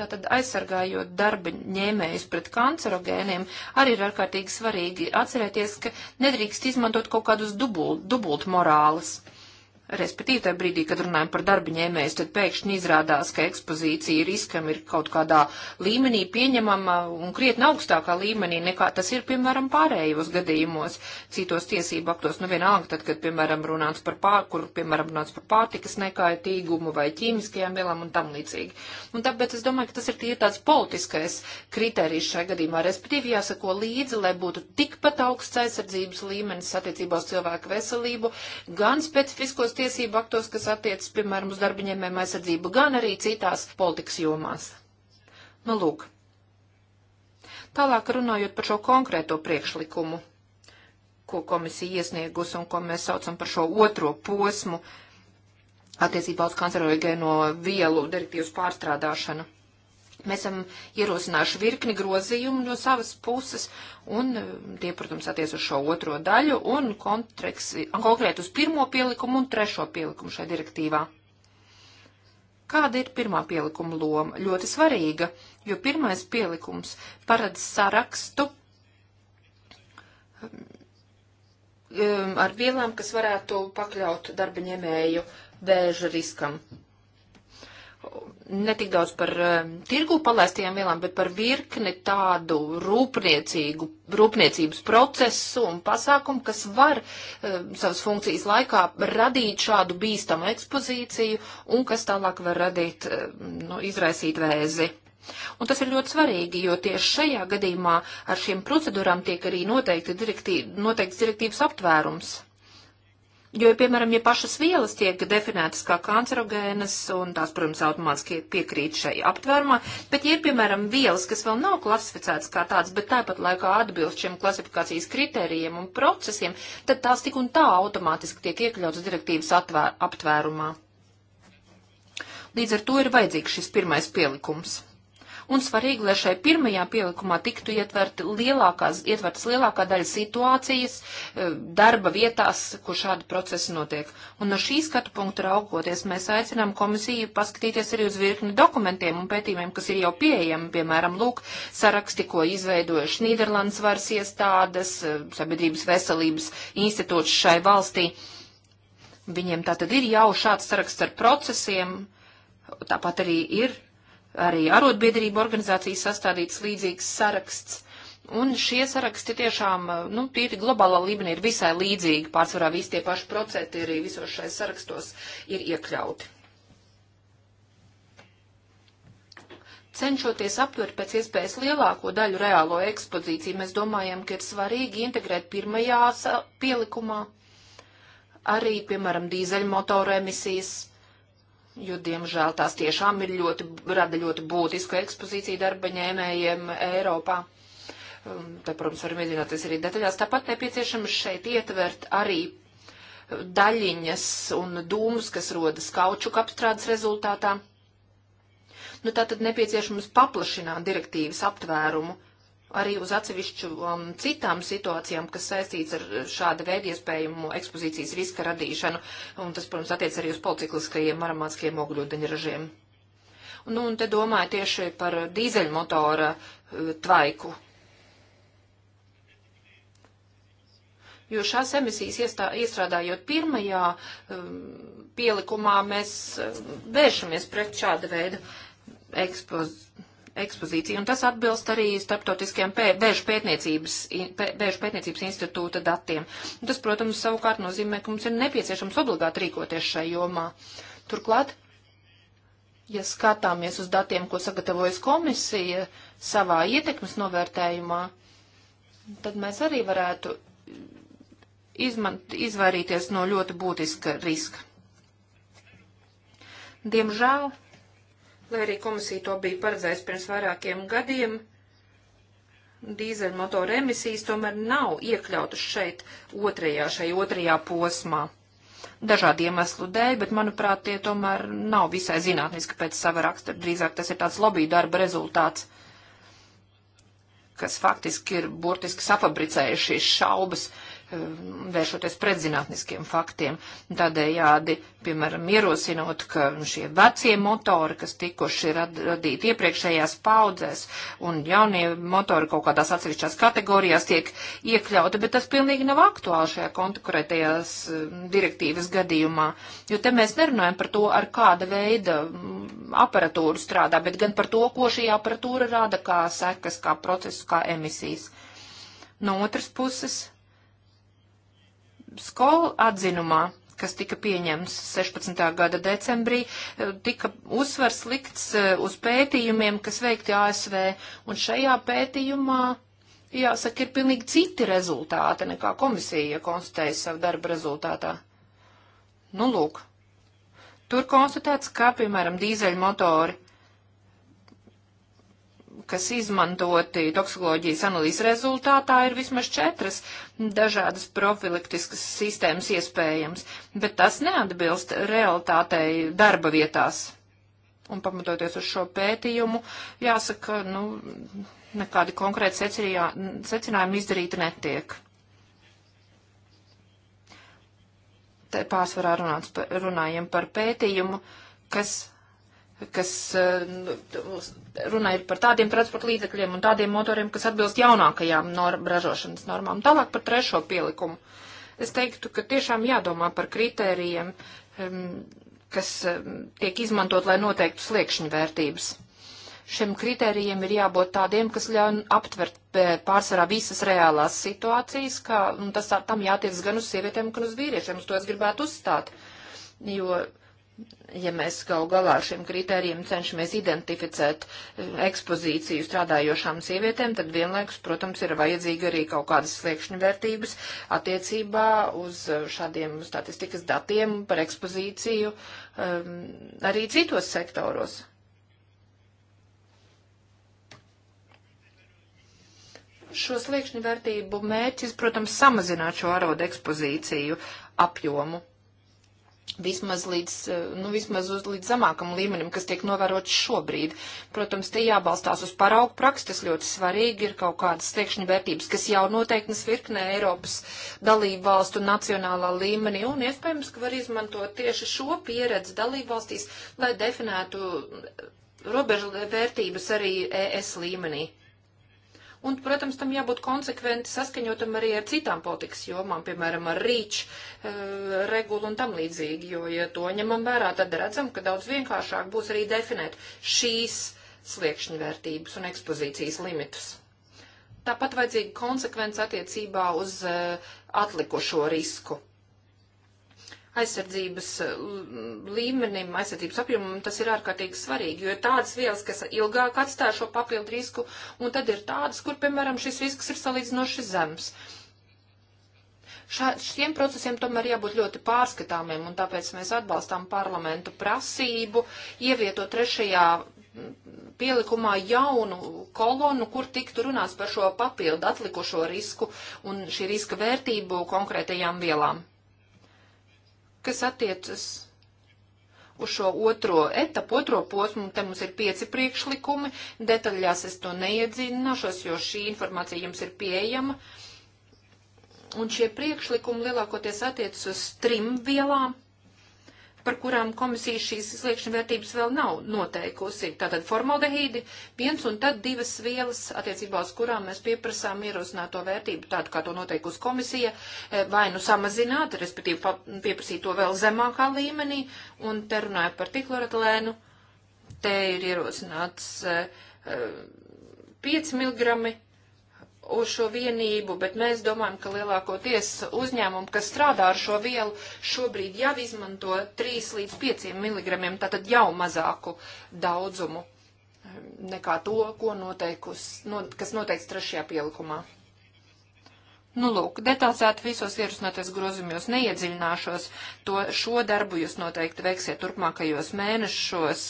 Tātad aizsargājot darba ņēmējus pret kancerogēniem, arī ir ārkārtīgi svarīgi atcerēties, ka nedrīkst izmantot kaut kādus dubult, dubult morāles. Respektīvi, tajā brīdī, kad runājam par darba ņēmējs, tad pēkšņi izrādās, ka ekspozīcija riskam ir kaut kādā līmenī pieņemama un krietni augstākā līmenī nekā tas ir, piemēram, pārējos gadījumos, citos tiesību aktos. Nu, vienalga, tad, kad, piemēram, runāts par, pār, kur, piemēram, runāts par pārtikas nekaitīgumu vai ķīmiskajām vielām un tam līdzīgi. Un tāpēc es domāju, ka tas ir tie tāds politiskais kriterijs šajā gadījumā. Respektīvi, jāsako līdzi, lai būtu tikpat augsts aizsardzības līmenis attiecībā uz cilvēku veselību, gan specifiskos tiesību aktos, kas attiecas, piemēram, uz darbiņēmēm aizsardzību, gan arī citās politikas jomās. Nu, lūk. Tālāk runājot par šo konkrēto priekšlikumu, ko komisija iesniegus un ko mēs saucam par šo otro posmu attiecībā uz kancerogēno vielu direktīvas pārstrādāšanu. Mēs esam ierosinājuši virkni grozījumu no savas puses, un eh, tie, protams, attiec uz šo otro daļu, un konkrēt uz pirmo pielikumu un trešo pielikumu šai direktīvā. Kāda ir pirmā pielikuma loma? Ļoti svarīga, jo pirmais pielikums paredz sarakstu eh, ar vielām, kas varētu pakļaut darba ņēmēju vēža riskam netik daudz par um, tirgu palaistajām vielām, bet par virkni tādu rūpniecīgu, rūpniecības procesu un pasākumu, kas var um, savas funkcijas laikā radīt šādu bīstamu ekspozīciju un kas tālāk var radīt, um, nu, izraisīt vēzi. Un tas ir ļoti svarīgi, jo tieši šajā gadījumā ar šiem procedūrām tiek arī noteikti direktī, noteikts direktīvas aptvērums. Jo, piemēram, ja pašas vielas tiek definētas kā kancerogēnas, un tās, protams, automātiski piekrīt šai aptvērumā, bet, ja ir, piemēram, vielas, kas vēl nav klasificētas kā tādas, bet tāpat laikā atbilst šiem klasifikācijas kritērijiem un procesiem, tad tās tik un tā automātiski tiek iekļautas direktīvas aptvērumā. Līdz ar to ir vajadzīgs šis pirmais pielikums un svarīgi, lai šai pirmajā pielikumā tiktu ietvert lielākās, ietvertas lielākā daļa situācijas eh, darba vietās, kur šādi procesi notiek. Un no šī skatu punkta raugoties, mēs aicinām komisiju paskatīties arī uz virkni dokumentiem un pētījumiem, kas ir jau pieejami, piemēram, lūk, saraksti, ko izveidojuši Nīderlandes varas iestādes, eh, sabiedrības veselības institūts šai valstī. Viņiem tā tad ir jau šāds saraksts ar procesiem, tāpat arī ir arī arotbiedrību organizācijas sastādīts līdzīgs saraksts. Un šie saraksti tiešām, eh, nu, tīri globālā līmenī ir visai līdzīgi, pārsvarā visi tie paši procenti arī visos šais sarakstos ir iekļauti. cenšoties aptvert pēc iespējas lielāko daļu reālo ekspozīciju, mēs domājam, ka ir svarīgi integrēt pirmajā pielikumā arī, piemēram, dīzeļmotoru emisijas, jo, diemžēl, tās tiešām ir ļoti, rada ļoti būtisku ekspozīciju darba ņēmējiem Eiropā. Um, te, protams, varam iedzināties arī detaļās. Tāpat nepieciešams šeit ietvert arī uh, daļiņas un dūmus, kas rodas kaučuka apstrādes rezultātā. Nu, tā tad nepieciešams paplašināt direktīvas aptvērumu arī uz atsevišķu um, citām situācijām, kas saistīts ar uh, šāda veida iespējumu ekspozīcijas riska radīšanu, un tas, protams, attiec arī uz policikliskajiem maramātskajiem ogļūdeņražiem. Nu, un te domāju tieši par dīzeļmotora uh, tvaiku, jo šās emisijas iestā, iestrādājot pirmajā um, pielikumā, mēs uh, vēršamies pret šāda veida ekspozīciju ekspozīcija, un tas atbilst arī starptautiskajiem pē, bēžu, pētniecības, pē, bēžu pētniecības institūta datiem. Un tas, protams, savukārt nozīmē, ka mums ir nepieciešams obligāti rīkoties šai jomā. Turklāt, ja skatāmies uz datiem, ko sagatavojas komisija savā ietekmes novērtējumā, tad mēs arī varētu izmant, izvairīties no ļoti būtiska riska. Diemžēl lai arī komisija to bija paredzējusi pirms vairākiem gadiem, dīzeļmotora emisijas tomēr nav iekļautas šeit otrajā, šai otrajā posmā. Dažādu iemeslu dēļ, bet, manuprāt, tie tomēr nav visai zinātniski pēc sava rakstura. Drīzāk tas ir tāds lobby darba rezultāts, kas faktiski ir burtiski safabricējuši šīs šaubas, uh, Eh, vēršoties pret zinātniskiem faktiem. Tādējādi, piemēram, ierosinot, ka šie vecie motori, kas tikuši rad, radīti iepriekšējās paudzēs, un jaunie motori kaut kādās atsevišķās kategorijās tiek iekļauti, bet tas pilnīgi nav aktuāli šajā konkurētajās eh, direktīvas gadījumā, jo te mēs nerunājam par to, ar kāda veida mm, aparatūru strādā, bet gan par to, ko šī aparatūra rada, kā sekas, kā procesus, kā emisijas. No otras puses, skolu atzinumā kas tika pieņemts 16. gada decembrī, eh, tika uzsvers likts eh, uz pētījumiem, kas veikti ASV, un šajā pētījumā, jāsaka, ir pilnīgi citi rezultāti, nekā komisija konstatēja savu darbu rezultātā. Nu, lūk. Tur konstatēts, ka, piemēram, dīzeļmotori kas izmantoti toksikoloģijas analīzes rezultātā, ir vismaz četras dažādas profilaktiskas sistēmas iespējams, bet tas neatbilst realitātei darba vietās. Un pamatoties uz šo pētījumu, jāsaka, nu, nekādi konkrēti secinājumi izdarīti netiek. Te pārsvarā runāts, par, runājam par pētījumu, kas kas eh, nu, runāja par tādiem transporta līdzekļiem un tādiem motoriem, kas atbilst jaunākajām norm, ražošanas normām. Tālāk par trešo pielikumu. Es teiktu, ka tiešām jādomā par kritērijiem, kas tiek izmantot, lai noteiktu sliekšņu vērtības. Šiem kritērijiem ir jābūt tādiem, kas ļauj aptvert eh, pārsvarā visas reālās situācijas, kā, un tas tam jātiec gan uz sievietēm, gan uz vīriešiem. Uz to es gribētu uzstāt. Jo uh, ja mēs gal galā ar šiem kritērijiem cenšamies identificēt e, ekspozīciju strādājošām sievietēm, tad vienlaikus, protams, ir vajadzīga arī kaut kādas sliekšņu vērtības attiecībā uz e, šādiem statistikas datiem par ekspozīciju um, arī citos sektoros. Šo sliekšņu vērtību mērķis, protams, samazināt šo arodu ekspozīciju apjomu vismaz līdz, eh, nu, vismaz uz, līdz zamākam līmenim, kas tiek novērots šobrīd. Protams, te jābalstās uz paraugu praksi, tas ļoti svarīgi ir kaut kādas steikšņu vērtības, kas jau noteiknas virknē Eiropas dalību valstu nacionālā līmenī, un iespējams, ka var izmantot tieši šo pieredzi dalību valstīs, lai definētu robežu vērtības arī ES līmenī un, protams, tam jābūt konsekventi saskaņotam arī ar citām politikas jomām, piemēram, ar rīč e, regulu un tam līdzīgi, jo, ja to ņemam vērā, tad redzam, ka daudz vienkāršāk būs arī definēt šīs sliekšņu vērtības un ekspozīcijas limitus. Tāpat vajadzīga konsekvence attiecībā uz e, atlikušo risku aizsardzības uh, līmenim, aizsardzības apjomam, tas ir ārkārtīgi svarīgi, jo ir tādas vielas, kas ilgāk atstāja šo papildu risku, un tad ir tādas, kur, piemēram, šis risks ir salīdzinoši zems. Šā, šiem procesiem tomēr jābūt ļoti pārskatāmiem, un tāpēc mēs atbalstām parlamentu prasību ievietot trešajā pielikumā jaunu kolonu, kur tiktu runāts par šo papildu atlikušo risku un šī riska vērtību konkrētajām vielām kas attiecas uz šo otro etapu, otro posmu, te mums ir pieci priekšlikumi, detaļās es to neiedzināšos, jo šī informācija jums ir pieejama. Un šie priekšlikumi lielākoties attiecas uz trim vielām par kurām komisija šīs izliekšana vērtības vēl nav noteikusi. Tātad formaldehīdi, viens un tad divas vielas, attiecībā uz kurām mēs pieprasām ierosināto vērtību, tādu kā to noteikusi komisija, eh, vai nu samazināt, respektīvi pieprasīt to vēl zemākā līmenī, un te runāju par tikloretlēnu, te ir ierosināts 5 eh, eh, mg uz šo vienību, bet mēs domājam, ka lielākoties uzņēmumi, kas strādā ar šo vielu, šobrīd jau izmanto 3 līdz 5 mg, tātad jau mazāku daudzumu ehm, nekā to, ko noteikus, no, kas noteikts trešajā pielikumā. Nu, lūk, detalizēti visos ierosināties grozījumos neiedziļināšos, to šo darbu jūs noteikti veiksiet turpmākajos mēnešos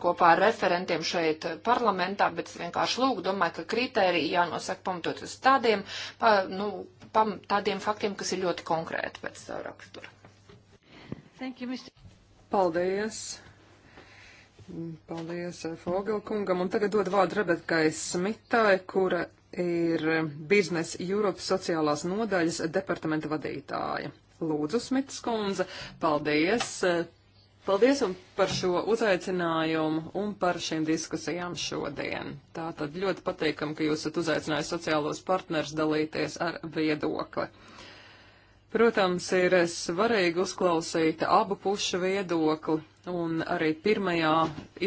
kopā ar referentiem šeit parlamentā, bet es vienkārši lūgu, domāju, ka kriteriji jānosaka pamatot uz tādiem, pa, nu, pam, tādiem faktiem, kas ir ļoti konkrēti pēc savu raksturu. Thank you, Mr. Paldies. Paldies eh, Fogelkungam. Un tagad dod vārdu Rebekai Smitai, kura ir biznesa Eiropas sociālās nodaļas departamenta vadītāja. Lūdzu, Smits kundze, paldies eh, Paldies un par šo uzaicinājumu un par šīm diskusijām šodien. Tā tad ļoti pateikam, ka jūs esat uzaicinājis sociālos partners dalīties ar viedokli. Protams, ir svarīgi uzklausīt abu pušu viedokli un arī pirmajā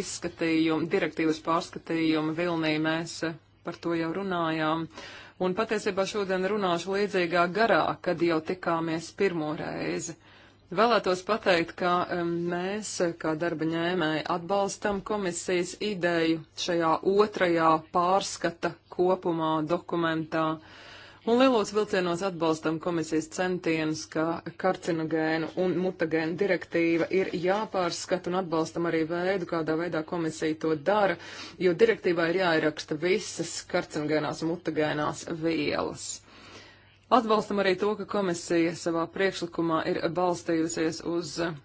izskatījuma, direktīvas pārskatījuma vilnī mēs par to jau runājām. Un patiesībā šodien runāšu līdzīgā garā, kad jau tikāmies pirmo reizi. Vēlētos pateikt, ka mēs, kā darba ņēmēji, atbalstam komisijas ideju šajā otrajā pārskata kopumā dokumentā. Un lielos vilcienos atbalstam komisijas centienus, ka karcinogēnu un mutagēnu direktīva ir jāpārskata un atbalstam arī veidu, kādā veidā komisija to dara, jo direktīvā ir jāieraksta visas karcinogēnās un mutagēnās vielas. Atbalstam arī to, ka komisija savā priekšlikumā ir balstījusies uz eh,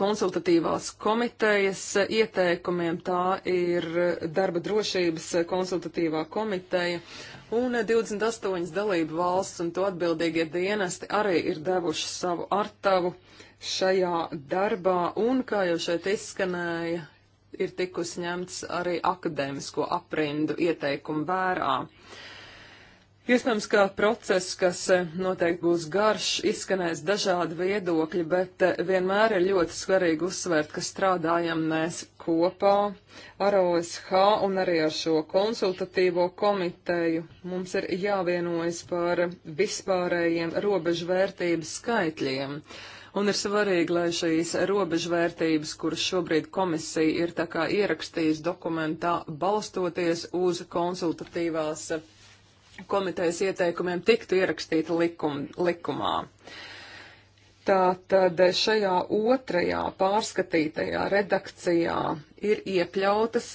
konsultatīvās komitejas ieteikumiem. Tā ir eh, darba drošības konsultatīvā komiteja, un 28 eh, dalību valsts un to atbildīgie dienesti arī ir devuši savu artavu šajā darbā, un, kā jau šeit izskanēja, ir tikus ņemts arī akadēmisko aprindu ieteikumu vērā. Uh, Iespējams, ka process, kas e, noteikti būs garš, izskanēs dažādi viedokļi, bet e, vienmēr ir ļoti svarīgi uzsvērt, ka strādājam mēs kopā ar OSH un arī ar šo konsultatīvo komiteju. Mums ir jāvienojas par vispārējiem robežvērtības skaitļiem. Un ir svarīgi, lai šīs robežvērtības, kuras šobrīd komisija ir tā kā ierakstījusi dokumentā, balstoties uz konsultatīvās komitejas ieteikumiem tiktu ierakstīta likum, likumā. Tātad šajā otrajā pārskatītajā redakcijā ir iekļautas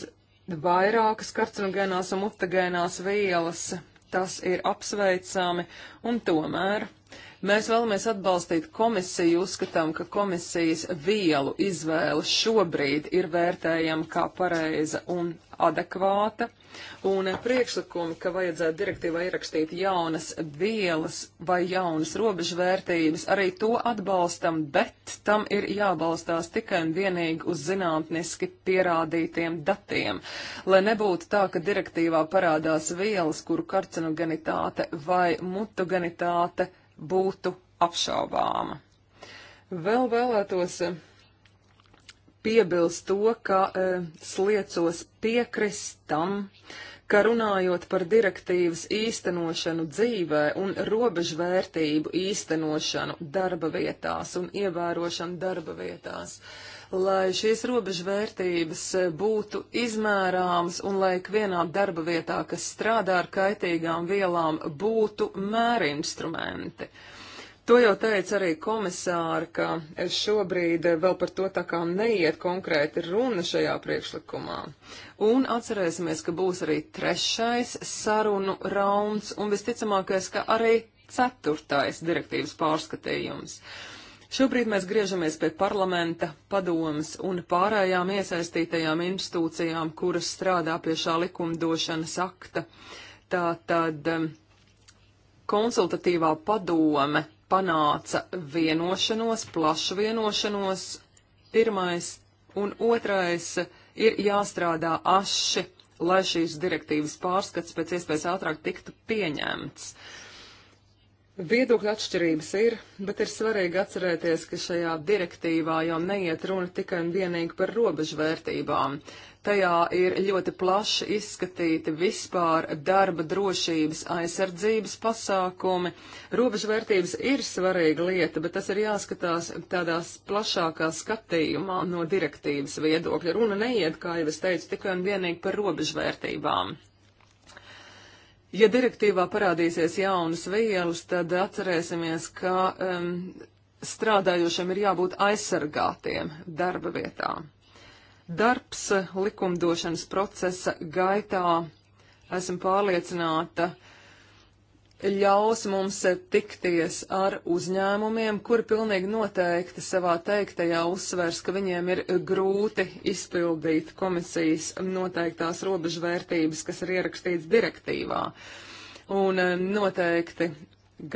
vairākas karcinogēnās un mutagēnās vielas. Tas ir apsveicami, un tomēr mēs vēlamies atbalstīt komisiju, uzskatām, ka komisijas vielu izvēle šobrīd ir vērtējama kā pareiza un adekvāta. Un priekšlikumi, ka vajadzētu direktīvā ierakstīt jaunas vielas vai jaunas robežvērtības, arī to atbalstam, bet tam ir jābalstās tikai un vienīgi uz zinātniski pierādītiem datiem. Lai nebūtu tā, ka direktīvā parādās vielas, kuru karcinogenitāte vai mutogenitāte būtu apšaubāma. Vēl vēlētos piebilst to, ka e, sliecos piekristam, ka runājot par direktīvas īstenošanu dzīvē un robežvērtību īstenošanu darba vietās un ievērošanu darba vietās, lai šīs robežvērtības e, būtu izmērāmas un lai ikvienā darba vietā, kas strādā ar kaitīgām vielām, būtu mērinstrumenti. instrumenti. To jau teica arī komisāra, ka šobrīd vēl par to tā kā neiet konkrēti runa šajā priekšlikumā. Un atcerēsimies, ka būs arī trešais sarunu rauns un visticamākais, ka arī ceturtais direktīvas pārskatījums. Šobrīd mēs griežamies pie parlamenta, padomas un pārējām iesaistītajām institūcijām, kuras strādā pie šā likumdošanas akta. Tā tad um, konsultatīvā padome panāca vienošanos, plašu vienošanos. Pirmais un otrais ir jāstrādā aši, lai šīs direktīvas pārskats pēc iespējas ātrāk tiktu pieņemts. Uh, Viedokļa atšķirības ir, bet ir svarīgi atcerēties, ka šajā direktīvā jau neiet runa tikai un vienīgi par robežvērtībām. Tajā ir ļoti plaši izskatīti vispār darba drošības aizsardzības pasākumi. Robežvērtības ir svarīga lieta, bet tas ir jāskatās tādās plašākā skatījumā no direktīvas viedokļa. Runa neiet, kā jau es teicu, tikai un vienīgi par robežvērtībām. Ja direktīvā parādīsies jaunas vielas, tad atcerēsimies, ka um, strādājošiem ir jābūt aizsargātiem darba vietā. Darbs likumdošanas procesa gaitā, esmu pārliecināta, uh, ļaus mums tikties ar uzņēmumiem, kuri pilnīgi noteikti savā teiktajā uzsvers, ka viņiem ir grūti izpildīt komisijas noteiktās robežvērtības, kas ir ierakstīts direktīvā. Un eh, noteikti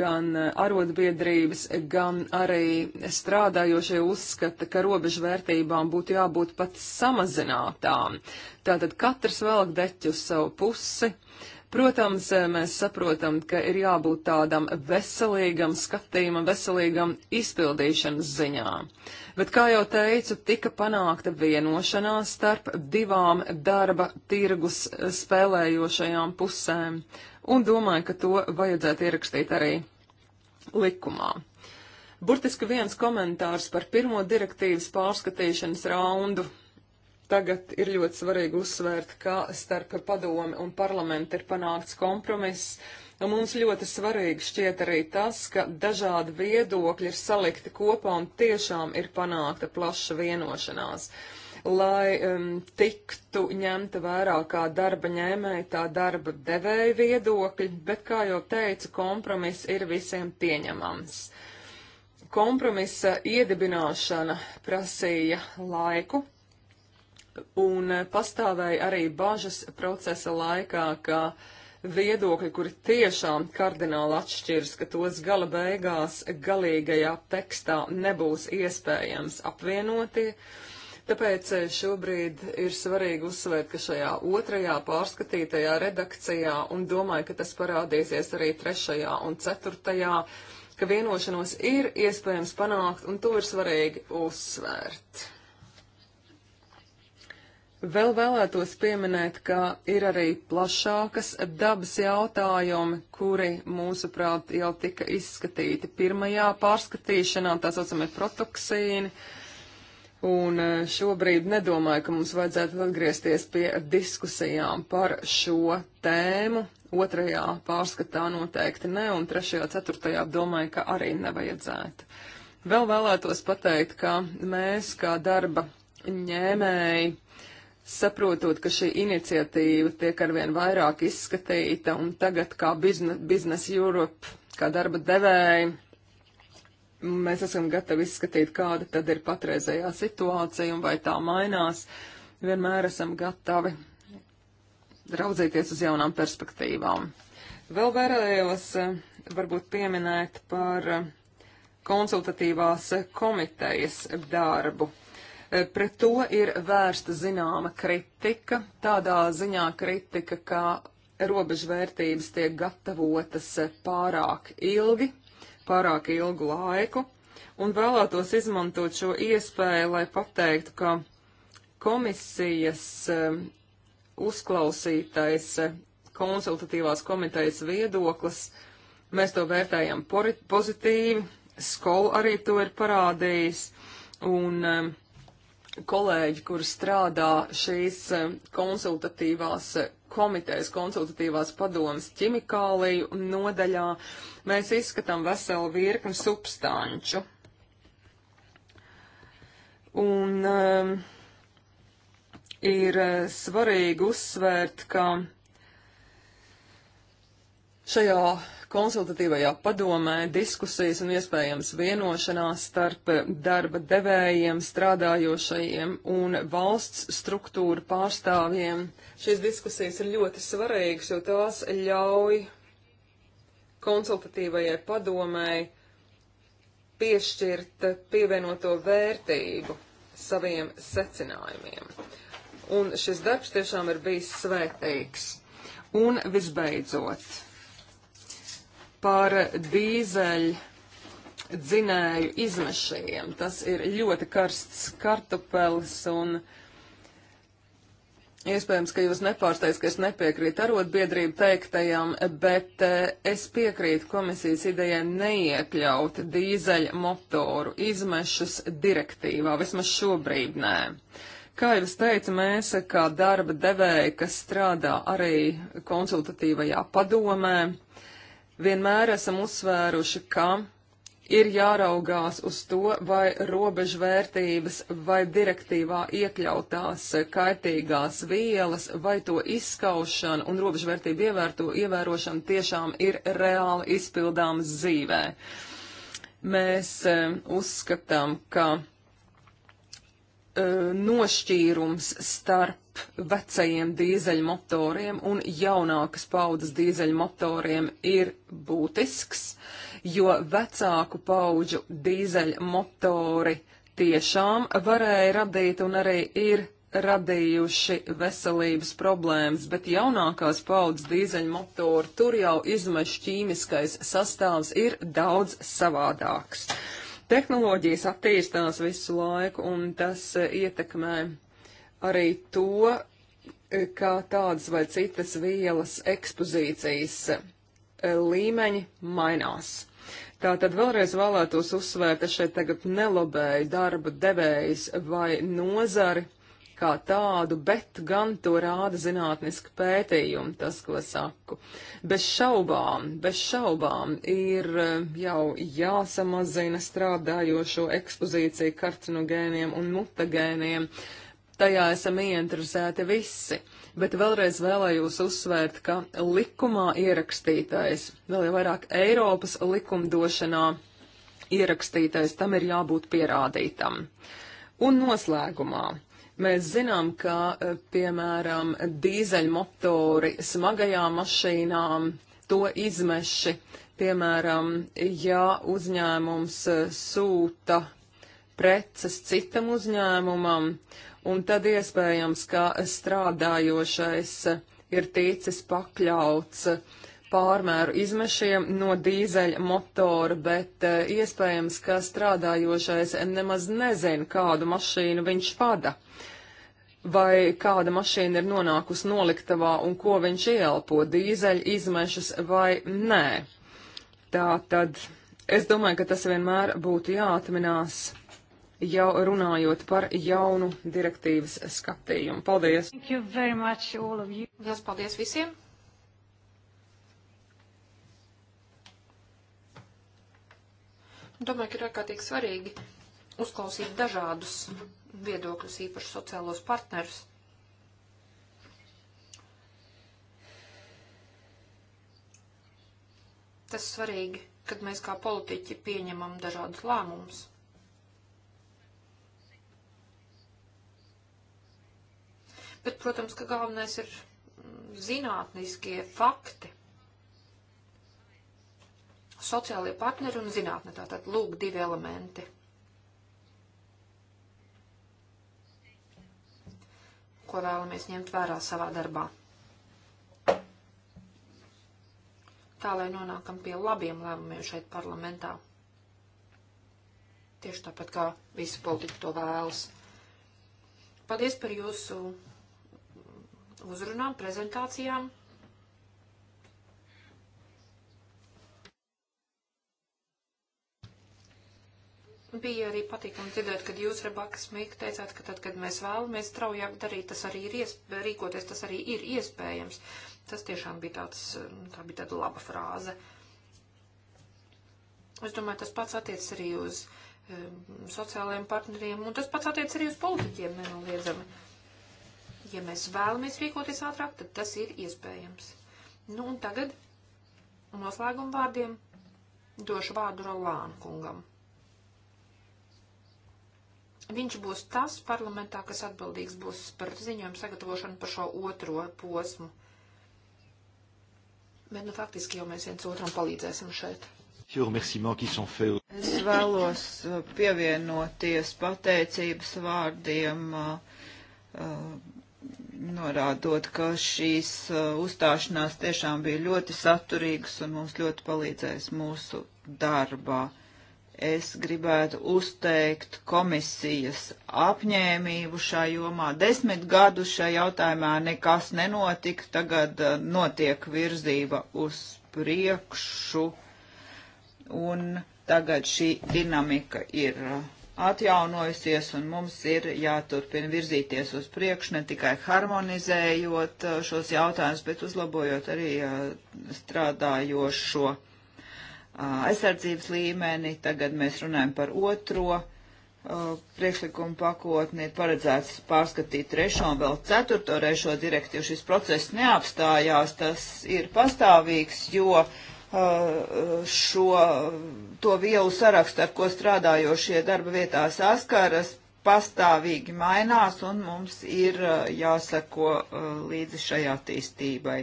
gan eh, arotbiedrības, gan arī strādājošie uzskata, ka robežvērtībām būtu jābūt pat samazinātām. Tātad katrs velk deķu uz savu pusi. Uh, Protams, eh, mēs saprotam, ka ir jābūt tādam veselīgam skatījumam, veselīgam izpildīšanas ziņā. Bet, kā jau teicu, tika panākta vienošanās starp divām darba tirgus spēlējošajām pusēm, un domāju, ka to vajadzētu ierakstīt arī likumā. Burtiski viens komentārs par pirmo direktīvas pārskatīšanas raundu tagad ir ļoti svarīgi uzsvērt, ka starp padomi un parlamentu ir panākts kompromiss. Un mums ļoti svarīgi šķiet arī tas, ka dažādi viedokļi ir salikti kopā un tiešām ir panākta plaša vienošanās, lai um, tiktu ņemta vērā kā darba ņēmēja, tā darba devēja viedokļi, bet, kā jau teicu, kompromiss ir visiem pieņemams. Kompromisa iedibināšana prasīja laiku, un eh, pastāvēja arī bažas procesa laikā, ka viedokļi, kuri tiešām kardināli atšķirs, ka tos gala beigās galīgajā tekstā nebūs iespējams apvienotie. Tāpēc eh, šobrīd ir svarīgi uzsvērt, ka šajā otrajā pārskatītajā redakcijā, un domāju, ka tas parādīsies arī trešajā un ceturtajā, ka vienošanos ir iespējams panākt, un to ir svarīgi uzsvērt. Vēl vēlētos pieminēt, ka ir arī plašākas dabas jautājumi, kuri, mūsuprāt, jau tika izskatīti pirmajā pārskatīšanā, tā saucamie protoksīni. Un e, šobrīd nedomāju, ka mums vajadzētu atgriezties pie diskusijām par šo tēmu. Otrajā pārskatā noteikti ne, un trešajā, ceturtajā domāju, ka arī nevajadzētu. Vēl vēlētos pateikt, ka mēs, kā darba ņēmēji, saprotot, ka šī iniciatīva tiek arvien vairāk izskatīta un tagad kā Business, business Europe, kā darba devēja, mēs esam gatavi izskatīt, kāda tad ir patreizējā situācija un vai tā mainās. Vienmēr esam gatavi raudzīties uz jaunām perspektīvām. Vēl vēlējos eh, varbūt pieminēt par eh, konsultatīvās komitejas darbu Pret to ir vērsta zināma kritika, tādā ziņā kritika, ka robežvērtības tiek gatavotas pārāk ilgi, pārāk ilgu laiku, un vēlētos izmantot šo iespēju, lai pateiktu, ka komisijas eh, uzklausītais eh, konsultatīvās komitejas viedoklis, mēs to vērtējam pozitīvi, skolu arī to ir parādījis, un um, kolēģi, kur strādā šīs eh, konsultatīvās eh, komitejas, konsultatīvās padomas ķimikāliju nodaļā, mēs izskatām veselu virkni substanču. Un um, ir svarīgi uzsvērt, ka šajā konsultatīvajā padomē diskusijas un iespējams vienošanās starp darba devējiem, strādājošajiem un valsts struktūru pārstāvjiem. Šīs diskusijas ir ļoti svarīgas, jo tās ļauj konsultatīvajai padomēji piešķirt pievienoto vērtību saviem secinājumiem. Un šis darbs tiešām ir bijis svētīgs. Un visbeidzot, par dīzeļu dzinēju izmešiem. Tas ir ļoti karsts kartupelis un iespējams, ka jūs nepārsteigts, ka es nepiekrītu arotbiedrību teiktajam, bet eh, es piekrītu komisijas idejai neiekļaut dīzeļu motoru izmešus direktīvā, vismaz šobrīd nē. Kā jau es teicu, mēs kā darba devēji, kas strādā arī konsultatīvajā padomē, uh, Vienmēr esam uzsvēruši, ka ir jāraugās uz to, vai robežvērtības vai direktīvā iekļautās kaitīgās vielas vai to izskaušana un robežvērtību ievērto, ievērošana tiešām ir reāli izpildāmas dzīvē. Mēs e, uzskatām, ka E, nošķīrums starp vecajiem dīzeļmotoriem un jaunākas paudzes dīzeļmotoriem ir būtisks, jo vecāku paudžu dīzeļmotori tiešām varēja radīt un arī ir radījuši veselības problēmas, bet jaunākās paudzes dīzeļmotori tur jau izmešs ķīmiskais sastāvs ir daudz savādāks. Tehnoloģijas attīstās visu laiku, un tas eh, ietekmē arī to, eh, kā tādas vai citas vielas ekspozīcijas eh, līmeņi mainās. Tātad vēlreiz vēlētos uzsvērt, es šeit tagad nelobēju darba devējs vai nozari, kā tādu, bet gan to rāda zinātniska pētījuma, tas, ko saku. Bez šaubām, bez šaubām ir eh, jau jāsamazina strādājošo ekspozīciju karcinogēniem un mutagēniem. Tajā esam ieinteresēti visi, bet vēlreiz vēlējos uzsvērt, ka likumā ierakstītais, vēl jau vairāk Eiropas likumdošanā ierakstītais, tam ir jābūt pierādītam. Un noslēgumā Mēs zinām, ka, e, piemēram, dīzeļmotori smagajām mašīnām to izmeši, piemēram, ja uzņēmums e, sūta preces citam uzņēmumam, un tad iespējams, ka strādājošais e, ir ticis pakļauts pārmēru izmešiem no dīzeļa motora, bet iespējams, ka strādājošais nemaz nezina, kādu mašīnu viņš pada vai kāda mašīna ir nonākusi noliktavā un ko viņš ielpo - dīzeļu izmešas vai nē. Tā tad es domāju, ka tas vienmēr būtu jāatminās jau runājot par jaunu direktīvas skatījumu. Paldies! Lielas paldies visiem! Domāju, ka ir ārkārtīgi svarīgi uzklausīt dažādus viedokļus, īpaši sociālos partnerus. Tas svarīgi, kad mēs kā politiķi pieņemam dažādus lēmumus. Bet, protams, ka galvenais ir zinātniskie fakti. Sociālie partneri un zinātne, tātad lūk divi elementi – ko vēlamies ņemt vērā savā darbā. Tā, lai nonākam pie labiem lēmumiem šeit parlamentā. Tieši tāpat kā visi politiķi to vēlas. Paldies par jūsu uzrunām, prezentācijām. Bija arī patīkami dzirdēt, kad jūs, Rebakas Mīk, teicāt, ka tad, kad mēs vēlamies straujāk darīt, tas arī ir iesp... rīkoties, tas arī ir iespējams. Tas tiešām bija tāds, tā bija tāda laba frāze. Es domāju, tas pats attiec arī uz um, sociālajiem partneriem, un tas pats attiec arī uz politiķiem nenoliedzami. Ja mēs vēlamies rīkoties ātrāk, tad tas ir iespējams. Nu, un tagad noslēguma vārdiem došu vārdu Rolānu kungam. Viņš būs tas parlamentā, kas atbildīgs būs par ziņojumu sagatavošanu par šo otro posmu. Bet, nu, faktiski jau mēs viens otram palīdzēsim šeit. Es vēlos uh, pievienoties pateicības vārdiem, uh, uh, norādot, ka šīs uzstāšanās tiešām bija ļoti saturīgas un mums ļoti palīdzēs mūsu darbā es gribētu uzteikt komisijas apņēmību šā jomā. Desmit gadus šajā jautājumā nekas nenotika, tagad uh, notiek virzība uz priekšu, un tagad šī dinamika ir uh, atjaunojusies, un mums ir jāturpina virzīties uz priekšu, ne tikai harmonizējot uh, šos jautājumus, bet uzlabojot arī strādājošo aizsardzības līmeni. Tagad mēs runājam par otro priekšlikumu pakotni, ir paredzēts pārskatīt trešo un vēl ceturto reižo direktīvu. Šis process neapstājās, tas ir pastāvīgs, jo šo to vielu sarakstu, ar ko strādājošie darba vietā saskaras, pastāvīgi mainās un mums ir jāsako līdzi šai attīstībai.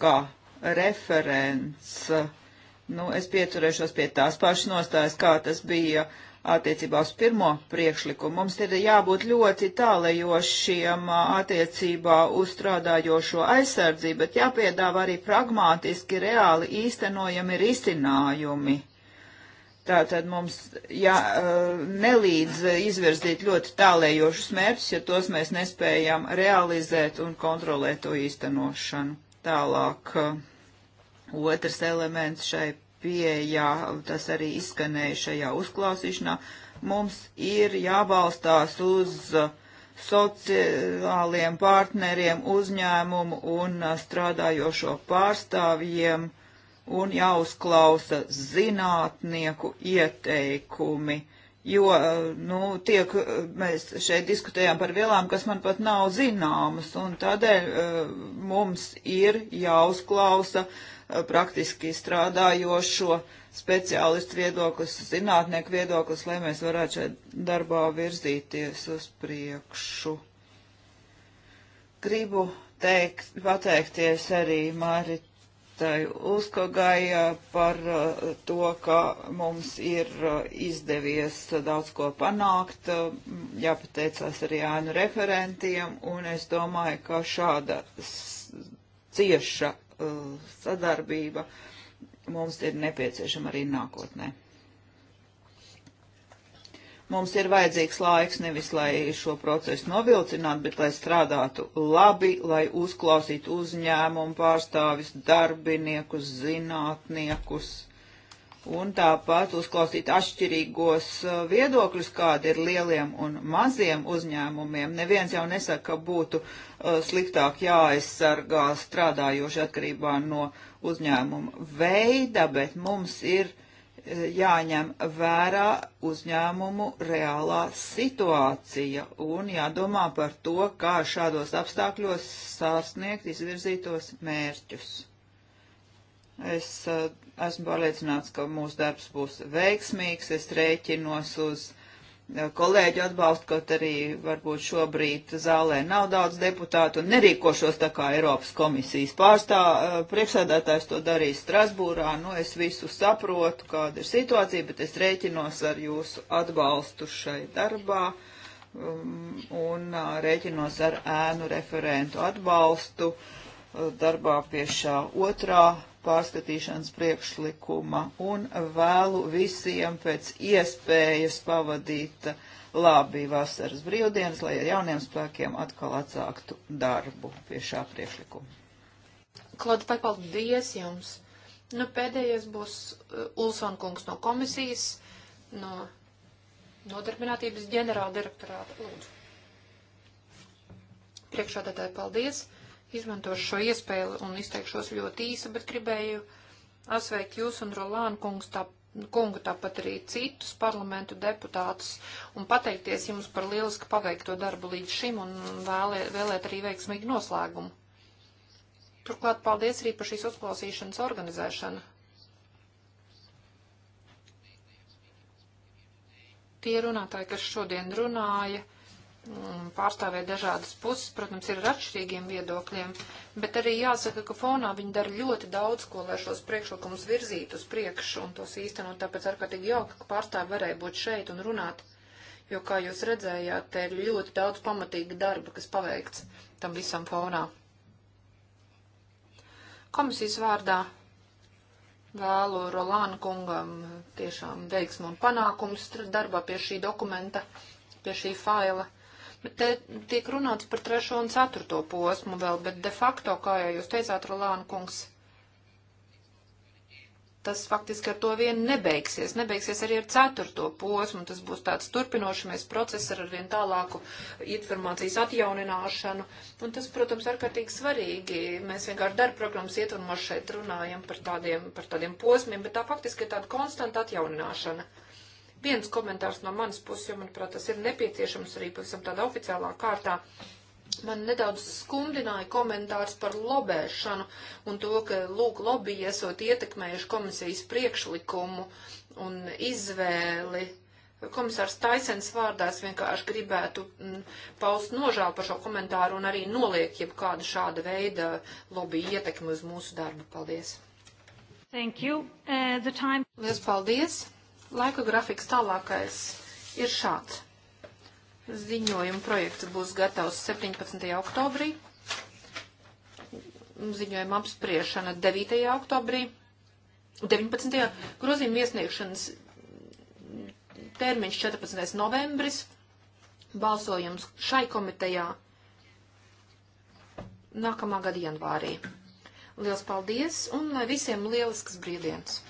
Kā referents Nu, es pieturēšos pie tās pašas nostājas, kā tas bija attiecībā uz pirmo priekšlikumu. Mums ir jābūt ļoti tālējošiem attiecībā uz strādājošo aizsardzību, bet jāpiedāvā arī pragmātiski, reāli īstenojami risinājumi. Tātad mums jā, nelīdz izvirzīt ļoti tālējošus mērķus, ja tos mēs nespējam realizēt un kontrolēt to īstenošanu. Tālāk. Uh, Otrs elements šai pieejā, tas arī izskanēja šajā uzklausīšanā, mums ir jābalstās uz uh, sociāliem partneriem, uzņēmumu un uh, strādājošo pārstāvjiem un jāuzklausa zinātnieku ieteikumi, jo, uh, nu, tiek, mēs šeit diskutējām par vielām, kas man pat nav zināmas, un tādēļ mums ir jāuzklausa uh, praktiski strādājošo speciālistu viedoklis, zinātnieku viedoklis, lai mēs varētu šeit darbā virzīties uz priekšu. Gribu teikt, pateikties arī Maritai Ulskogai par uh, to, ka mums ir uh, izdevies daudz ko panākt, uh, jāpateicās arī ēnu referentiem, un es domāju, ka šāda cieša Uh, sadarbība mums ir nepieciešama arī nākotnē. Mums ir vajadzīgs laiks nevis, lai šo procesu novilcinātu, bet lai strādātu labi, lai uzklausītu uzņēmumu pārstāvis, darbiniekus, zinātniekus un tāpat uzklausīt atšķirīgos uh, viedokļus, kāda ir lieliem un maziem uzņēmumiem. Neviens jau nesaka, ka būtu uh, sliktāk jāaizsargā strādājoši atkarībā no uzņēmuma veida, bet mums ir uh, jāņem vērā uzņēmumu reālā situācija un jādomā par to, kā šādos apstākļos sasniegt izvirzītos mērķus. Es uh, Esmu pārliecināts, ka mūsu darbs būs veiksmīgs. Es rēķinos uz eh, kolēģu atbalstu, kaut arī varbūt šobrīd zālē nav daudz deputātu un nerīkošos tā kā Eiropas komisijas pārstā. Eh, priekšsēdētājs to darīs Strasbūrā. Nu, es visu saprotu, kāda ir situācija, bet es rēķinos ar jūsu atbalstu šai darbā um, un eh, rēķinos ar ēnu referentu atbalstu darbā pie šā otrā pārskatīšanas priekšlikuma un vēlu visiem pēc iespējas pavadīt labi vasaras brīvdienas, lai ar jauniem spēkiem atkal atsāktu darbu pie šā priekšlikuma. Klod, vai paldies jums! Nu, pēdējais būs uh, Ulsona kungs no komisijas, no nodarbinātības ģenerāla direktorāta. Lūdzu. Priekšādātāji, paldies! izmantošu šo iespēju un izteikšos ļoti īsi, bet gribēju asveikt jūs un Rolānu kungs tā, kungu, tāpat arī citus parlamentu deputātus un pateikties jums par lieliski paveikto darbu līdz šim un vēlē, vēlēt arī veiksmīgu noslēgumu. Turklāt paldies arī par šīs uzklausīšanas organizēšanu. Tie runātāji, kas šodien runāja Mm, pārstāvēt dažādas puses, protams, ir ar atšķirīgiem viedokļiem, bet arī jāsaka, ka fonā viņi dara ļoti daudz, ko, lai šos priekšlikumus virzītu uz priekšu un tos īstenot, tāpēc ārkārtīgi jauki, ka pārstāvi varēja būt šeit un runāt, jo, kā jūs redzējāt, te ir ļoti daudz pamatīga darba, kas paveikts tam visam fonā. Komisijas vārdā vēlu Rolānu kungam tiešām veiksmu un panākumus darbā pie šī dokumenta, pie šī faila bet te tiek runāts par trešo un ceturto posmu vēl, bet de facto, kā jau jūs teicāt, Rolāna kungs, tas faktiski ar to vien nebeigsies. Nebeigsies arī ar ceturto posmu. Tas būs tāds turpinošamies process ar vien tālāku informācijas atjaunināšanu. Un tas, protams, ārkārtīgi svarīgi. Mēs vienkārši darba programmas ietvaros šeit runājam par tādiem, par tādiem posmiem, bet tā faktiski ir tāda konstanta atjaunināšana. Viens komentārs no manas puses, jo, manuprāt, tas ir nepieciešams arī pavisam tādā oficiālā kārtā. Man nedaudz skumdināja komentārs par lobēšanu un to, ka, lūk, lobby esot ietekmējuši komisijas priekšlikumu un izvēli komisārs Taisens vārdās vienkārši gribētu mm, paust nožēlu par šo komentāru un arī noliek jebkādu šāda veida lobby ietekmi uz mūsu darbu. Paldies! Thank you. Uh, the time... Liels paldies! Laika grafiks tālākais ir šāds. Ziņojuma projekts būs gatavs 17. oktobrī, ziņojuma apspriešana 9. oktobrī, 19. grozījuma iesniegšanas termiņš 14. novembris, balsojums šai komitejā nākamā gada janvārī. Liels paldies un lai visiem lielisks brīvdienas!